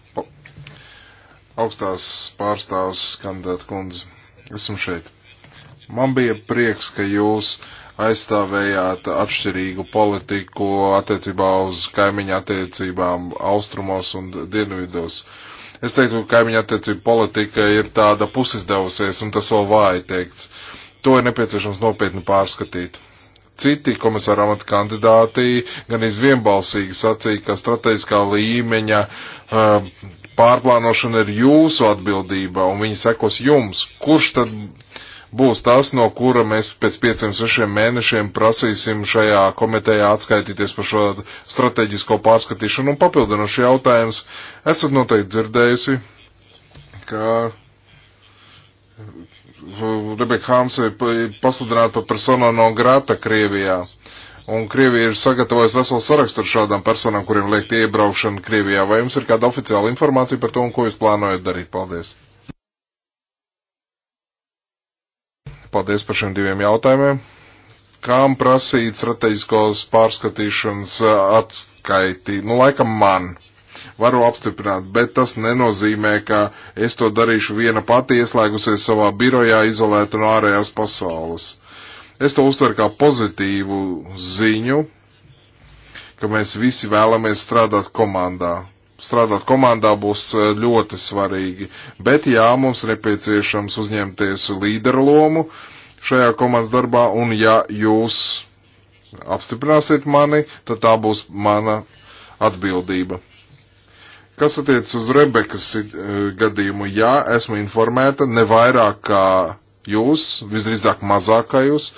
Augstās pārstāvs kandidāta kundze. Esmu šeit. Man bija prieks, ka jūs uh, aizstāvējāt atšķirīgu politiku attiecībā uz kaimiņu attiecībām austrumos un dienvidos. Es teiktu, ka kaimiņu attiecību politika ir tāda pusizdevusies, un tas vēl vāji teikts. To ir nepieciešams nopietni pārskatīt. Citi komisāra amata kandidāti gan izvienbalsīgi sacīja, ka strateģiskā līmeņa uh, pārplānošana ir jūsu atbildība, un viņi sekos jums. Kurš tad uh, būs tas, no kura mēs pēc pieciem, sešiem mēnešiem prasīsim šajā komitejā atskaitīties par šo strateģisko pārskatīšanu un papildinošu jautājumus. Esat noteikti dzirdējusi, ka uh, Rebeka Hāmsa ir pasludināta par personu no grāta Krievijā. Un Krievija ir sagatavojusi veselu sarakstu ar šādām personām, kuriem liekt iebraukšana Krievijā. Vai jums ir kāda oficiāla informācija par to, un ko jūs plānojat darīt? Paldies! Paldies par šiem diviem jautājumiem. Kām prasīt strateģiskos pārskatīšanas uh, atskaiti? Nu, laikam man. Varu apstiprināt, bet tas nenozīmē, ka es to darīšu viena pati ieslēgusies savā birojā, izolēta no ārējās pasaules. Es to uztveru kā pozitīvu ziņu, ka mēs visi vēlamies strādāt komandā strādāt komandā būs eh, ļoti svarīgi. Bet jā, mums nepieciešams uzņemties līderu lomu šajā komandas darbā, un ja jūs apstiprināsiet mani, tad tā būs mana atbildība. Kas attiec uz Rebekas eh, gadījumu, jā, esmu informēta ne vairāk kā jūs, visdrīzāk mazāk kā jūs,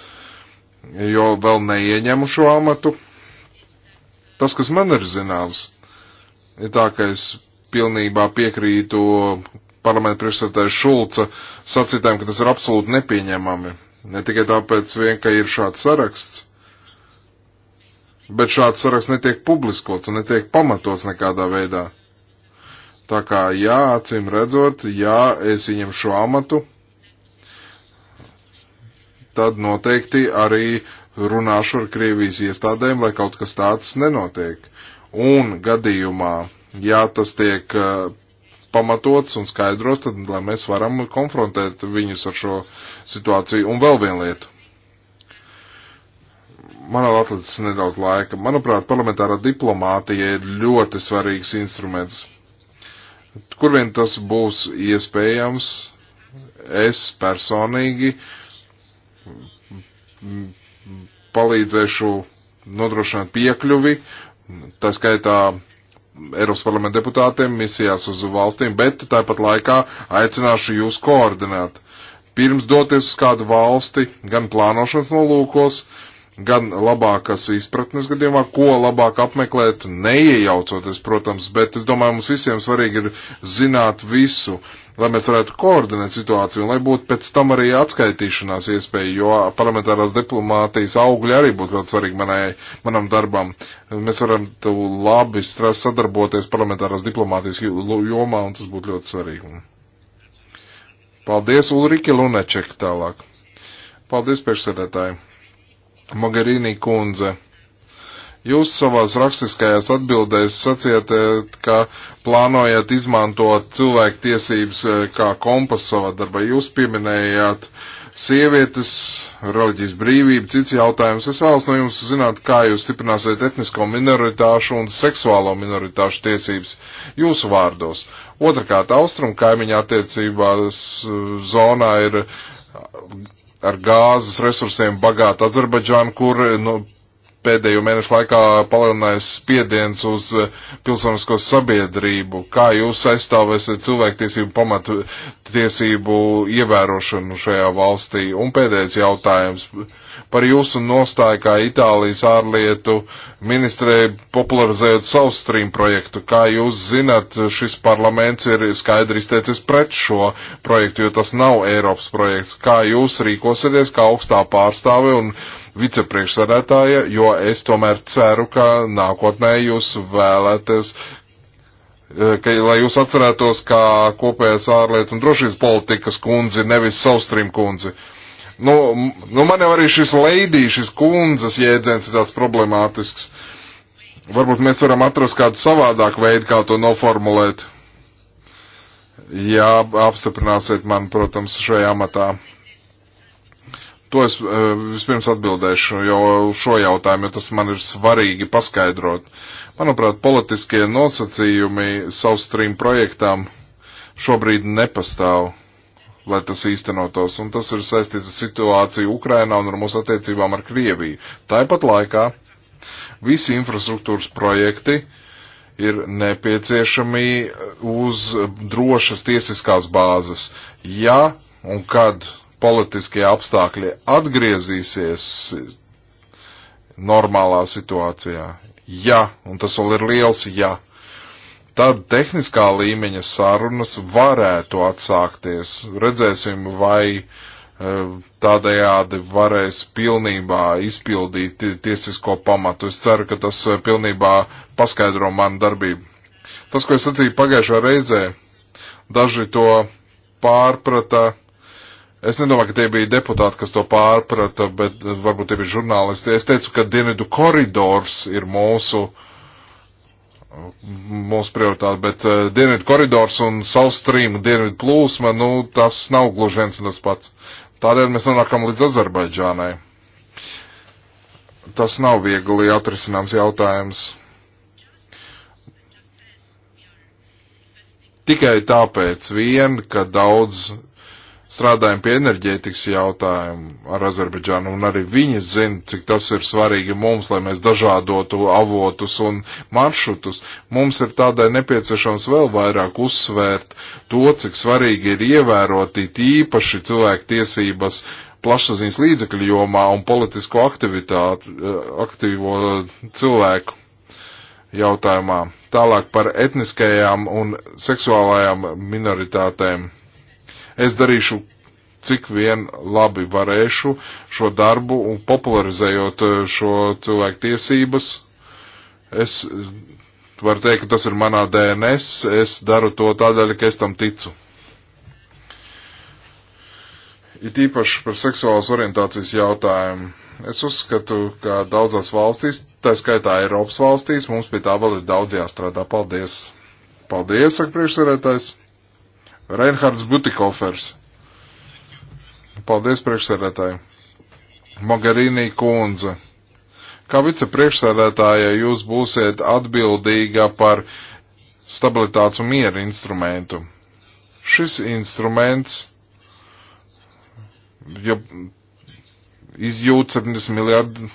jo vēl neieņemu šo amatu. Tas, kas man ir zināms, Ir tā, ka es pilnībā piekrītu parlamenta priekšsēdētāja Šulca sacītājiem, ka tas ir absolūti nepieņemami. Ne tikai tāpēc vien, ka ir šāds saraksts, bet šāds saraksts netiek publiskots un netiek pamatots nekādā veidā. Tā kā jā, acīm redzot, jā, es viņam šo amatu, tad noteikti arī runāšu ar Krievijas iestādēm, lai kaut kas tāds nenotiek. Un gadījumā, ja tas tiek uh, pamatots un skaidros, tad lai mēs varam konfrontēt viņus ar šo situāciju. Un vēl viena lieta. Man vēl atlicis nedaudz laika. Manuprāt, parlamentārā diplomātija ir ļoti svarīgs instruments. Kur vien tas būs iespējams, es personīgi palīdzēšu nodrošināt piekļuvi uh, tā skaitā Eiropas parlamenta deputātiem misijās uz valstīm, bet tāpat laikā aicināšu jūs koordinēt. Pirms doties uz kādu valsti, gan plānošanas nolūkos, gan labākas izpratnes gadījumā, ko labāk apmeklēt, neiejaucoties, protams, bet es domāju, mums visiem svarīgi ir zināt visu, lai mēs varētu koordinēt situāciju un lai būtu pēc tam arī atskaitīšanās iespēja, jo parlamentārās diplomātijas augļi arī būtu ļoti svarīgi manai, manam darbam. Mēs varam labi sadarboties parlamentārās diplomātijas jomā un tas būtu ļoti svarīgi. Paldies, Ulrike Lunaček tālāk. Paldies, priekšsēdētāji. Mogherini kundze. Jūs savās rakstiskajās atbildēs sacījāt, e, ka plānojat izmantot cilvēku tiesības e, kā kompas savā darbā. Jūs pieminējāt sievietes, reliģijas brīvību, cits jautājums. Es vēlos no jums zināt, kā jūs stiprināsiet etnisko minoritāšu un seksuālo minoritāšu tiesības jūsu vārdos. Otrakārt, austrumu kaimiņa attiecībās e, zonā ir ar gāzes resursiem bagāta Azerbaidžāna, kur nu, pēdējo mēnešu laikā palielinājis spiediens uz eh, pilsonisko sabiedrību. Kā jūs aizstāvēsiet cilvēktiesību pamatu tiesību ievērošanu šajā valstī? Un pēdējais jautājums par jūsu nostāju kā Itālijas ārlietu ministrē popularizējot savu stream projektu. Kā jūs zinat, šis parlaments ir skaidri izteicis pret šo projektu, jo tas nav Eiropas projekts. Kā jūs rīkosieties kā augstā pārstāve un vicepriekšsādātāja, jo es tomēr ceru, ka nākotnē jūs vēlēties, eh, ka, lai jūs atcerētos, kā kopējās ārlietu un drošības politikas kundzi, nevis Saustrim kundzi. Nu, nu man jau arī šis leidī, šis kundzes jēdziens ir tāds problemātisks. Varbūt mēs varam atrast kādu savādāku veidu, kā to noformulēt. Jā, apstiprināsiet man, protams, šajā amatā. To es eh, vispirms atbildēšu jau šo jautājumu, jo tas man ir svarīgi paskaidrot. Manuprāt, politiskie nosacījumi savu stream projektām šobrīd nepastāv, lai tas īstenotos, un tas ir saistīts ar situāciju Ukrainā un ar mūsu attiecībām ar Krieviju. Tāpat laikā visi infrastruktūras projekti ir nepieciešami uz drošas tiesiskās bāzes. Ja un kad politiskie apstākļi atgriezīsies normālā situācijā, ja, un tas vēl ir liels ja, tad tehniskā līmeņa sarunas varētu atsākties. Redzēsim, vai e, tādējādi varēs pilnībā izpildīt tiesisko pamatu. Es ceru, ka tas e, pilnībā paskaidro manu darbību. Tas, ko es sacīju pagājušā reizē, daži to pārprata Es nedomāju, ka tie bija deputāti, kas to pārprata, bet varbūt tie bija žurnālisti. Es teicu, ka dienvidu koridors ir mūsu, mūsu prioritāte, bet uh, dienvidu koridors un savstrīmu dienvidu plūsma, nu, tas nav gluži viens un tas pats. Tādēļ mēs nonākam līdz Azerbaidžānai. Tas nav viegli atrisināms jautājums. Tikai tāpēc vien, ka daudz strādājam pie enerģētikas jautājumu ar Azerbaidžānu, un arī viņi zina, cik tas ir svarīgi mums, lai mēs dažādotu avotus un maršrutus. Mums ir tādai nepieciešams vēl vairāk uzsvērt to, cik svarīgi ir ievērot īpaši cilvēku tiesības plašsaziņas līdzekļu jomā un politisko aktivitātu, eh, aktīvo cilvēku jautājumā. Tālāk par etniskajām un seksuālajām minoritātēm Es darīšu, cik vien labi varēšu šo darbu un popularizējot eh, šo cilvēku tiesības. Es varu teikt, ka tas ir manā DNS. Es daru to tādēļ, ka es tam ticu. It īpaši par seksuālas orientācijas jautājumu. Es uzskatu, ka daudzās valstīs, tā skaitā Eiropas valstīs, mums pie tā vēl ir daudz jāstrādā. Paldies! Paldies, saka priekšsarētājs! Reinhards Butikofers. Paldies priekšsēdētāji. Mogherini kundze. Kā vicepriekšsēdētāja jūs būsiet atbildīga par stabilitātes un miera instrumentu. Šis instruments ja izjūt 70 miljardu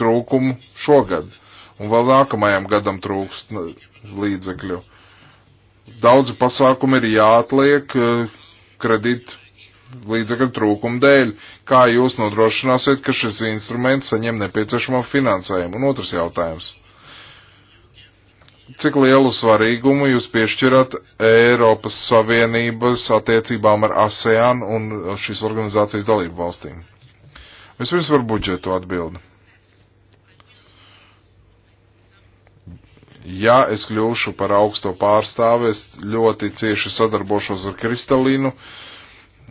trūkumu šogad, un vēl nākamajam gadam trūkst līdzekļu. Daudzi pasākumi ir jāatliek eh, kredīt līdzekļu trūkuma dēļ. Kā jūs nodrošināsiet, ka šis instruments saņem nepieciešamo finansējumu? Un otrs jautājums. Cik lielu svarīgumu jūs piešķirat Eiropas Savienības attiecībām ar ASEAN un šīs organizācijas dalību valstīm? Vispirms par budžetu atbildi. Ja es kļūšu par augsto pārstāvi, es ļoti cieši sadarbošos ar Kristalīnu.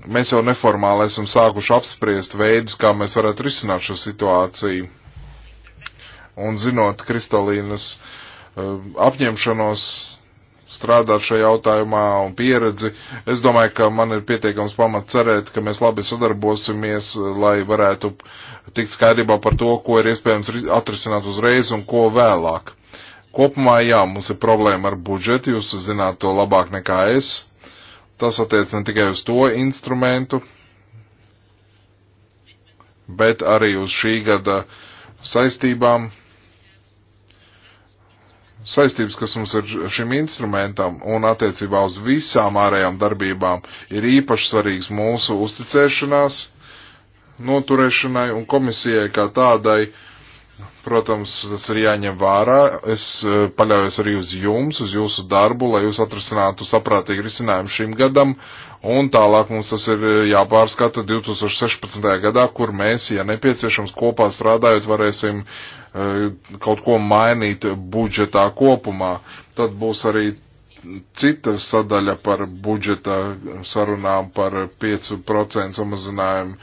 Mēs jau neformāli esam sākuši apspriest veidus, kā mēs varētu risināt šo situāciju. Un zinot Kristalīnas eh, apņemšanos strādāt šajā jautājumā un pieredzi. Es domāju, ka man ir pietiekams pamats cerēt, ka mēs labi sadarbosimies, lai varētu tikt skaidrībā par to, ko ir iespējams atrisināt uzreiz un ko vēlāk. Kopumā, jā, mums ir problēma ar budžetu, jūs zināt to labāk nekā es. Tas attiec ne tikai uz to instrumentu, bet arī uz šī gada saistībām. Saistības, kas mums ir šim instrumentam un attiecībā uz visām ārējām darbībām, ir īpaši svarīgs mūsu uzticēšanās, noturēšanai un komisijai kā tādai uh, Protams, tas ir jāņem vērā. Es eh, paļaujos arī uz jums, uz jūsu darbu, lai jūs atrasinātu saprātīgu risinājumu šim gadam. Un tālāk mums tas ir eh, jāpārskata 2016. gadā, kur mēs, ja nepieciešams, kopā strādājot, varēsim eh, kaut ko mainīt budžetā kopumā. Tad būs arī cita sadaļa par budžeta sarunām par 5% samazinājumu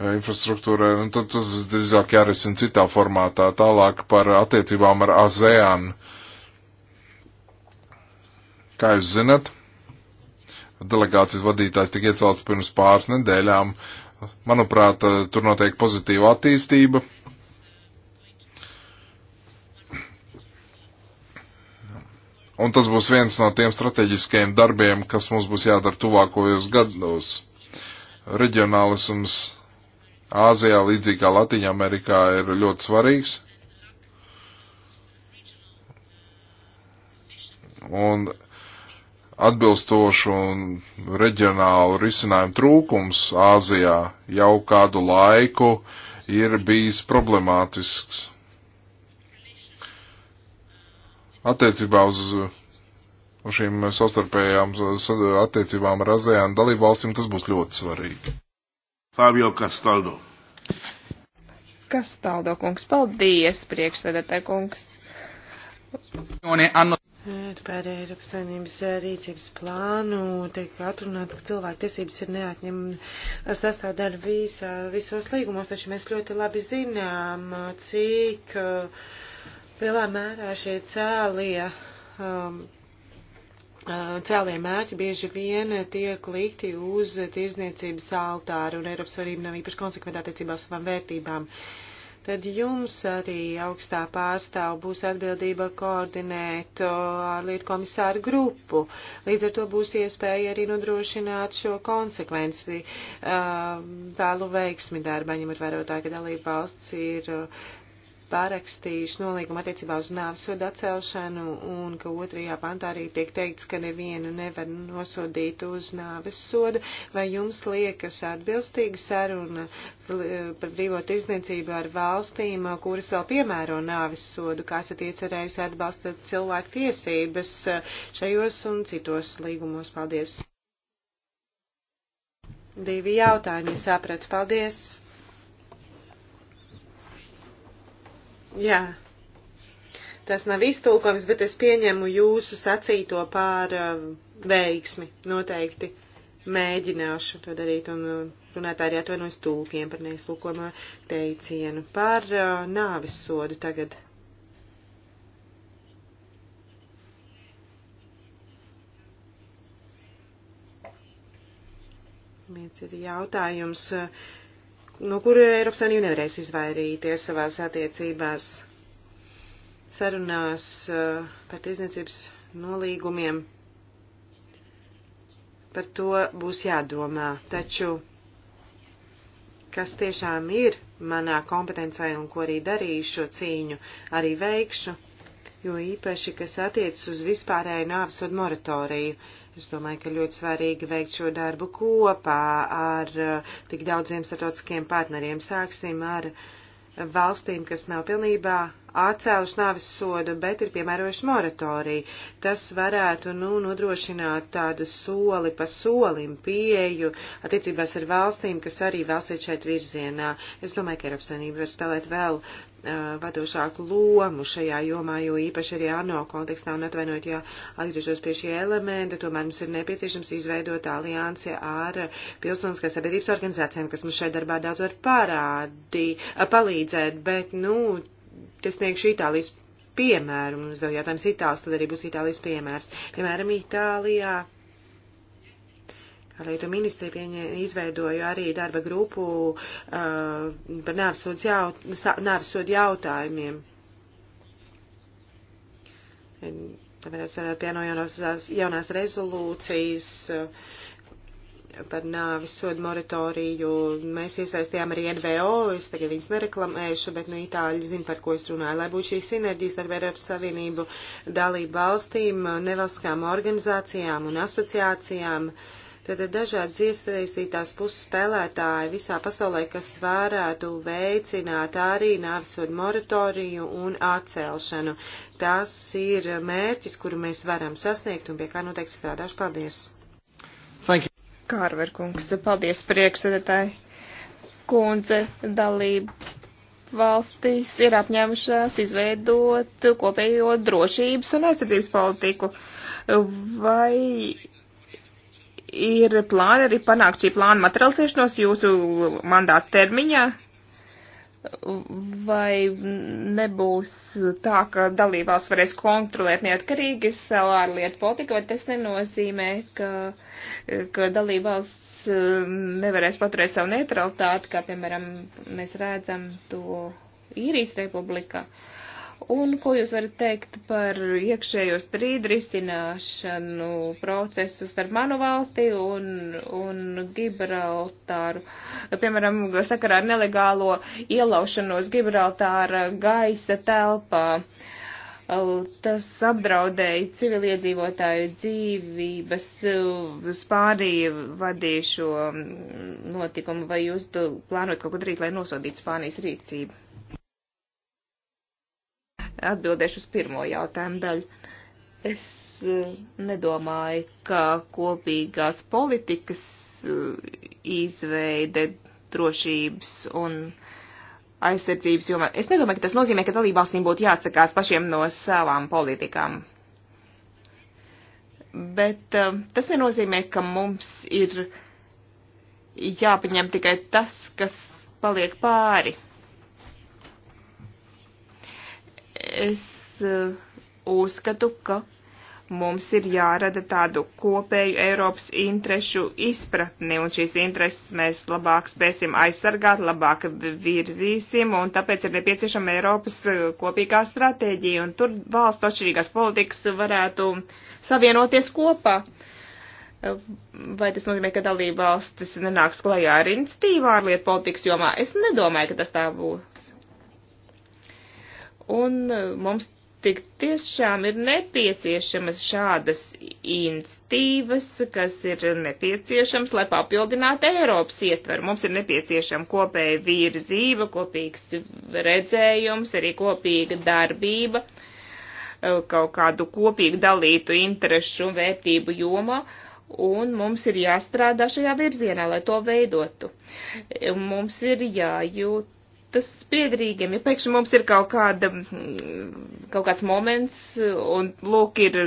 E, infrastruktūrai, un tad tas visdrīzāk jārisina citā formātā, tālāk par attiecībām ar ASEAN. Kā jūs zinat, delegācijas vadītājs tika iecelts pirms pāris nedēļām. Manuprāt, e, tur notiek pozitīva attīstība. Un tas būs viens no tiem strateģiskajiem darbiem, kas mums būs jādara tuvākojos gados. Reģionālisms Āzijā, līdzīgi kā Latvijā, Amerikā, ir ļoti svarīgs. Un atbilstošu un reģionālu risinājumu trūkums Āzijā jau kādu laiku ir bijis problemātisks. Attiecībā uz uz šīm savstarpējām attiecībām ar ASEAN dalību valstīm, tas būs ļoti svarīgi. Fabio Castaldo. Castaldo kungs, paldies, priekšsēdētāj kungs. Par Eiropas Savienības eh, rīcības plānu tiek atrunāts, ka cilvēktiesības ir neatņemama sastāvdaļa visā, visos līgumos, taču mēs ļoti labi zinām, cik eh, lielā mērā šie cēlie um, Eh, cēlie mērķi bieži vien tiek likti uz tirzniecības altāru, un Eiropas Savienība nav īpaši konsekventa attiecībā uz savām vērtībām. Tad jums arī augstā pārstāv būs atbildība koordinēt ārlietu eh, komisāru grupu. Līdz ar to būs iespēja arī nodrošināt šo konsekvenci eh, vēlu veiksmi darbā, ņemot vērā, ka dalība valsts ir uh, pārakstījuši nolīgumu attiecībā uz nāvsodu atcelšanu un ka otrajā pantā arī tiek teikts, ka nevienu nevar nosodīt uz nāvesodu. Vai jums liekas atbilstīga saruna eh, par brīvo tirdzniecību ar valstīm, eh, kuras vēl piemēro nāvesodu? Kā esat iecerējis atbalstīt cilvēku tiesības eh, šajos un citos līgumos? Paldies! Divi jautājumi, sapratu. Paldies! Jā. Tas nav iztulkojums, bet es pieņemu jūsu sacīto pār uh, um, veiksmi. Noteikti mēģināšu to darīt un um, runāt arī atvainojas tulkiem par neiztulkojumā teicienu. Par uh, nāvis sodu tagad. Viens ir jautājums. Uh, no kura Eiropas Savienība nevarēs izvairīties savās attiecībās sarunās eh, par tirzniecības nolīgumiem. Par to būs jādomā. Taču, kas tiešām ir manā kompetencē un ko arī darīšu, cīņu arī veikšu, jo īpaši, kas attiecas uz vispārēju nāvesodu moratoriju, Es domāju, ka ļoti svarīgi veikt šo darbu kopā ar eh, tik daudziem starptautiskiem partneriem. Sāksim ar valstīm, kas nav pilnībā atcēluši nāvis sodu, bet ir piemērojuši moratoriju. Tas varētu nu, nodrošināt tādu soli pa solim pieeju attiecībās ar valstīm, kas arī vēl iet šeit virzienā. Es domāju, ka Eiropas Savienība var spēlēt vēl vadošāku lomu šajā jomā, jo īpaši arī ANO kontekstā un atvainojot, ja atgriežos pie šī elementa, tomēr mums ir nepieciešams izveidot aliansi ar pilsoniskās sabiedrības organizācijām, kas mums šeit darbā daudz var parādi, palīdzēt, bet, nu, tas sniegšu Itālijas piemēru, mums dev jautājums Itālijas, tad arī būs Itālijas piemērs. Piemēram, Itālijā Lietu ministri pieņē, izveidoja arī darba grupu uh, par nāvisodu jaut, jautājumiem. Tāpēc es varētu pieno jaunās, jaunās rezolūcijas uh, par nāvis sodu moratoriju. Mēs iesaistījām arī NVO, es tagad viņas nereklamēšu, bet nu itāļi zina, par ko es runāju. Lai būtu šī sinerģijas ar Eiropas Savienību dalību valstīm, nevalstiskām organizācijām un asociācijām. Uh, Tad dažādas iesaistītās puses spēlētāji visā pasaulē, kas varētu veicināt arī nāvisodu moratoriju un atcelšanu. Tas ir mērķis, kuru mēs varam sasniegt un pie kā noteikti strādāšu. Paldies! Kārverkungs, paldies priekšsēdētāji! Kundze dalība valstis ir apņēmušās izveidot kopējo drošības un aizsardzības politiku. Vai ir plāni arī panākt šī plāna materializēšanos jūsu mandāta termiņā? Vai nebūs tā, ka dalībās varēs kontrolēt neatkarīgi savu ārlietu politiku, vai tas nenozīmē, ka, ka dalībās um, nevarēs paturēt savu neutralitāti, kā, piemēram, mēs redzam to īrijas republikā? Uh, Un ko jūs varat teikt par iekšējo strīdu risināšanu procesu starp manu valsti un, un Gibraltāru? Piemēram, sakarā ar nelegālo ielaušanos Gibraltāra gaisa telpā. Tas apdraudēja civiliedzīvotāju dzīvības, Spānija vadīja šo mm, notikumu, vai jūs plānojat kaut ko darīt, lai nosodītu Spānijas rīcību? Atbildēšu uz pirmo jautājumu daļu. Es e, nedomāju, ka kopīgās politikas e, izveide drošības un aizsardzības jomā. Es nedomāju, ka tas nozīmē, ka dalībvalstīm būtu jāatsakās pašiem no savām politikām. Bet e, tas nenozīmē, ka mums ir jāpaņem tikai tas, kas paliek pāri. Es uh, uzskatu, ka mums ir jārada tādu kopēju Eiropas interešu izpratni, un šīs intereses mēs labāk spēsim aizsargāt, labāk virzīsim, un tāpēc ir nepieciešama Eiropas uh, kopīgā stratēģija, un tur valsts atšķirīgās politikas varētu savienoties kopā. Vai tas nozīmē, ka dalība valstis nenāks klajā ar iniciatīvu ārlietu politikas jomā? Es nedomāju, ka tas tā būtu Un e, mums tik tiešām ir nepieciešamas šādas institīvas, kas ir nepieciešams, lai papildinātu Eiropas ietveru. Mums ir nepieciešama kopēja virzība, kopīgs redzējums, arī kopīga darbība e, kaut kādu kopīgu dalītu interešu un vērtību jomā, un mums ir jāstrādā šajā virzienā, lai to veidotu. E, mums ir jājūt tas piederīgiem. Ja pēkšņi mums ir kaut, kāda, mm, kaut kāds moments, un lūk, ir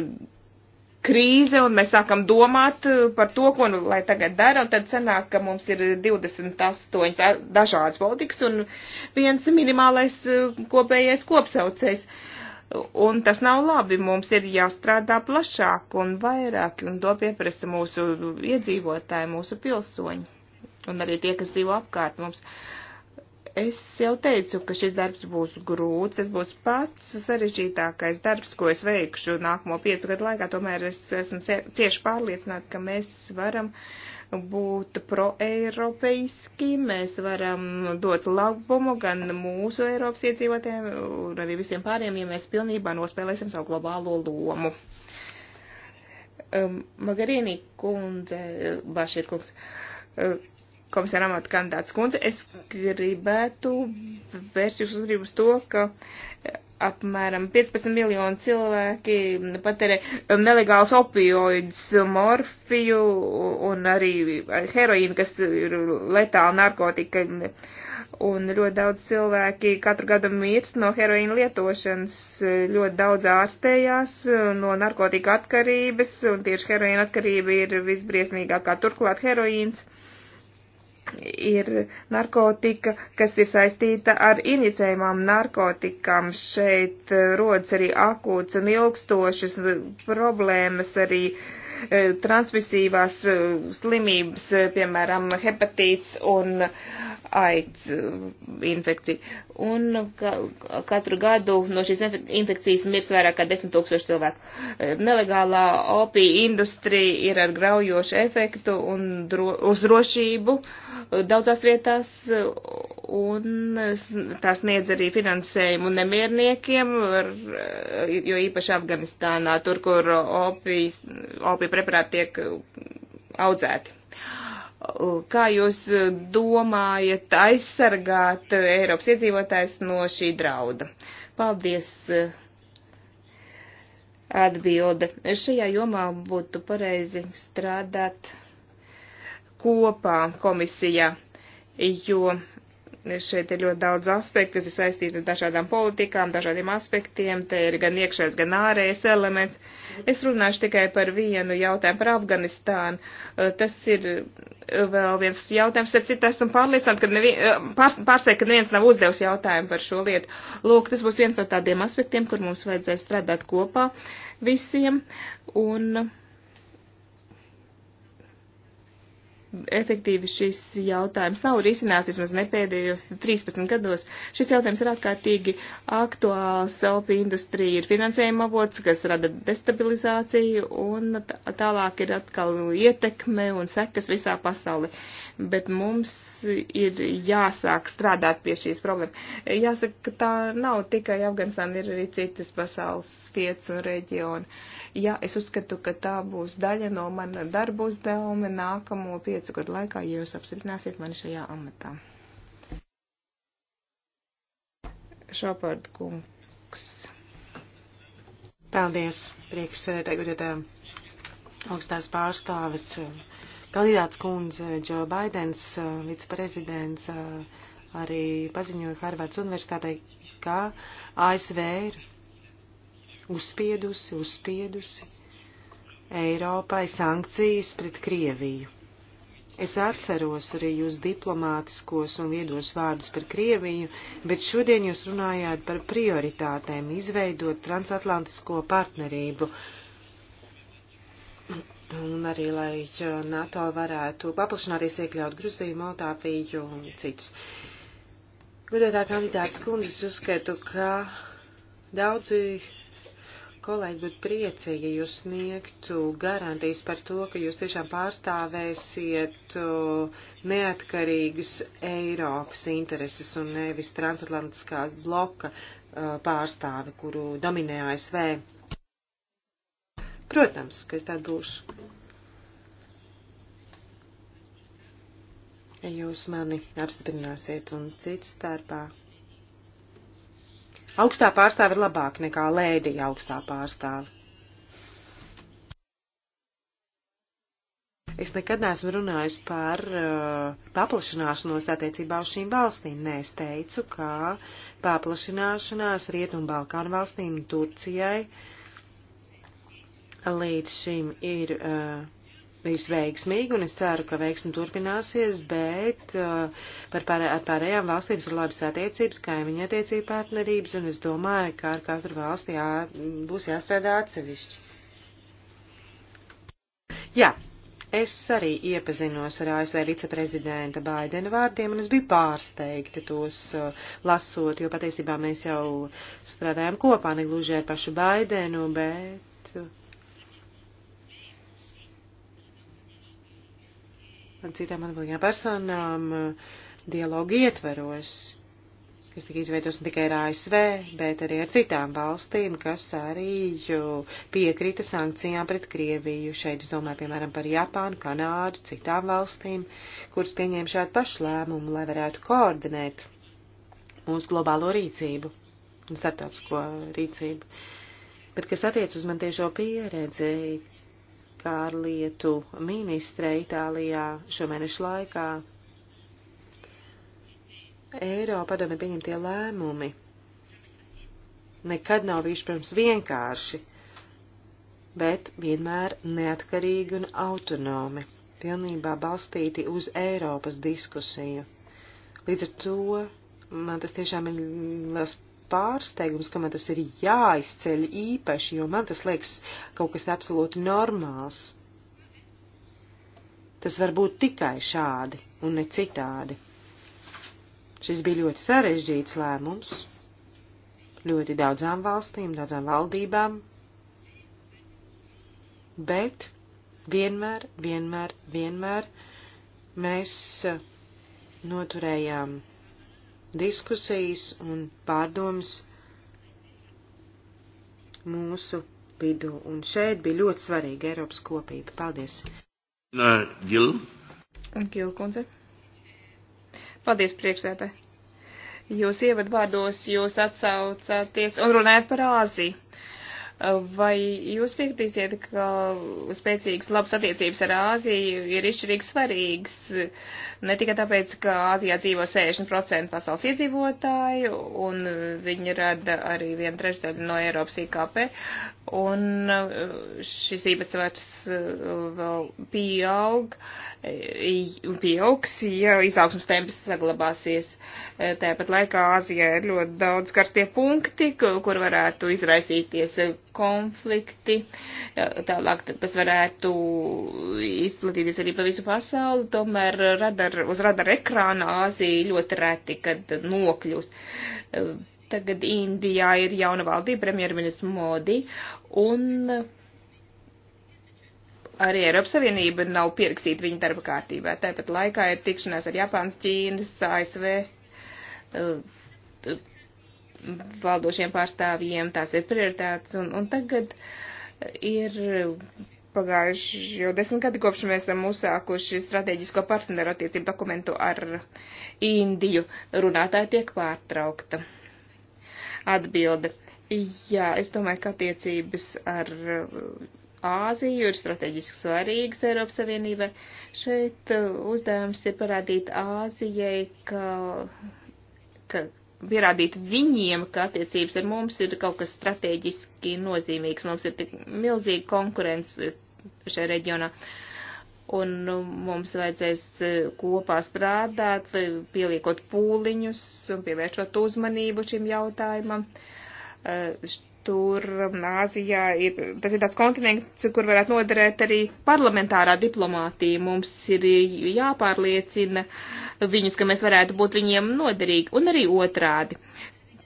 krīze, un mēs sākam domāt eh, par to, ko nu, lai tagad dara, un tad sanāk, ka mums ir 28 dažādas politikas un viens minimālais eh, kopējais kopsaucējs. Un tas nav labi, mums ir jāstrādā plašāk un vairāk, un to pieprasa mūsu iedzīvotāji, mūsu pilsoņi, un arī tie, kas dzīvo apkārt mums. Uh, Es jau teicu, ka šis darbs būs grūts, tas būs pats sarežģītākais darbs, ko es veikšu nākamo piecu gadu laikā, tomēr es esmu cieši pārliecināta, ka mēs varam būt proeiropeiski, mēs varam dot labumu gan mūsu Eiropas iedzīvotiem, un arī visiem pāriem, ja mēs pilnībā nospēlēsim savu globālo lomu. Um, Magarīnī kundze, Bašir kungs. Uh, komisāra amata kandidāts kundze, es gribētu vērst jūsu uzmanību uz to, ka eh, apmēram 15 miljoni cilvēki patērē eh, nelegāls opioids, morfiju un arī eh, heroīnu, kas ir letāla narkotika. Un ļoti daudz cilvēki katru gadu mirst no heroīna lietošanas, ļoti daudz ārstējās no narkotika atkarības, un tieši heroīna atkarība ir visbriesmīgākā, turklāt heroīns ir narkotika, kas ir saistīta ar inicējumām narkotikām. Šeit rodas arī akūts un ilgstošas problēmas arī uh, E, transmisīvās e, slimības, e, piemēram, hepatīts un aids infekcija. Un ka, katru gadu no šīs infekcijas mirs vairāk kā 10 tūkstoši cilvēku. Nelegālā opija industrija ir ar graujošu efektu un dro, uz drošību daudzās vietās un tās niedz arī finansējumu nemierniekiem, var, jo īpaši Afganistānā, tur, kur opijas, opija preparāti tiek audzēti. Kā jūs domājat aizsargāt Eiropas iedzīvotājs no šī drauda? Paldies! Atbilde. Šajā jomā būtu pareizi strādāt kopā komisijā, jo šeit ir ļoti daudz aspektu, kas ir saistīti ar dažādām politikām, dažādiem aspektiem. Te ir gan iekšējais, gan ārējais elements. Es runāšu tikai par vienu jautājumu par Afganistānu. Tas ir vēl viens jautājums. Ar citu esmu pārliecināta, ka nevien, pārsteigta, ka neviens nav uzdevis jautājumu par šo lietu. Lūk, tas būs viens no tādiem aspektiem, kur mums vajadzēs strādāt kopā visiem. Un, uh, efektīvi šis jautājums nav risināts vismaz ne pēdējos 13 gados. Šis jautājums ir ārkārtīgi aktuāls. Elpi industrija ir finansējuma avots, kas rada destabilizāciju un tālāk ir atkal ietekme un sekas visā pasaulē bet mums ir jāsāk strādāt pie šīs problēmas. Jāsaka, ka tā nav tikai Afganistāna, ir arī citas pasaules vietas un reģioni. Jā, es uzskatu, ka tā būs daļa no mana darba uzdevuma nākamo piecu gadu laikā, ja jūs apstiprināsiet mani šajā amatā. Šopard kungs. Paldies, priekšsēdētāji, augstās pārstāves. Uh, Kandidāts kundze Džo Baidens, eh, viceprezidents, eh, arī paziņoja Harvards universitātei, ka ASV ir uzspiedusi, uzspiedusi Eiropai sankcijas pret Krieviju. Es atceros arī jūs diplomātiskos un viedos vārdus par Krieviju, bet šodien jūs runājāt par prioritātēm izveidot transatlantisko partnerību. Uh, Un arī, lai NATO varētu paplašināties, iekļaut Gruziju, Moldāviju un citus. Godētā kandidāts kundzes uzskatu, ka daudzi kolēģi būtu priecīgi, ja jūs sniegtu garantijas par to, ka jūs tiešām pārstāvēsiet neatkarīgas Eiropas intereses un nevis transatlantiskās bloka pārstāvi, kuru dominē ASV. Protams, ka es tāda būšu. Ja jūs mani apstiprināsiet un cits starpā. Augstā pārstāve ir labāk nekā lēdija augstā pārstāve. Es nekad neesmu runājis par uh, paplašināšanos attiecībā uz šīm valstīm. Nē, es teicu, ka paplašināšanās Rietumu Balkānu valstīm un Turcijai uh, līdz šim ir uh, bijusi veiksmīga, un es ceru, ka veiksmi turpināsies, bet uh, par pārē, ar pārējām valstīm ir labas attiecības, kaimiņa attiecība partnerības, un es domāju, ka ar katru valsti jā, būs jāstrādā atsevišķi. Jā, Es arī iepazinos ar ASV viceprezidenta Baidena vārdiem, un es biju pārsteigta tos uh, lasot, jo patiesībā mēs jau strādājam kopā, ne gluži ar pašu Baidenu, bet uh, un citām atbildīgām personām eh, dialogu ietveros, kas tika izveidos ne tikai ar ASV, bet arī ar citām valstīm, kas arī piekrita sankcijām pret Krieviju. Šeit es domāju, piemēram, par Japānu, Kanādu, citām valstīm, kuras pieņēma šādu pašu lēmumu, lai varētu koordinēt mūsu globālo rīcību un starptautisko rīcību. Bet, kas attiec uz man tiešo pieredzi, ārlietu ministre Itālijā šo mēnešu laikā. Eiropa padome pieņemtie lēmumi nekad nav bijuši pirms vienkārši, bet vienmēr neatkarīgi un autonomi, pilnībā balstīti uz Eiropas diskusiju. Līdz ar to man tas tiešām ir liels pārsteigums, ka man tas ir jāizceļ īpaši, jo man tas liekas kaut kas absolūti normāls. Tas var būt tikai šādi un ne citādi. Šis bija ļoti sarežģīts lēmums ļoti daudzām valstīm, daudzām valdībām, bet vienmēr, vienmēr, vienmēr mēs eh, noturējām diskusijas un pārdomas mūsu vidu. Un šeit bija ļoti svarīga Eiropas kopība. Paldies! Gil. Gil kundze. Paldies, priekšsēdē. Jūs ievadvārdos jūs atsaucāties un runājat par Āziju. Vai jūs piekritīsiet, ka spēcīgas labas attiecības ar Āziju ir izšķirīgi svarīgas ne tikai tāpēc, ka Āzijā dzīvo 60% pasaules iedzīvotāju un viņi rada arī vienu trešdaļu no Eiropas IKP un šis īpatsvars uh, vēl pieaug un uh, pieaugs, ja izaugsmas temps saglabāsies. Uh, tāpat laikā Āzijā ir ļoti daudz karstie punkti, kur varētu izraisīties konflikti. Tālāk tas varētu izplatīties arī pa visu pasauli, tomēr radar, uz radara ekrāna Āzija ļoti reti, kad nokļūst. Tagad Indijā ir jauna valdība, premjerministrs Modi, un arī Eiropas Savienība nav pierakstīta viņa darba kārtībā. Tāpat laikā ir tikšanās ar Japānas, Ķīnas, ASV valdošiem pārstāvjiem, tās ir prioritātes, un, un tagad ir pagājuši jau desmit gadi kopš mēs esam uzsākuši strateģisko partneru attiecību dokumentu ar Indiju. Runātāja tiek pārtraukta. Atbilde. Jā, es domāju, ka attiecības ar Āziju ir strateģiski svarīgas Eiropas Savienībai. Šeit uh, uzdevums ir parādīt Āzijai, ka, ka pierādīt viņiem, ka attiecības ar mums ir kaut kas strateģiski nozīmīgs. Mums ir tik milzīga konkurence šajā reģionā. Un nu, mums vajadzēs e, kopā strādāt, e, pieliekot pūliņus un pievēršot uzmanību šim jautājumam. Uh, Tur um, Āzijā ir, tas ir tāds kontinents, kur varētu noderēt arī parlamentārā diplomātija. Mums ir jāpārliecina viņus, ka mēs varētu būt viņiem noderīgi, un arī otrādi.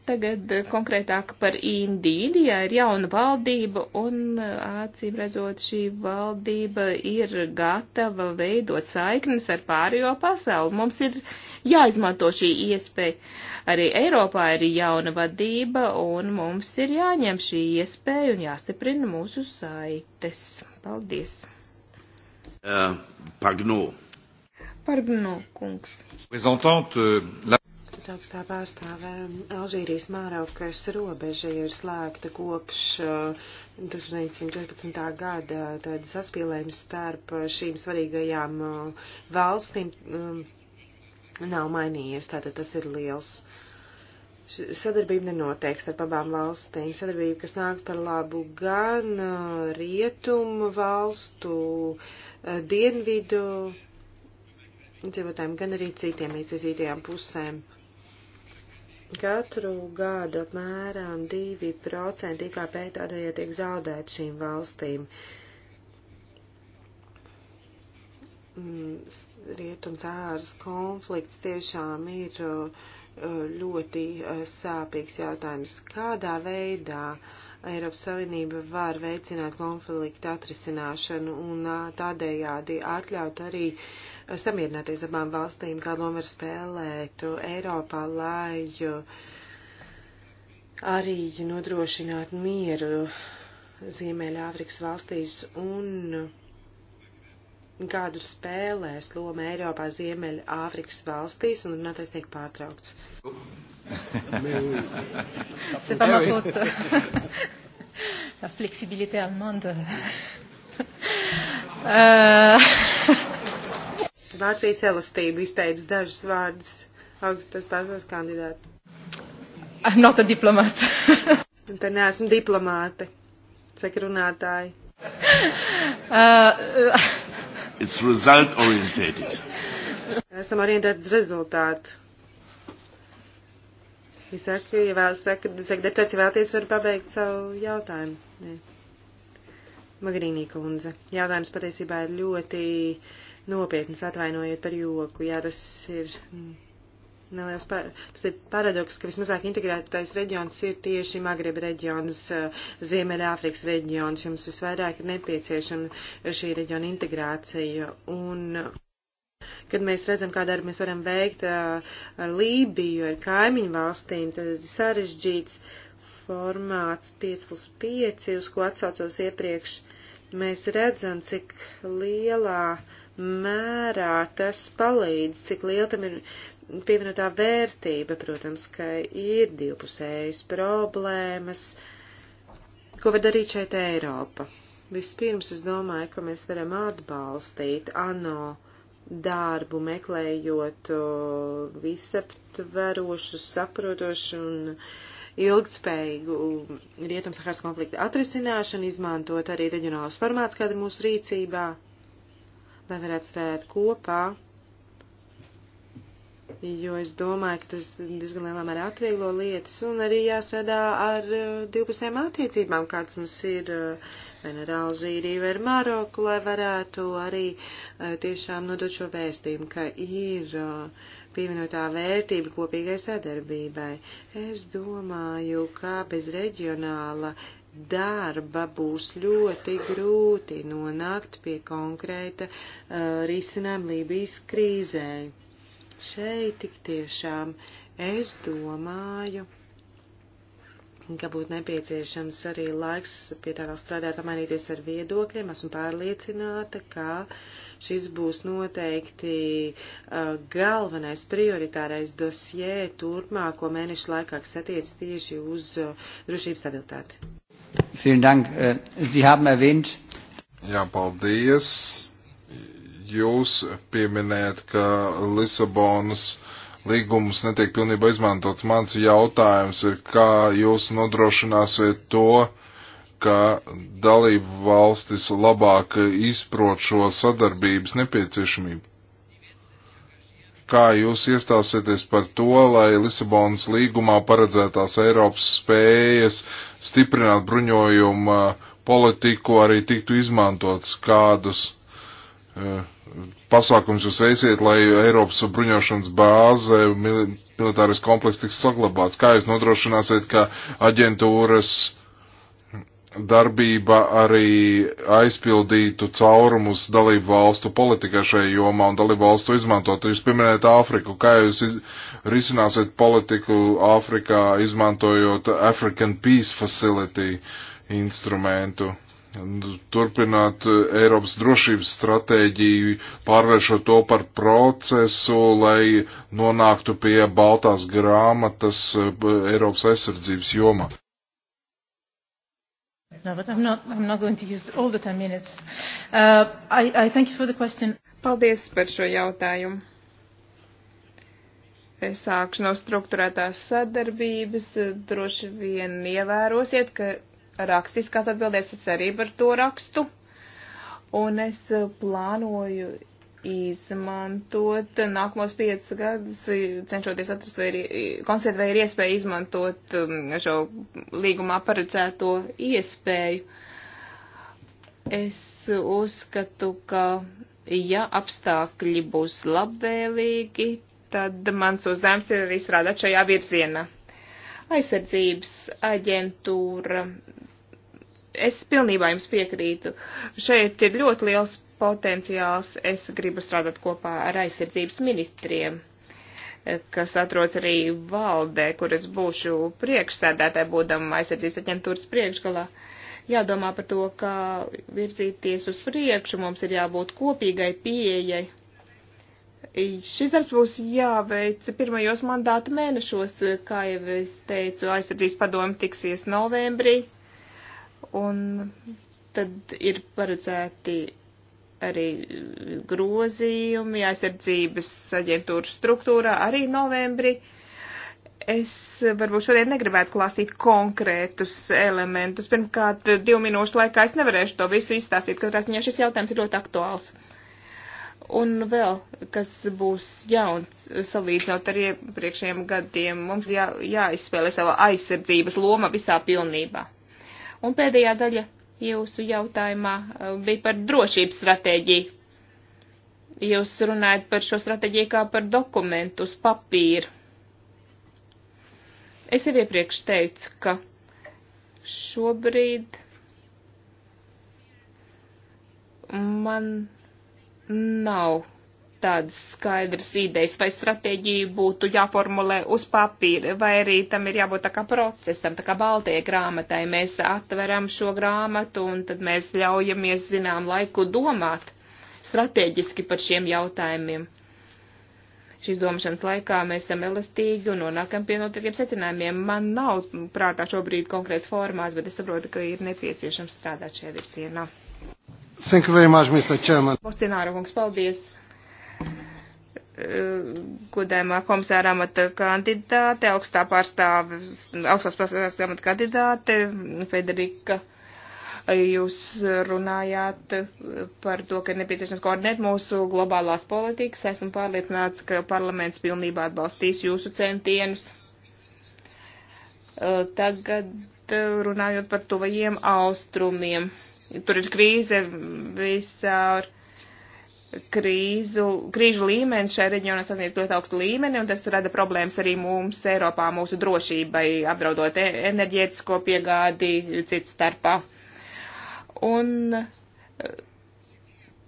Tagad uh, konkrētāk par Indiju. Indijā ir jauna valdība, un uh, acīm redzot, šī valdība ir gatava veidot saiknes ar pārējo pasauli. Mums ir jāizmanto šī iespēja. Arī Eiropā ir jauna vadība, un mums ir jāņem šī iespēja un jāstiprina mūsu saites. Paldies! Uh, Pagnu. Pagnu, kungs. Augstā pārstāvē Alžīrijas Māraukais robeža ir slēgta kopš 1914. Eh, gada, tad saspīlējums starp šīm svarīgajām eh, valstīm. Um, nav mainījies, tātad tas ir liels. Sadarbība nenotiek starp abām valstīm. Sadarbība, kas nāk par labu gan uh, rietumu valstu, uh, dienvidu dzīvotājiem, gan arī citiem izcīzītajām pusēm. Katru gadu apmēram 2% IKP tādējā tiek zaudēt šīm valstīm. Uh, rietums ārs konflikts tiešām ir uh, ļoti uh, sāpīgs jautājums. Kādā veidā Eiropas Savienība var veicināt konfliktu atrisināšanu un uh, tādējādi atļaut arī samierināties abām valstīm, kādu lomu var spēlēt Eiropā, lai arī nodrošinātu mieru Ziemeļāfrikas valstīs un gadu spēlēs loma Eiropā, Ziemeļa Āfrikas valstīs, un runātais tiek pārtraukts. [laughs] C'est pas ma faute. [laughs] La flexibilité allemande. [laughs] Euh. Vācijas elastība izteica dažus vārdus augstas pasaules kandidātu. I'm not a diplomat. Te neesmu diplomāte, saka runātāji. Uh, uh, It's result orientated. Esam orientēti uz rezultātu. Es saku, ja vēl saka, saka deputāts, ja vēlties, var pabeigt savu jautājumu. Nē. Magrīnī kundze. Jautājums patiesībā ir ļoti nopietns, atvainojiet par joku. Jā, tas ir. Mm neliels par, tas ir paradoks, ka vismazāk integrētais reģions ir tieši Magreba reģions, Ziemeļāfrikas reģions. Jums visvairāk ir nepieciešama šī reģiona integrācija. Un, kad mēs redzam, kā darbu mēs varam veikt ar Lībiju, ar kaimiņu valstīm, tad ir sarežģīts formāts 5 plus 5, uz ko atsaucos iepriekš. Mēs redzam, cik lielā mērā tas palīdz, cik liela tam ir pievienotā vērtība, protams, ka ir divpusējas problēmas, ko var darīt šeit Eiropa. Vispirms es domāju, ka mēs varam atbalstīt ANO darbu, meklējot visaptverošu, saprotošu un ilgtspējīgu Rietumsaharas konflikta atrisināšanu, izmantot arī reģionālus formāts, kāda ir mūsu rīcībā, lai varētu strādāt kopā jo es domāju, ka tas diezgan lielā mērā atvieglo lietas un arī jāsadā ar eh, divpusējām attiecībām, kāds mums ir eh, vai nu ar Alžīriju vai ar Maroku, lai varētu arī eh, tiešām nodot šo vēstījumu, ka ir pievienotā vērtība kopīgai sadarbībai. Es domāju, ka bez reģionāla darba būs ļoti grūti nonākt pie konkrēta uh, risinājuma Lībijas krīzē. Šeit tik tiešām es domāju, ka būtu nepieciešams arī laiks pie tā vēl strādāt, apmainīties ar viedokļiem. Esmu pārliecināta, ka šis būs noteikti uh, galvenais prioritārais dosjē turpmāko mēnešu laikā, kas attiec tieši uz uh, drošības stabilitāti. Vielen Dank. Äh, Sie haben erwähnt. Jā, paldies. Jūs pieminējat, ka Lisabonas līgums netiek pilnībā izmantots. Mans jautājums ir, kā jūs nodrošināsiet to, ka dalību valstis labāk izprot šo sadarbības nepieciešamību? Kā jūs iestāsieties par to, lai Lisabonas līgumā paredzētās Eiropas spējas stiprināt bruņojumu politiku arī tiktu izmantots kādus uh, pasākums jūs veisiet, lai Eiropas bruņošanas bāze, militāris kompleks tiks saglabāts? Kā jūs nodrošināsiet, ka aģentūras darbība arī aizpildītu caurumus dalību valstu politikā šajā jomā un dalību valstu izmantot? Jūs pieminējat Āfriku. Kā jūs iz... risināsiet politiku Āfrikā, izmantojot African Peace Facility instrumentu? turpināt eh, Eiropas drošības stratēģiju, pārvēršot to par procesu, lai nonāktu pie baltās grāmatas eh, Eiropas aizsardzības jomā. No, but I'm not, I'm not going to use all the 10 minutes. Uh, I, I thank you for the question. Paldies par šo jautājumu. Es sākšu no struktūrētās sadarbības. Droši vien ievērosiet, ka rakstiskās atbildēs, es arī par to rakstu. Un es eh, plānoju izmantot nākamos piecus gadus, cenšoties atrast vai ir, konstatēt, vai ir iespēja izmantot um, šo līgumā paredzēto iespēju. Es uzskatu, ka ja apstākļi būs labvēlīgi, tad mans uzdevums ir arī strādāt šajā virzienā. Aizsardzības aģentūra Es pilnībā jums piekrītu. Šeit ir ļoti liels potenciāls. Es gribu strādāt kopā ar aizsardzības ministriem, kas atrodas arī valdē, kur es būšu priekšsēdētāji, būdam aizsardzības aģentūras priekšgalā. Jādomā par to, kā virzīties uz priekšu, mums ir jābūt kopīgai pieejai. Šis darbs būs jāveic pirmajos mandāta mēnešos, kā jau es teicu, aizsardzības padomu tiksies novembrī Un tad ir paredzēti arī grozījumi aizsardzības aģentūras struktūrā arī novembrī. Es varbūt šodien negribētu klāstīt konkrētus elementus. Pirmkārt, divu minūšu laikā es nevarēšu to visu izstāstīt, katrā ziņā šis jautājums ir ļoti aktuāls. Un vēl, kas būs jauns salīdzinot ar iepriekšējiem gadiem, mums jā, jāizspēlē sava aizsardzības loma visā pilnībā. Un pēdējā daļa jūsu jautājumā uh, bija par drošības stratēģiju. Jūs runājat par šo stratēģiju kā par dokumentu uz papīra. Es jau iepriekš teicu, ka šobrīd man nav tādas skaidras idejas vai stratēģija būtu jāformulē uz papīra, vai arī tam ir jābūt tā kā procesam, tā kā baltajai grāmatai. Mēs atveram šo grāmatu un tad mēs ļaujamies zinām laiku domāt strateģiski par šiem jautājumiem. Šīs domāšanas laikā mēs esam elastīgi un nonākam pie notiekiem secinājumiem. Man nav prātā šobrīd konkrēts formās, bet es saprotu, ka ir nepieciešams strādāt šajā virsienā. Thank you very much, Mr. Chairman. Postināra kungs, paldies godējumā komisāra amata kandidāte, augstā pārstāve, augstās pārstāves amata kandidāte Federika. Jūs runājāt par to, ka ir nepieciešams koordinēt mūsu globālās politikas. Esmu pārliecināts, ka parlaments pilnībā atbalstīs jūsu centienus. Tagad runājot par tuvajiem austrumiem. Tur ir krīze visā ar krīzu, krīžu līmenis šajā reģionā sasniedz ļoti augstu līmeni, un tas rada problēmas arī mums Eiropā, mūsu drošībai, apdraudot e, enerģētisko piegādi cits starpā. Un e,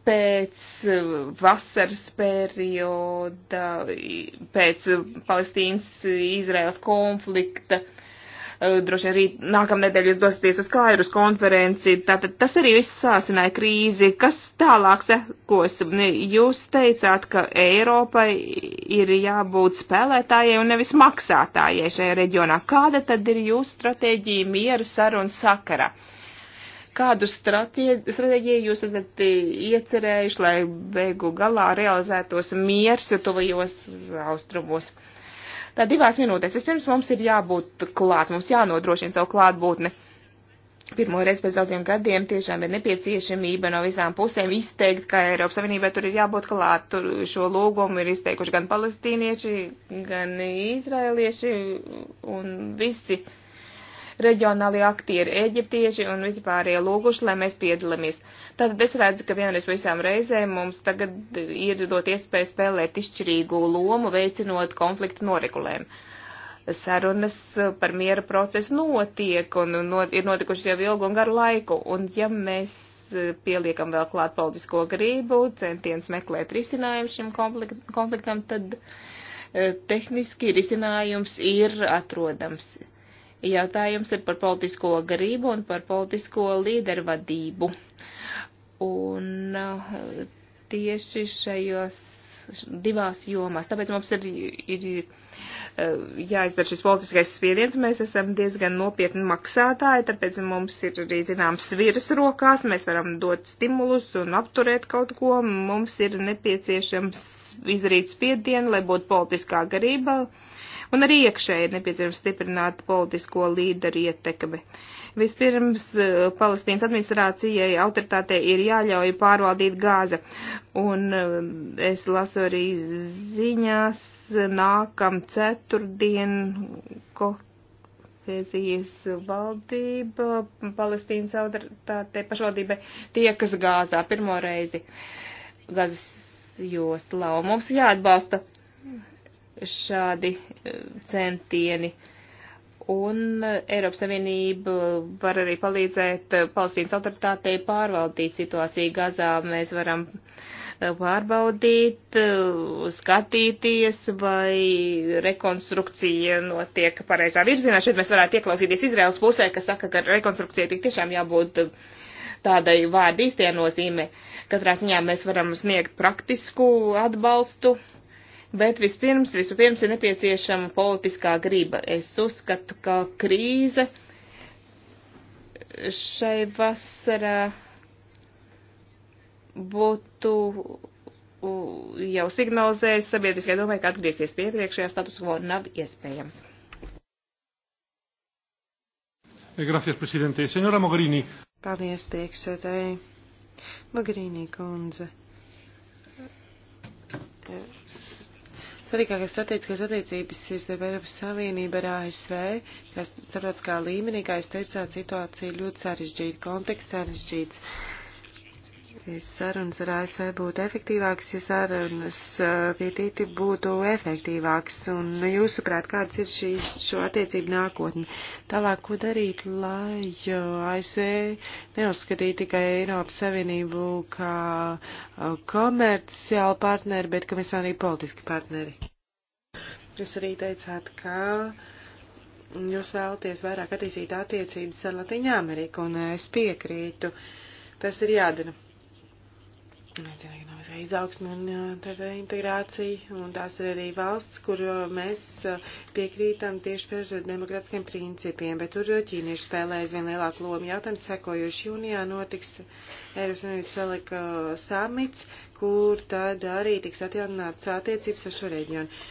pēc e, vasaras perioda, pēc Palestīnas-Izraels konflikta, uh, Eh, droši vien arī nākamnedēļ jūs dosieties uz Kairus konferenci. Tātad tas arī viss sāsināja krīzi. Kas tālāk sekos? Jūs teicāt, ka Eiropai ir jābūt spēlētājai un nevis maksātājai šajā reģionā. Kāda tad ir jūsu stratēģija miera saruna sakara? kādu stratēģiju jūs esat eh, iecerējuši, lai beigu galā realizētos miers tuvajos austrumos? Uh, Tā divās minūtēs. Vispirms mums ir jābūt klāt, mums jānodrošina savu klātbūtni. Pirmoreiz pēc daudziem gadiem tiešām ir nepieciešamība no visām pusēm izteikt, ka Eiropas Savienībai tur ir jābūt klāt. Tur šo lūgumu ir izteikuši gan palestīnieši, gan izraelieši un visi. Uh, reģionālie aktieri, eģiptieši un vispārējie lūguši, lai mēs piedalāmies. Tātad es redzu, ka vienreiz visām reizēm mums tagad ir dot iespēju spēlēt izšķirīgu lomu, veicinot konfliktu noregulējumu sarunas par miera procesu notiek un not, ir notikušas jau ilgu un garu laiku. Un ja mēs pieliekam vēl klāt politisko grību, centienus meklēt risinājumu šim konfliktam, tad eh, tehniski risinājums ir atrodams. Uh, Jautājums ir par politisko garību un par politisko līdervadību. Un eh, tieši šajos divās jomās. Tāpēc mums ir, ir eh, jāizdara šis politiskais spiediens. Mēs esam diezgan nopietni maksātāji, tāpēc mums ir arī zināms sviras rokās. Mēs varam dot stimulus un apturēt kaut ko. Mums ir nepieciešams izdarīt spiedienu, lai būtu politiskā garība, Un arī iekšēji ir nepieciešams stiprināt politisko līderu ietekmi. Vispirms eh, Palestīnas administrācijai autoritātei ir jāļauj pārvaldīt gāza. Un eh, es lasu arī ziņās nākam ceturtdien kohēzijas valdība Palestīnas autoritātei pašvaldībai tiekas gāzā pirmo reizi gazas joslā. Un mums jāatbalsta šādi eh, centieni. Un eh, Eiropas Savienība var arī palīdzēt eh, Palestīnas autoritātei pārvaldīt situāciju Gazā. Mēs varam pārbaudīt, skatīties, vai rekonstrukcija notiek pareizā virzienā. Šeit mēs varētu ieklausīties Izraels pusē, kas saka, ka rekonstrukcija tik tiešām jābūt tādai vārdu īstie nozīme. Katrā ziņā mēs varam sniegt praktisku atbalstu Bet vispirms, vispirms ir nepieciešama politiskā griba. Es uzskatu, ka krīze šai vasarā būtu jau signalizējis sabiedriskai domai, ka atgriezties pie priekšējā status quo nav iespējams. Eh, gracias, presidente. Senora Mogherini. Paldies, priekšsēdēji. Mogherini kundze. Yeah. Svarīgākās strateģiskās attiecības ir starp Eiropas Savienību ar ASV, kas starptautiskā līmenī, kā es teicāt, situācija ļoti sarežģīta, konteksts sarežģīts sarunas ar ASV būtu efektīvākas, ja sarunas pie tīti būtu efektīvākas. Un nu, jūsuprāt, kāds ir šī, šo attiecību nākotne? Tālāk, ko darīt, lai ASV neuzskatītu tikai Eiropas Savienību kā komerciālu partneri, bet ka mēs arī politiski partneri? Jūs arī teicāt, ka. Jūs vēlaties vairāk attīstīt attiecības ar Latviju Ameriku, un es piekrītu. Tas ir jādara nezinu, ekonomiskā izaugsme un tādā integrācija, un tās ir arī valsts, kur mēs piekrītam tieši par demokrātiskiem principiem, bet tur ķīnieši spēlē aizvien lielāku lomu. Jautājums sekojuši jūnijā notiks Eiropas Unības Velika samits, kur tad arī tiks atjaunināts attiecības ar šo reģionu.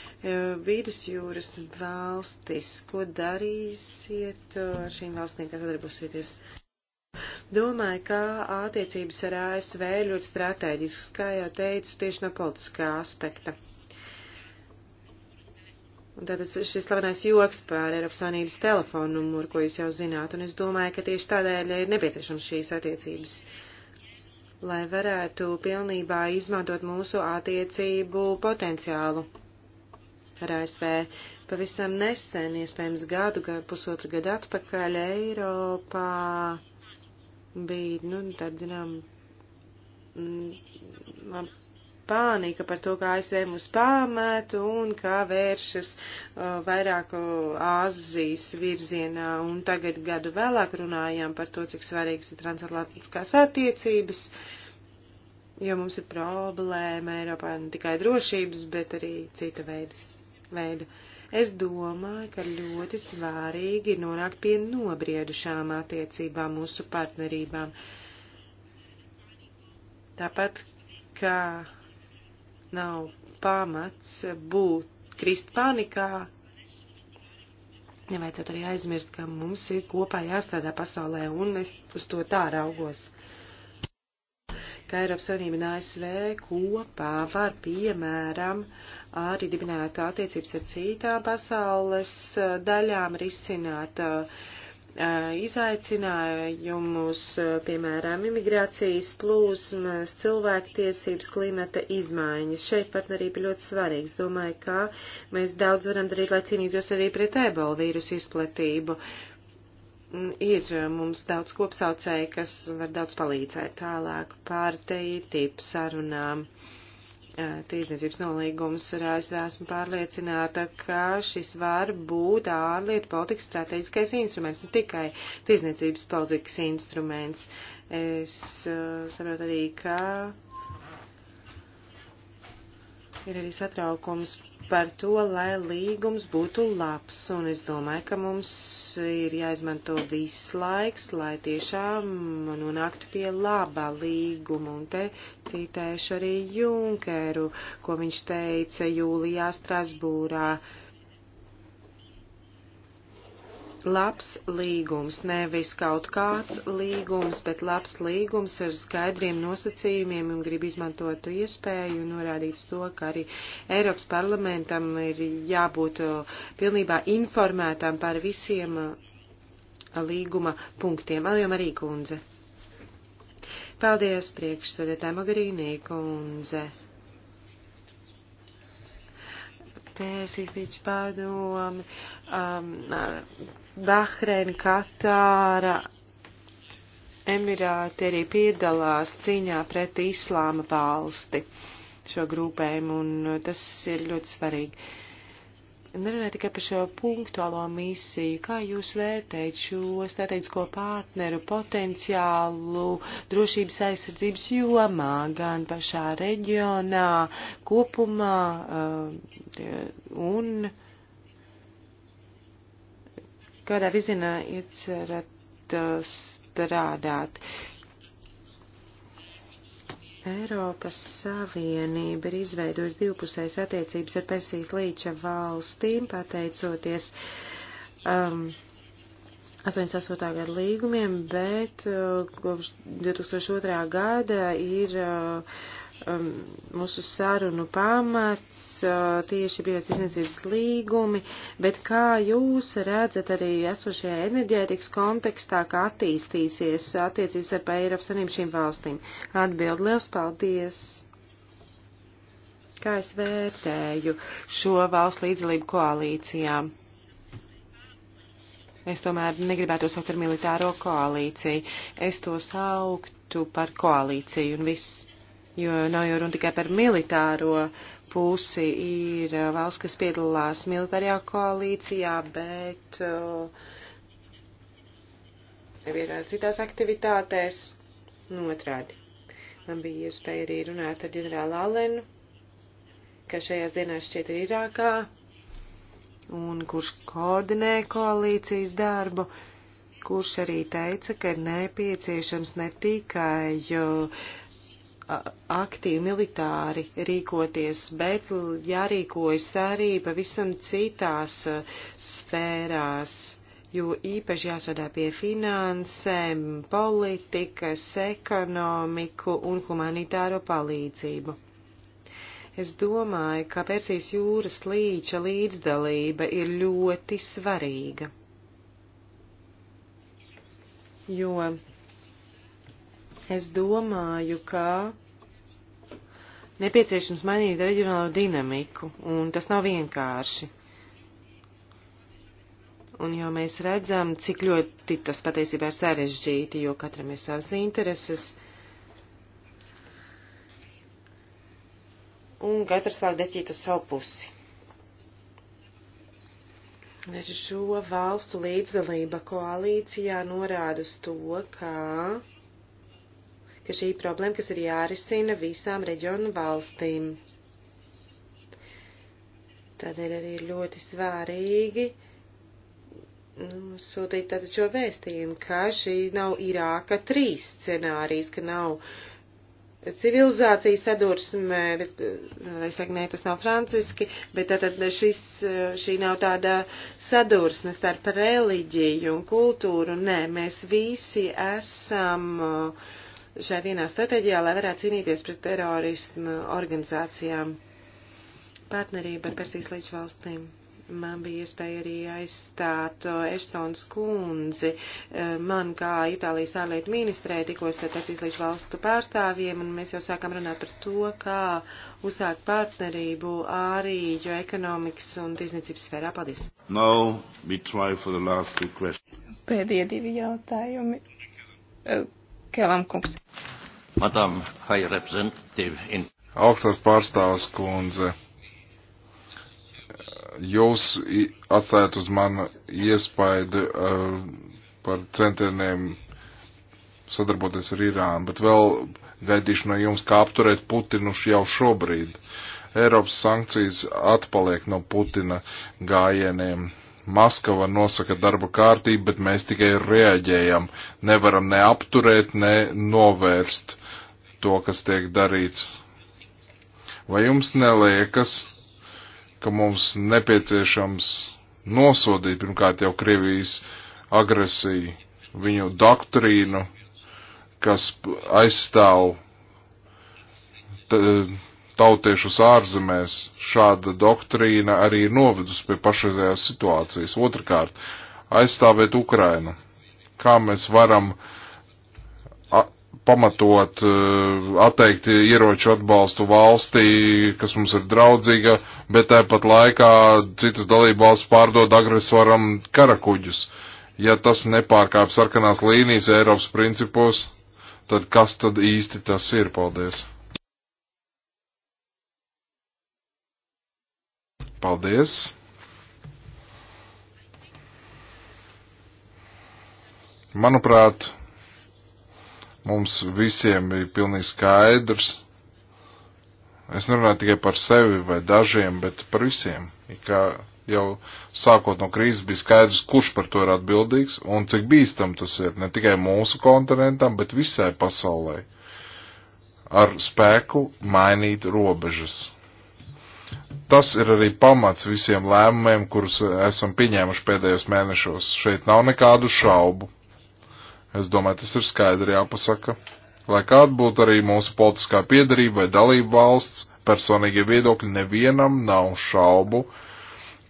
Vīdas jūras valstis, ko darīsiet ar šīm valstīm, kā sadarbosieties? Domāju, ka attiecības ar ASV ļoti strateģisks, kā jau teicu, tieši no politiskā aspekta. Un tad šis slavenais joks par Eiropas Savienības telefonu numuru, ko jūs jau zināt, un es domāju, ka tieši tādēļ ir nepieciešams šīs attiecības lai varētu pilnībā izmantot mūsu attiecību potenciālu ar ASV. Pavisam nesen, iespējams gadu, pusotru gadu atpakaļ, Eiropā bija, nu, tad, zinām, mm, man pānika par to, kā ASV mūs pāmēt un kā vēršas uh, vairāk uh, Āzijas virzienā. Un tagad gadu vēlāk runājām par to, cik svarīgas ir transatlantiskās attiecības, jo mums ir problēma Eiropā ne tikai drošības, bet arī cita veidas, veida. veida Es domāju, ka ļoti svārīgi ir nonākt pie nobriedušām attiecībām mūsu partnerībām. Tāpat, kā nav pamats būt krist panikā, nevajadzētu arī aizmirst, ka mums ir kopā jāstrādā pasaulē, un es uz to tā raugos. Kā Eiropas Savienība un ASV kopā var, piemēram, uh, arī dibināt attiecības ar citām pasaules eh, daļām, risināt eh, izaicinājumus, eh, piemēram, imigrācijas plūsmas, cilvēktiesības, klimata izmaiņas. Šeit partnerība ļoti svarīgs. Domāju, ka mēs daudz varam darīt, lai cīnītos arī pret ebola vīrusu izplatību. Mm, ir mums daudz kopsaucēji, kas var daudz palīdzēt tālāk par TTIP sarunām. Uh, Eh, tīrzniecības nolīgums ar ASV esmu pārliecināta, ka šis var būt ārlietu politikas strateģiskais instruments, ne tikai tīrzniecības politikas instruments. Es uh, saprotu arī, ka ir arī satraukums par to, lai līgums būtu labs, un es domāju, ka mums ir jāizmanto viss laiks, lai tiešām nonāktu pie labā līguma, un te citēšu arī Junkeru, ko viņš teica jūlijā Strasbūrā. Uh, labs līgums, nevis kaut kāds līgums, bet labs līgums ar skaidriem nosacījumiem un grib izmantot to iespēju un norādīt to, ka arī Eiropas parlamentam ir jābūt uh, pilnībā informētām par visiem uh, līguma punktiem. Aljom arī kundze. Paldies priekšsēdētāji Magarīnī kundze. iesaistīts padomi, um, Bahreina, Katāra, Emirāti arī piedalās cīņā pret Islāma valsti šo grupēm, un tas ir ļoti svarīgi nerunāju tikai par šo punktuālo misiju. Kā jūs vērtējat šo strateģisko partneru potenciālu drošības aizsardzības jomā, gan pašā reģionā, kopumā uh, un kādā virzienā iecerat uh, strādāt? Eiropas Savienība ir izveidojusi divpusējas attiecības ar Persijas līča valstīm, pateicoties um, 88. gada līgumiem, bet uh, kopš 2002. gada ir uh, um, mūsu sarunu pamats, uh, tieši bijis izniecības līgumi, bet kā jūs redzat arī esošajā enerģētikas kontekstā, kā attīstīsies attiecības ar Eiropas Savienību šīm valstīm? Atbild liels paldies! Kā es vērtēju šo valstu līdzdalību koalīcijām? Es tomēr negribētu saukt ar militāro koalīciju. Es to sauktu par koalīciju un viss jo nav jau runa tikai par militāro pusi. Ir eh, valsts, kas piedalās militārajā koalīcijā, bet eh, ir arī citās aktivitātēs notrādi. Nu, Man bija iespēja arī runāt ar ģenerālu Alenu, kas šajās dienās šķiet ir Irākā un kurš koordinē koalīcijas darbu, kurš arī teica, ka ir nepieciešams ne tikai jo, uh, aktīvi militāri rīkoties, bet jārīkojas arī pavisam citās sfērās, jo īpaši jāsadā pie finansēm, politikas, ekonomiku un humanitāro palīdzību. Es domāju, ka Persijas jūras līča līdzdalība ir ļoti svarīga, jo Es domāju, ka nepieciešams mainīt reģionālo dinamiku, un tas nav vienkārši. Un jau mēs redzam, cik ļoti tas patiesībā ir sarežģīti, jo katram ir savas intereses. Un katrs sāk deķīt uz savu pusi. Šo valstu līdzdalība koalīcijā norāda uz to, ka ka šī problēma, kas ir jārisina visām reģionu valstīm. Tādēļ arī ir ļoti svārīgi nu, sūtīt tātad šo vēstījumu, ka šī nav Irāka trīs scenārijs, ka nav civilizācijas sadursme, bet, lai saka, nē, tas nav franciski, bet tātad šis, šī nav tāda sadursme starp reliģiju un kultūru, nē, mēs visi esam uh, šai vienā stratēģijā, lai varētu cīnīties pret terorismu organizācijām partnerība ar Persijas līdz valstīm. Man bija iespēja arī aizstāt uh, Eštons kundzi. Uh, man kā Itālijas ārlietu ministrē tikos ar Persijas līdz valstu pārstāvjiem, un mēs jau sākam runāt par to, kā uzsākt partnerību arī jo ekonomikas un tirzniecības sfērā. Paldies! Pēdējie divi jautājumi. Uh, Kēlam kungs. Madam, high representative in. Augstās pārstāvs kundze. Jūs atstājat uz manu iespaidu uh, par centieniem sadarboties ar Irānu, bet vēl gaidīšu no jums, kā apturēt Putinu jau šobrīd. Eiropas sankcijas atpaliek no Putina gājieniem Maskava nosaka darba kārtību, bet mēs tikai reaģējam. Nevaram ne apturēt, ne novērst to, kas tiek darīts. Vai jums neliekas, ka mums nepieciešams nosodīt pirmkārt jau Krievijas agresiju, viņu doktrīnu, kas aizstāv t, tautiešus ārzemēs, šāda doktrīna arī ir novedus pie pašreizējās situācijas. Otrakārt, aizstāvēt Ukrainu. Kā mēs varam pamatot, e, atteikt ieroču atbalstu valstī, kas mums ir draudzīga, bet tāpat laikā citas dalība valsts pārdod agresoram karakuģus. Ja tas nepārkāp sarkanās līnijas Eiropas principos, tad kas tad īsti tas ir? Paldies! Paldies! Manuprāt, mums visiem bija pilnīgi skaidrs. Es nerunāju tikai par sevi vai dažiem, bet par visiem. Kā jau sākot no krīzes bija skaidrs, kurš par to ir atbildīgs un cik bīstam tas ir ne tikai mūsu kontinentam, bet visai pasaulē. Ar spēku mainīt robežas tas ir arī pamats visiem lēmumiem, kurus esam pieņēmuši pēdējos mēnešos. Šeit nav nekādu šaubu. Es domāju, tas ir skaidri jāpasaka. Lai kāda būtu arī mūsu politiskā piedarība vai dalība valsts, personīgie viedokļi nevienam nav šaubu,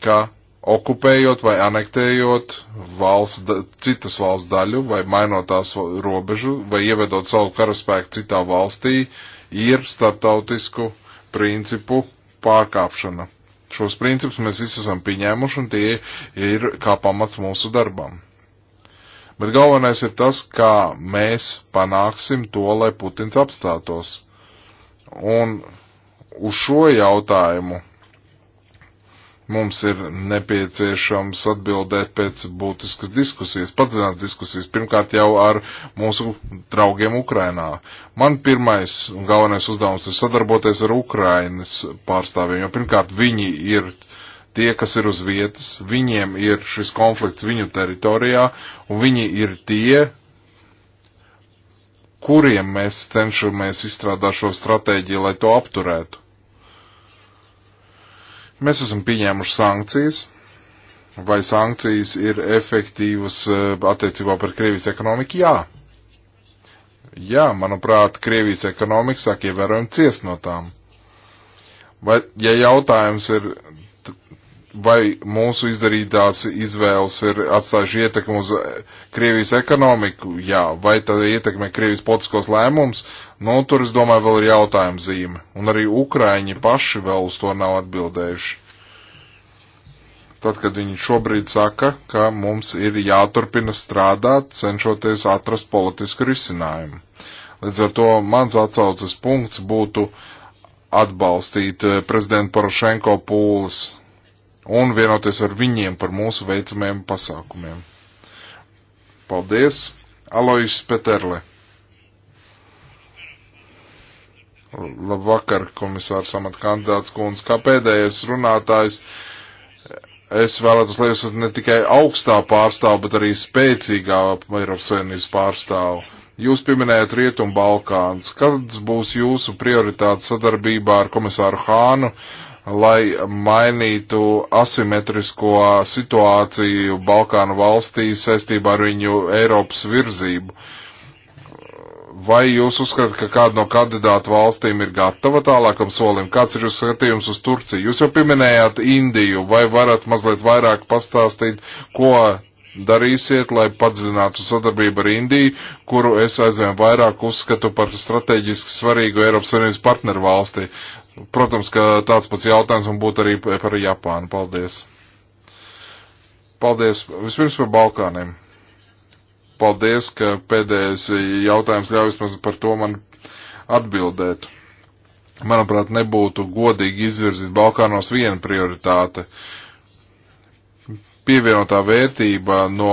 ka okupējot vai anektējot valsts, citas valsts daļu vai mainot tās robežu vai ievedot savu karaspēku citā valstī, ir starptautisku principu pārkāpšana. Šos principus mēs visi esam pieņēmuši un tie ir kā pamats mūsu darbam. Bet galvenais ir tas, kā mēs panāksim to, lai Putins apstātos. Un uz šo jautājumu mums ir nepieciešams atbildēt pēc būtiskas diskusijas, padziļināts diskusijas, pirmkārt jau ar mūsu draugiem Ukrainā. Man pirmais un galvenais uzdevums ir sadarboties ar Ukrainas pārstāvjiem, jo pirmkārt viņi ir tie, kas ir uz vietas, viņiem ir šis konflikts viņu teritorijā, un viņi ir tie, kuriem mēs cenšamies izstrādāt šo stratēģiju, lai to apturētu Mēs esam pieņēmuši sankcijas, vai sankcijas ir efektīvas eh, attiecībā par Krievijas ekonomiku? Jā. Jā, manuprāt, Krievijas ekonomika sāk ievērojami ciest no tām. Vai, ja jautājums ir vai mūsu izdarītās izvēles ir atstājuši ietekmi uz eh, Krievijas ekonomiku, jā, vai tad ietekmē Krievijas politiskos lēmums, nu, tur, es domāju, vēl ir jautājuma zīme. Un arī Ukraiņi paši vēl uz to nav atbildējuši. Tad, kad viņi šobrīd saka, ka mums ir jāturpina strādāt, cenšoties atrast politisku risinājumu. Līdz ar to mans atsauces punkts būtu atbalstīt eh, prezidenta Porošenko pūles un vienoties ar viņiem par mūsu veicamajiem pasākumiem. Paldies, Alois Peterle. Labvakar, komisārs amatkandidāts Kunz. Kā pēdējais runātājs, es vēlētos, lai jūs esat ne tikai augstā pārstāva, bet arī spēcīgā Eiropas Savienības pārstāva. Jūs pieminējat Rietumu Balkāns. Kāds būs jūsu prioritāte sadarbībā ar komisāru Hānu? Uh, lai mainītu asimetrisko situāciju Balkānu valstī saistībā ar viņu Eiropas virzību. Vai jūs uzskatāt, ka kāda no kandidātu valstīm ir gatava tālākam solim? Kāds ir jūsu skatījums uz Turciju? Jūs jau pieminējāt Indiju, vai varat mazliet vairāk pastāstīt, ko darīsiet, lai padziļinātu sadarbību ar Indiju, kuru es aizvien vairāk uzskatu par strateģiski svarīgu Eiropas Savienības partneru valsti. Protams, ka tāds pats jautājums man būtu arī par Japānu. Paldies! Paldies! Vispirms par Balkāniem. Paldies, ka pēdējais jautājums ļauj vismaz par to man atbildēt. Manuprāt, nebūtu godīgi izvirzīt Balkānos vienu prioritāti. Uh, pievienotā vērtība no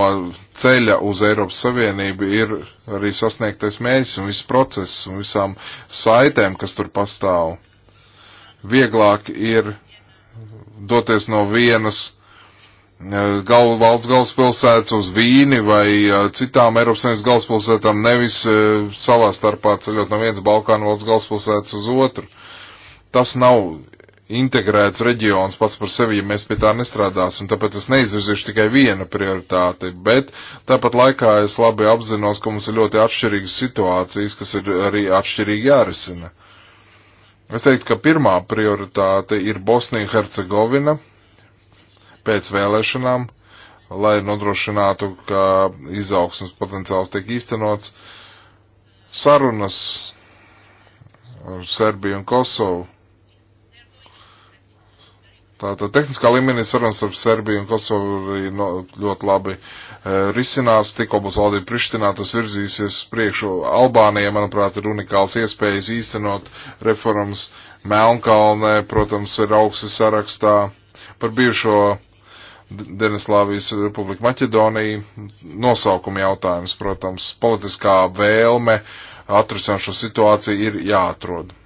ceļa uz Eiropas Savienību ir arī sasniegtais mērķis un viss process un visām saitēm, kas tur pastāv. Vieglāk ir doties no vienas eh, gal, valsts galvaspilsētas uz Vīni vai eh, citām Eiropas Savienības galvaspilsētām, nevis eh, savā starpā ceļot no vienas Balkānu valsts galvaspilsētas uz otru. Tas nav integrēts reģions pats par sevi, ja mēs pie tā nestrādāsim, tāpēc es neizvirzīšu tikai vienu prioritāti, bet tāpat laikā es labi apzinos, ka mums ir ļoti atšķirīgas situācijas, kas ir arī atšķirīgi jārisina. Es teiktu, ka pirmā prioritāte ir Bosnija-Hercegovina pēc vēlēšanām, lai nodrošinātu, ka izaugsmas potenciāls tiek īstenots. Sarunas ar Serbiju un Kosovu Tātad tehniskā līmenī sarunas ar Serbiju un Kosovu arī no, ļoti labi e, risinās. Tikko būs valdība Prištinā, tas virzīsies priekšu. Albānija, manuprāt, ir unikāls iespējas īstenot reformas. Melnkalnē, protams, ir augsti sarakstā par bijušo Denislāvijas Republiku Maķedoniju. Nosaukuma jautājums, protams, politiskā vēlme atrisināt šo situāciju ir jāatrod.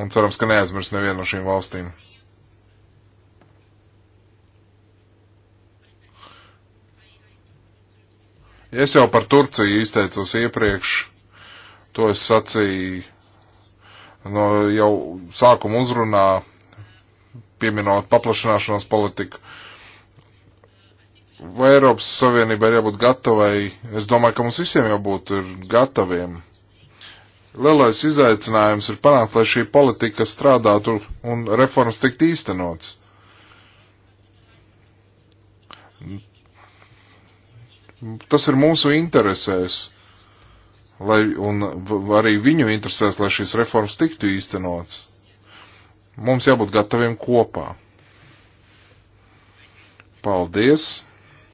Un cerams, ka neaizmirs nevienu no šīm valstīm. Es jau par Turciju izteicos iepriekš, to es sacīju no jau sākuma uzrunā, pieminot paplašināšanās politiku. Vai Eiropas Savienībai ir jābūt gatavai? Es domāju, ka mums visiem jābūt gataviem. Lielais izaicinājums ir panākt, lai šī politika strādātu un reformas tikt īstenots. Tas ir mūsu interesēs, lai, un arī viņu interesēs, lai šīs reformas tiktu īstenots. Mums jābūt gataviem kopā. Paldies!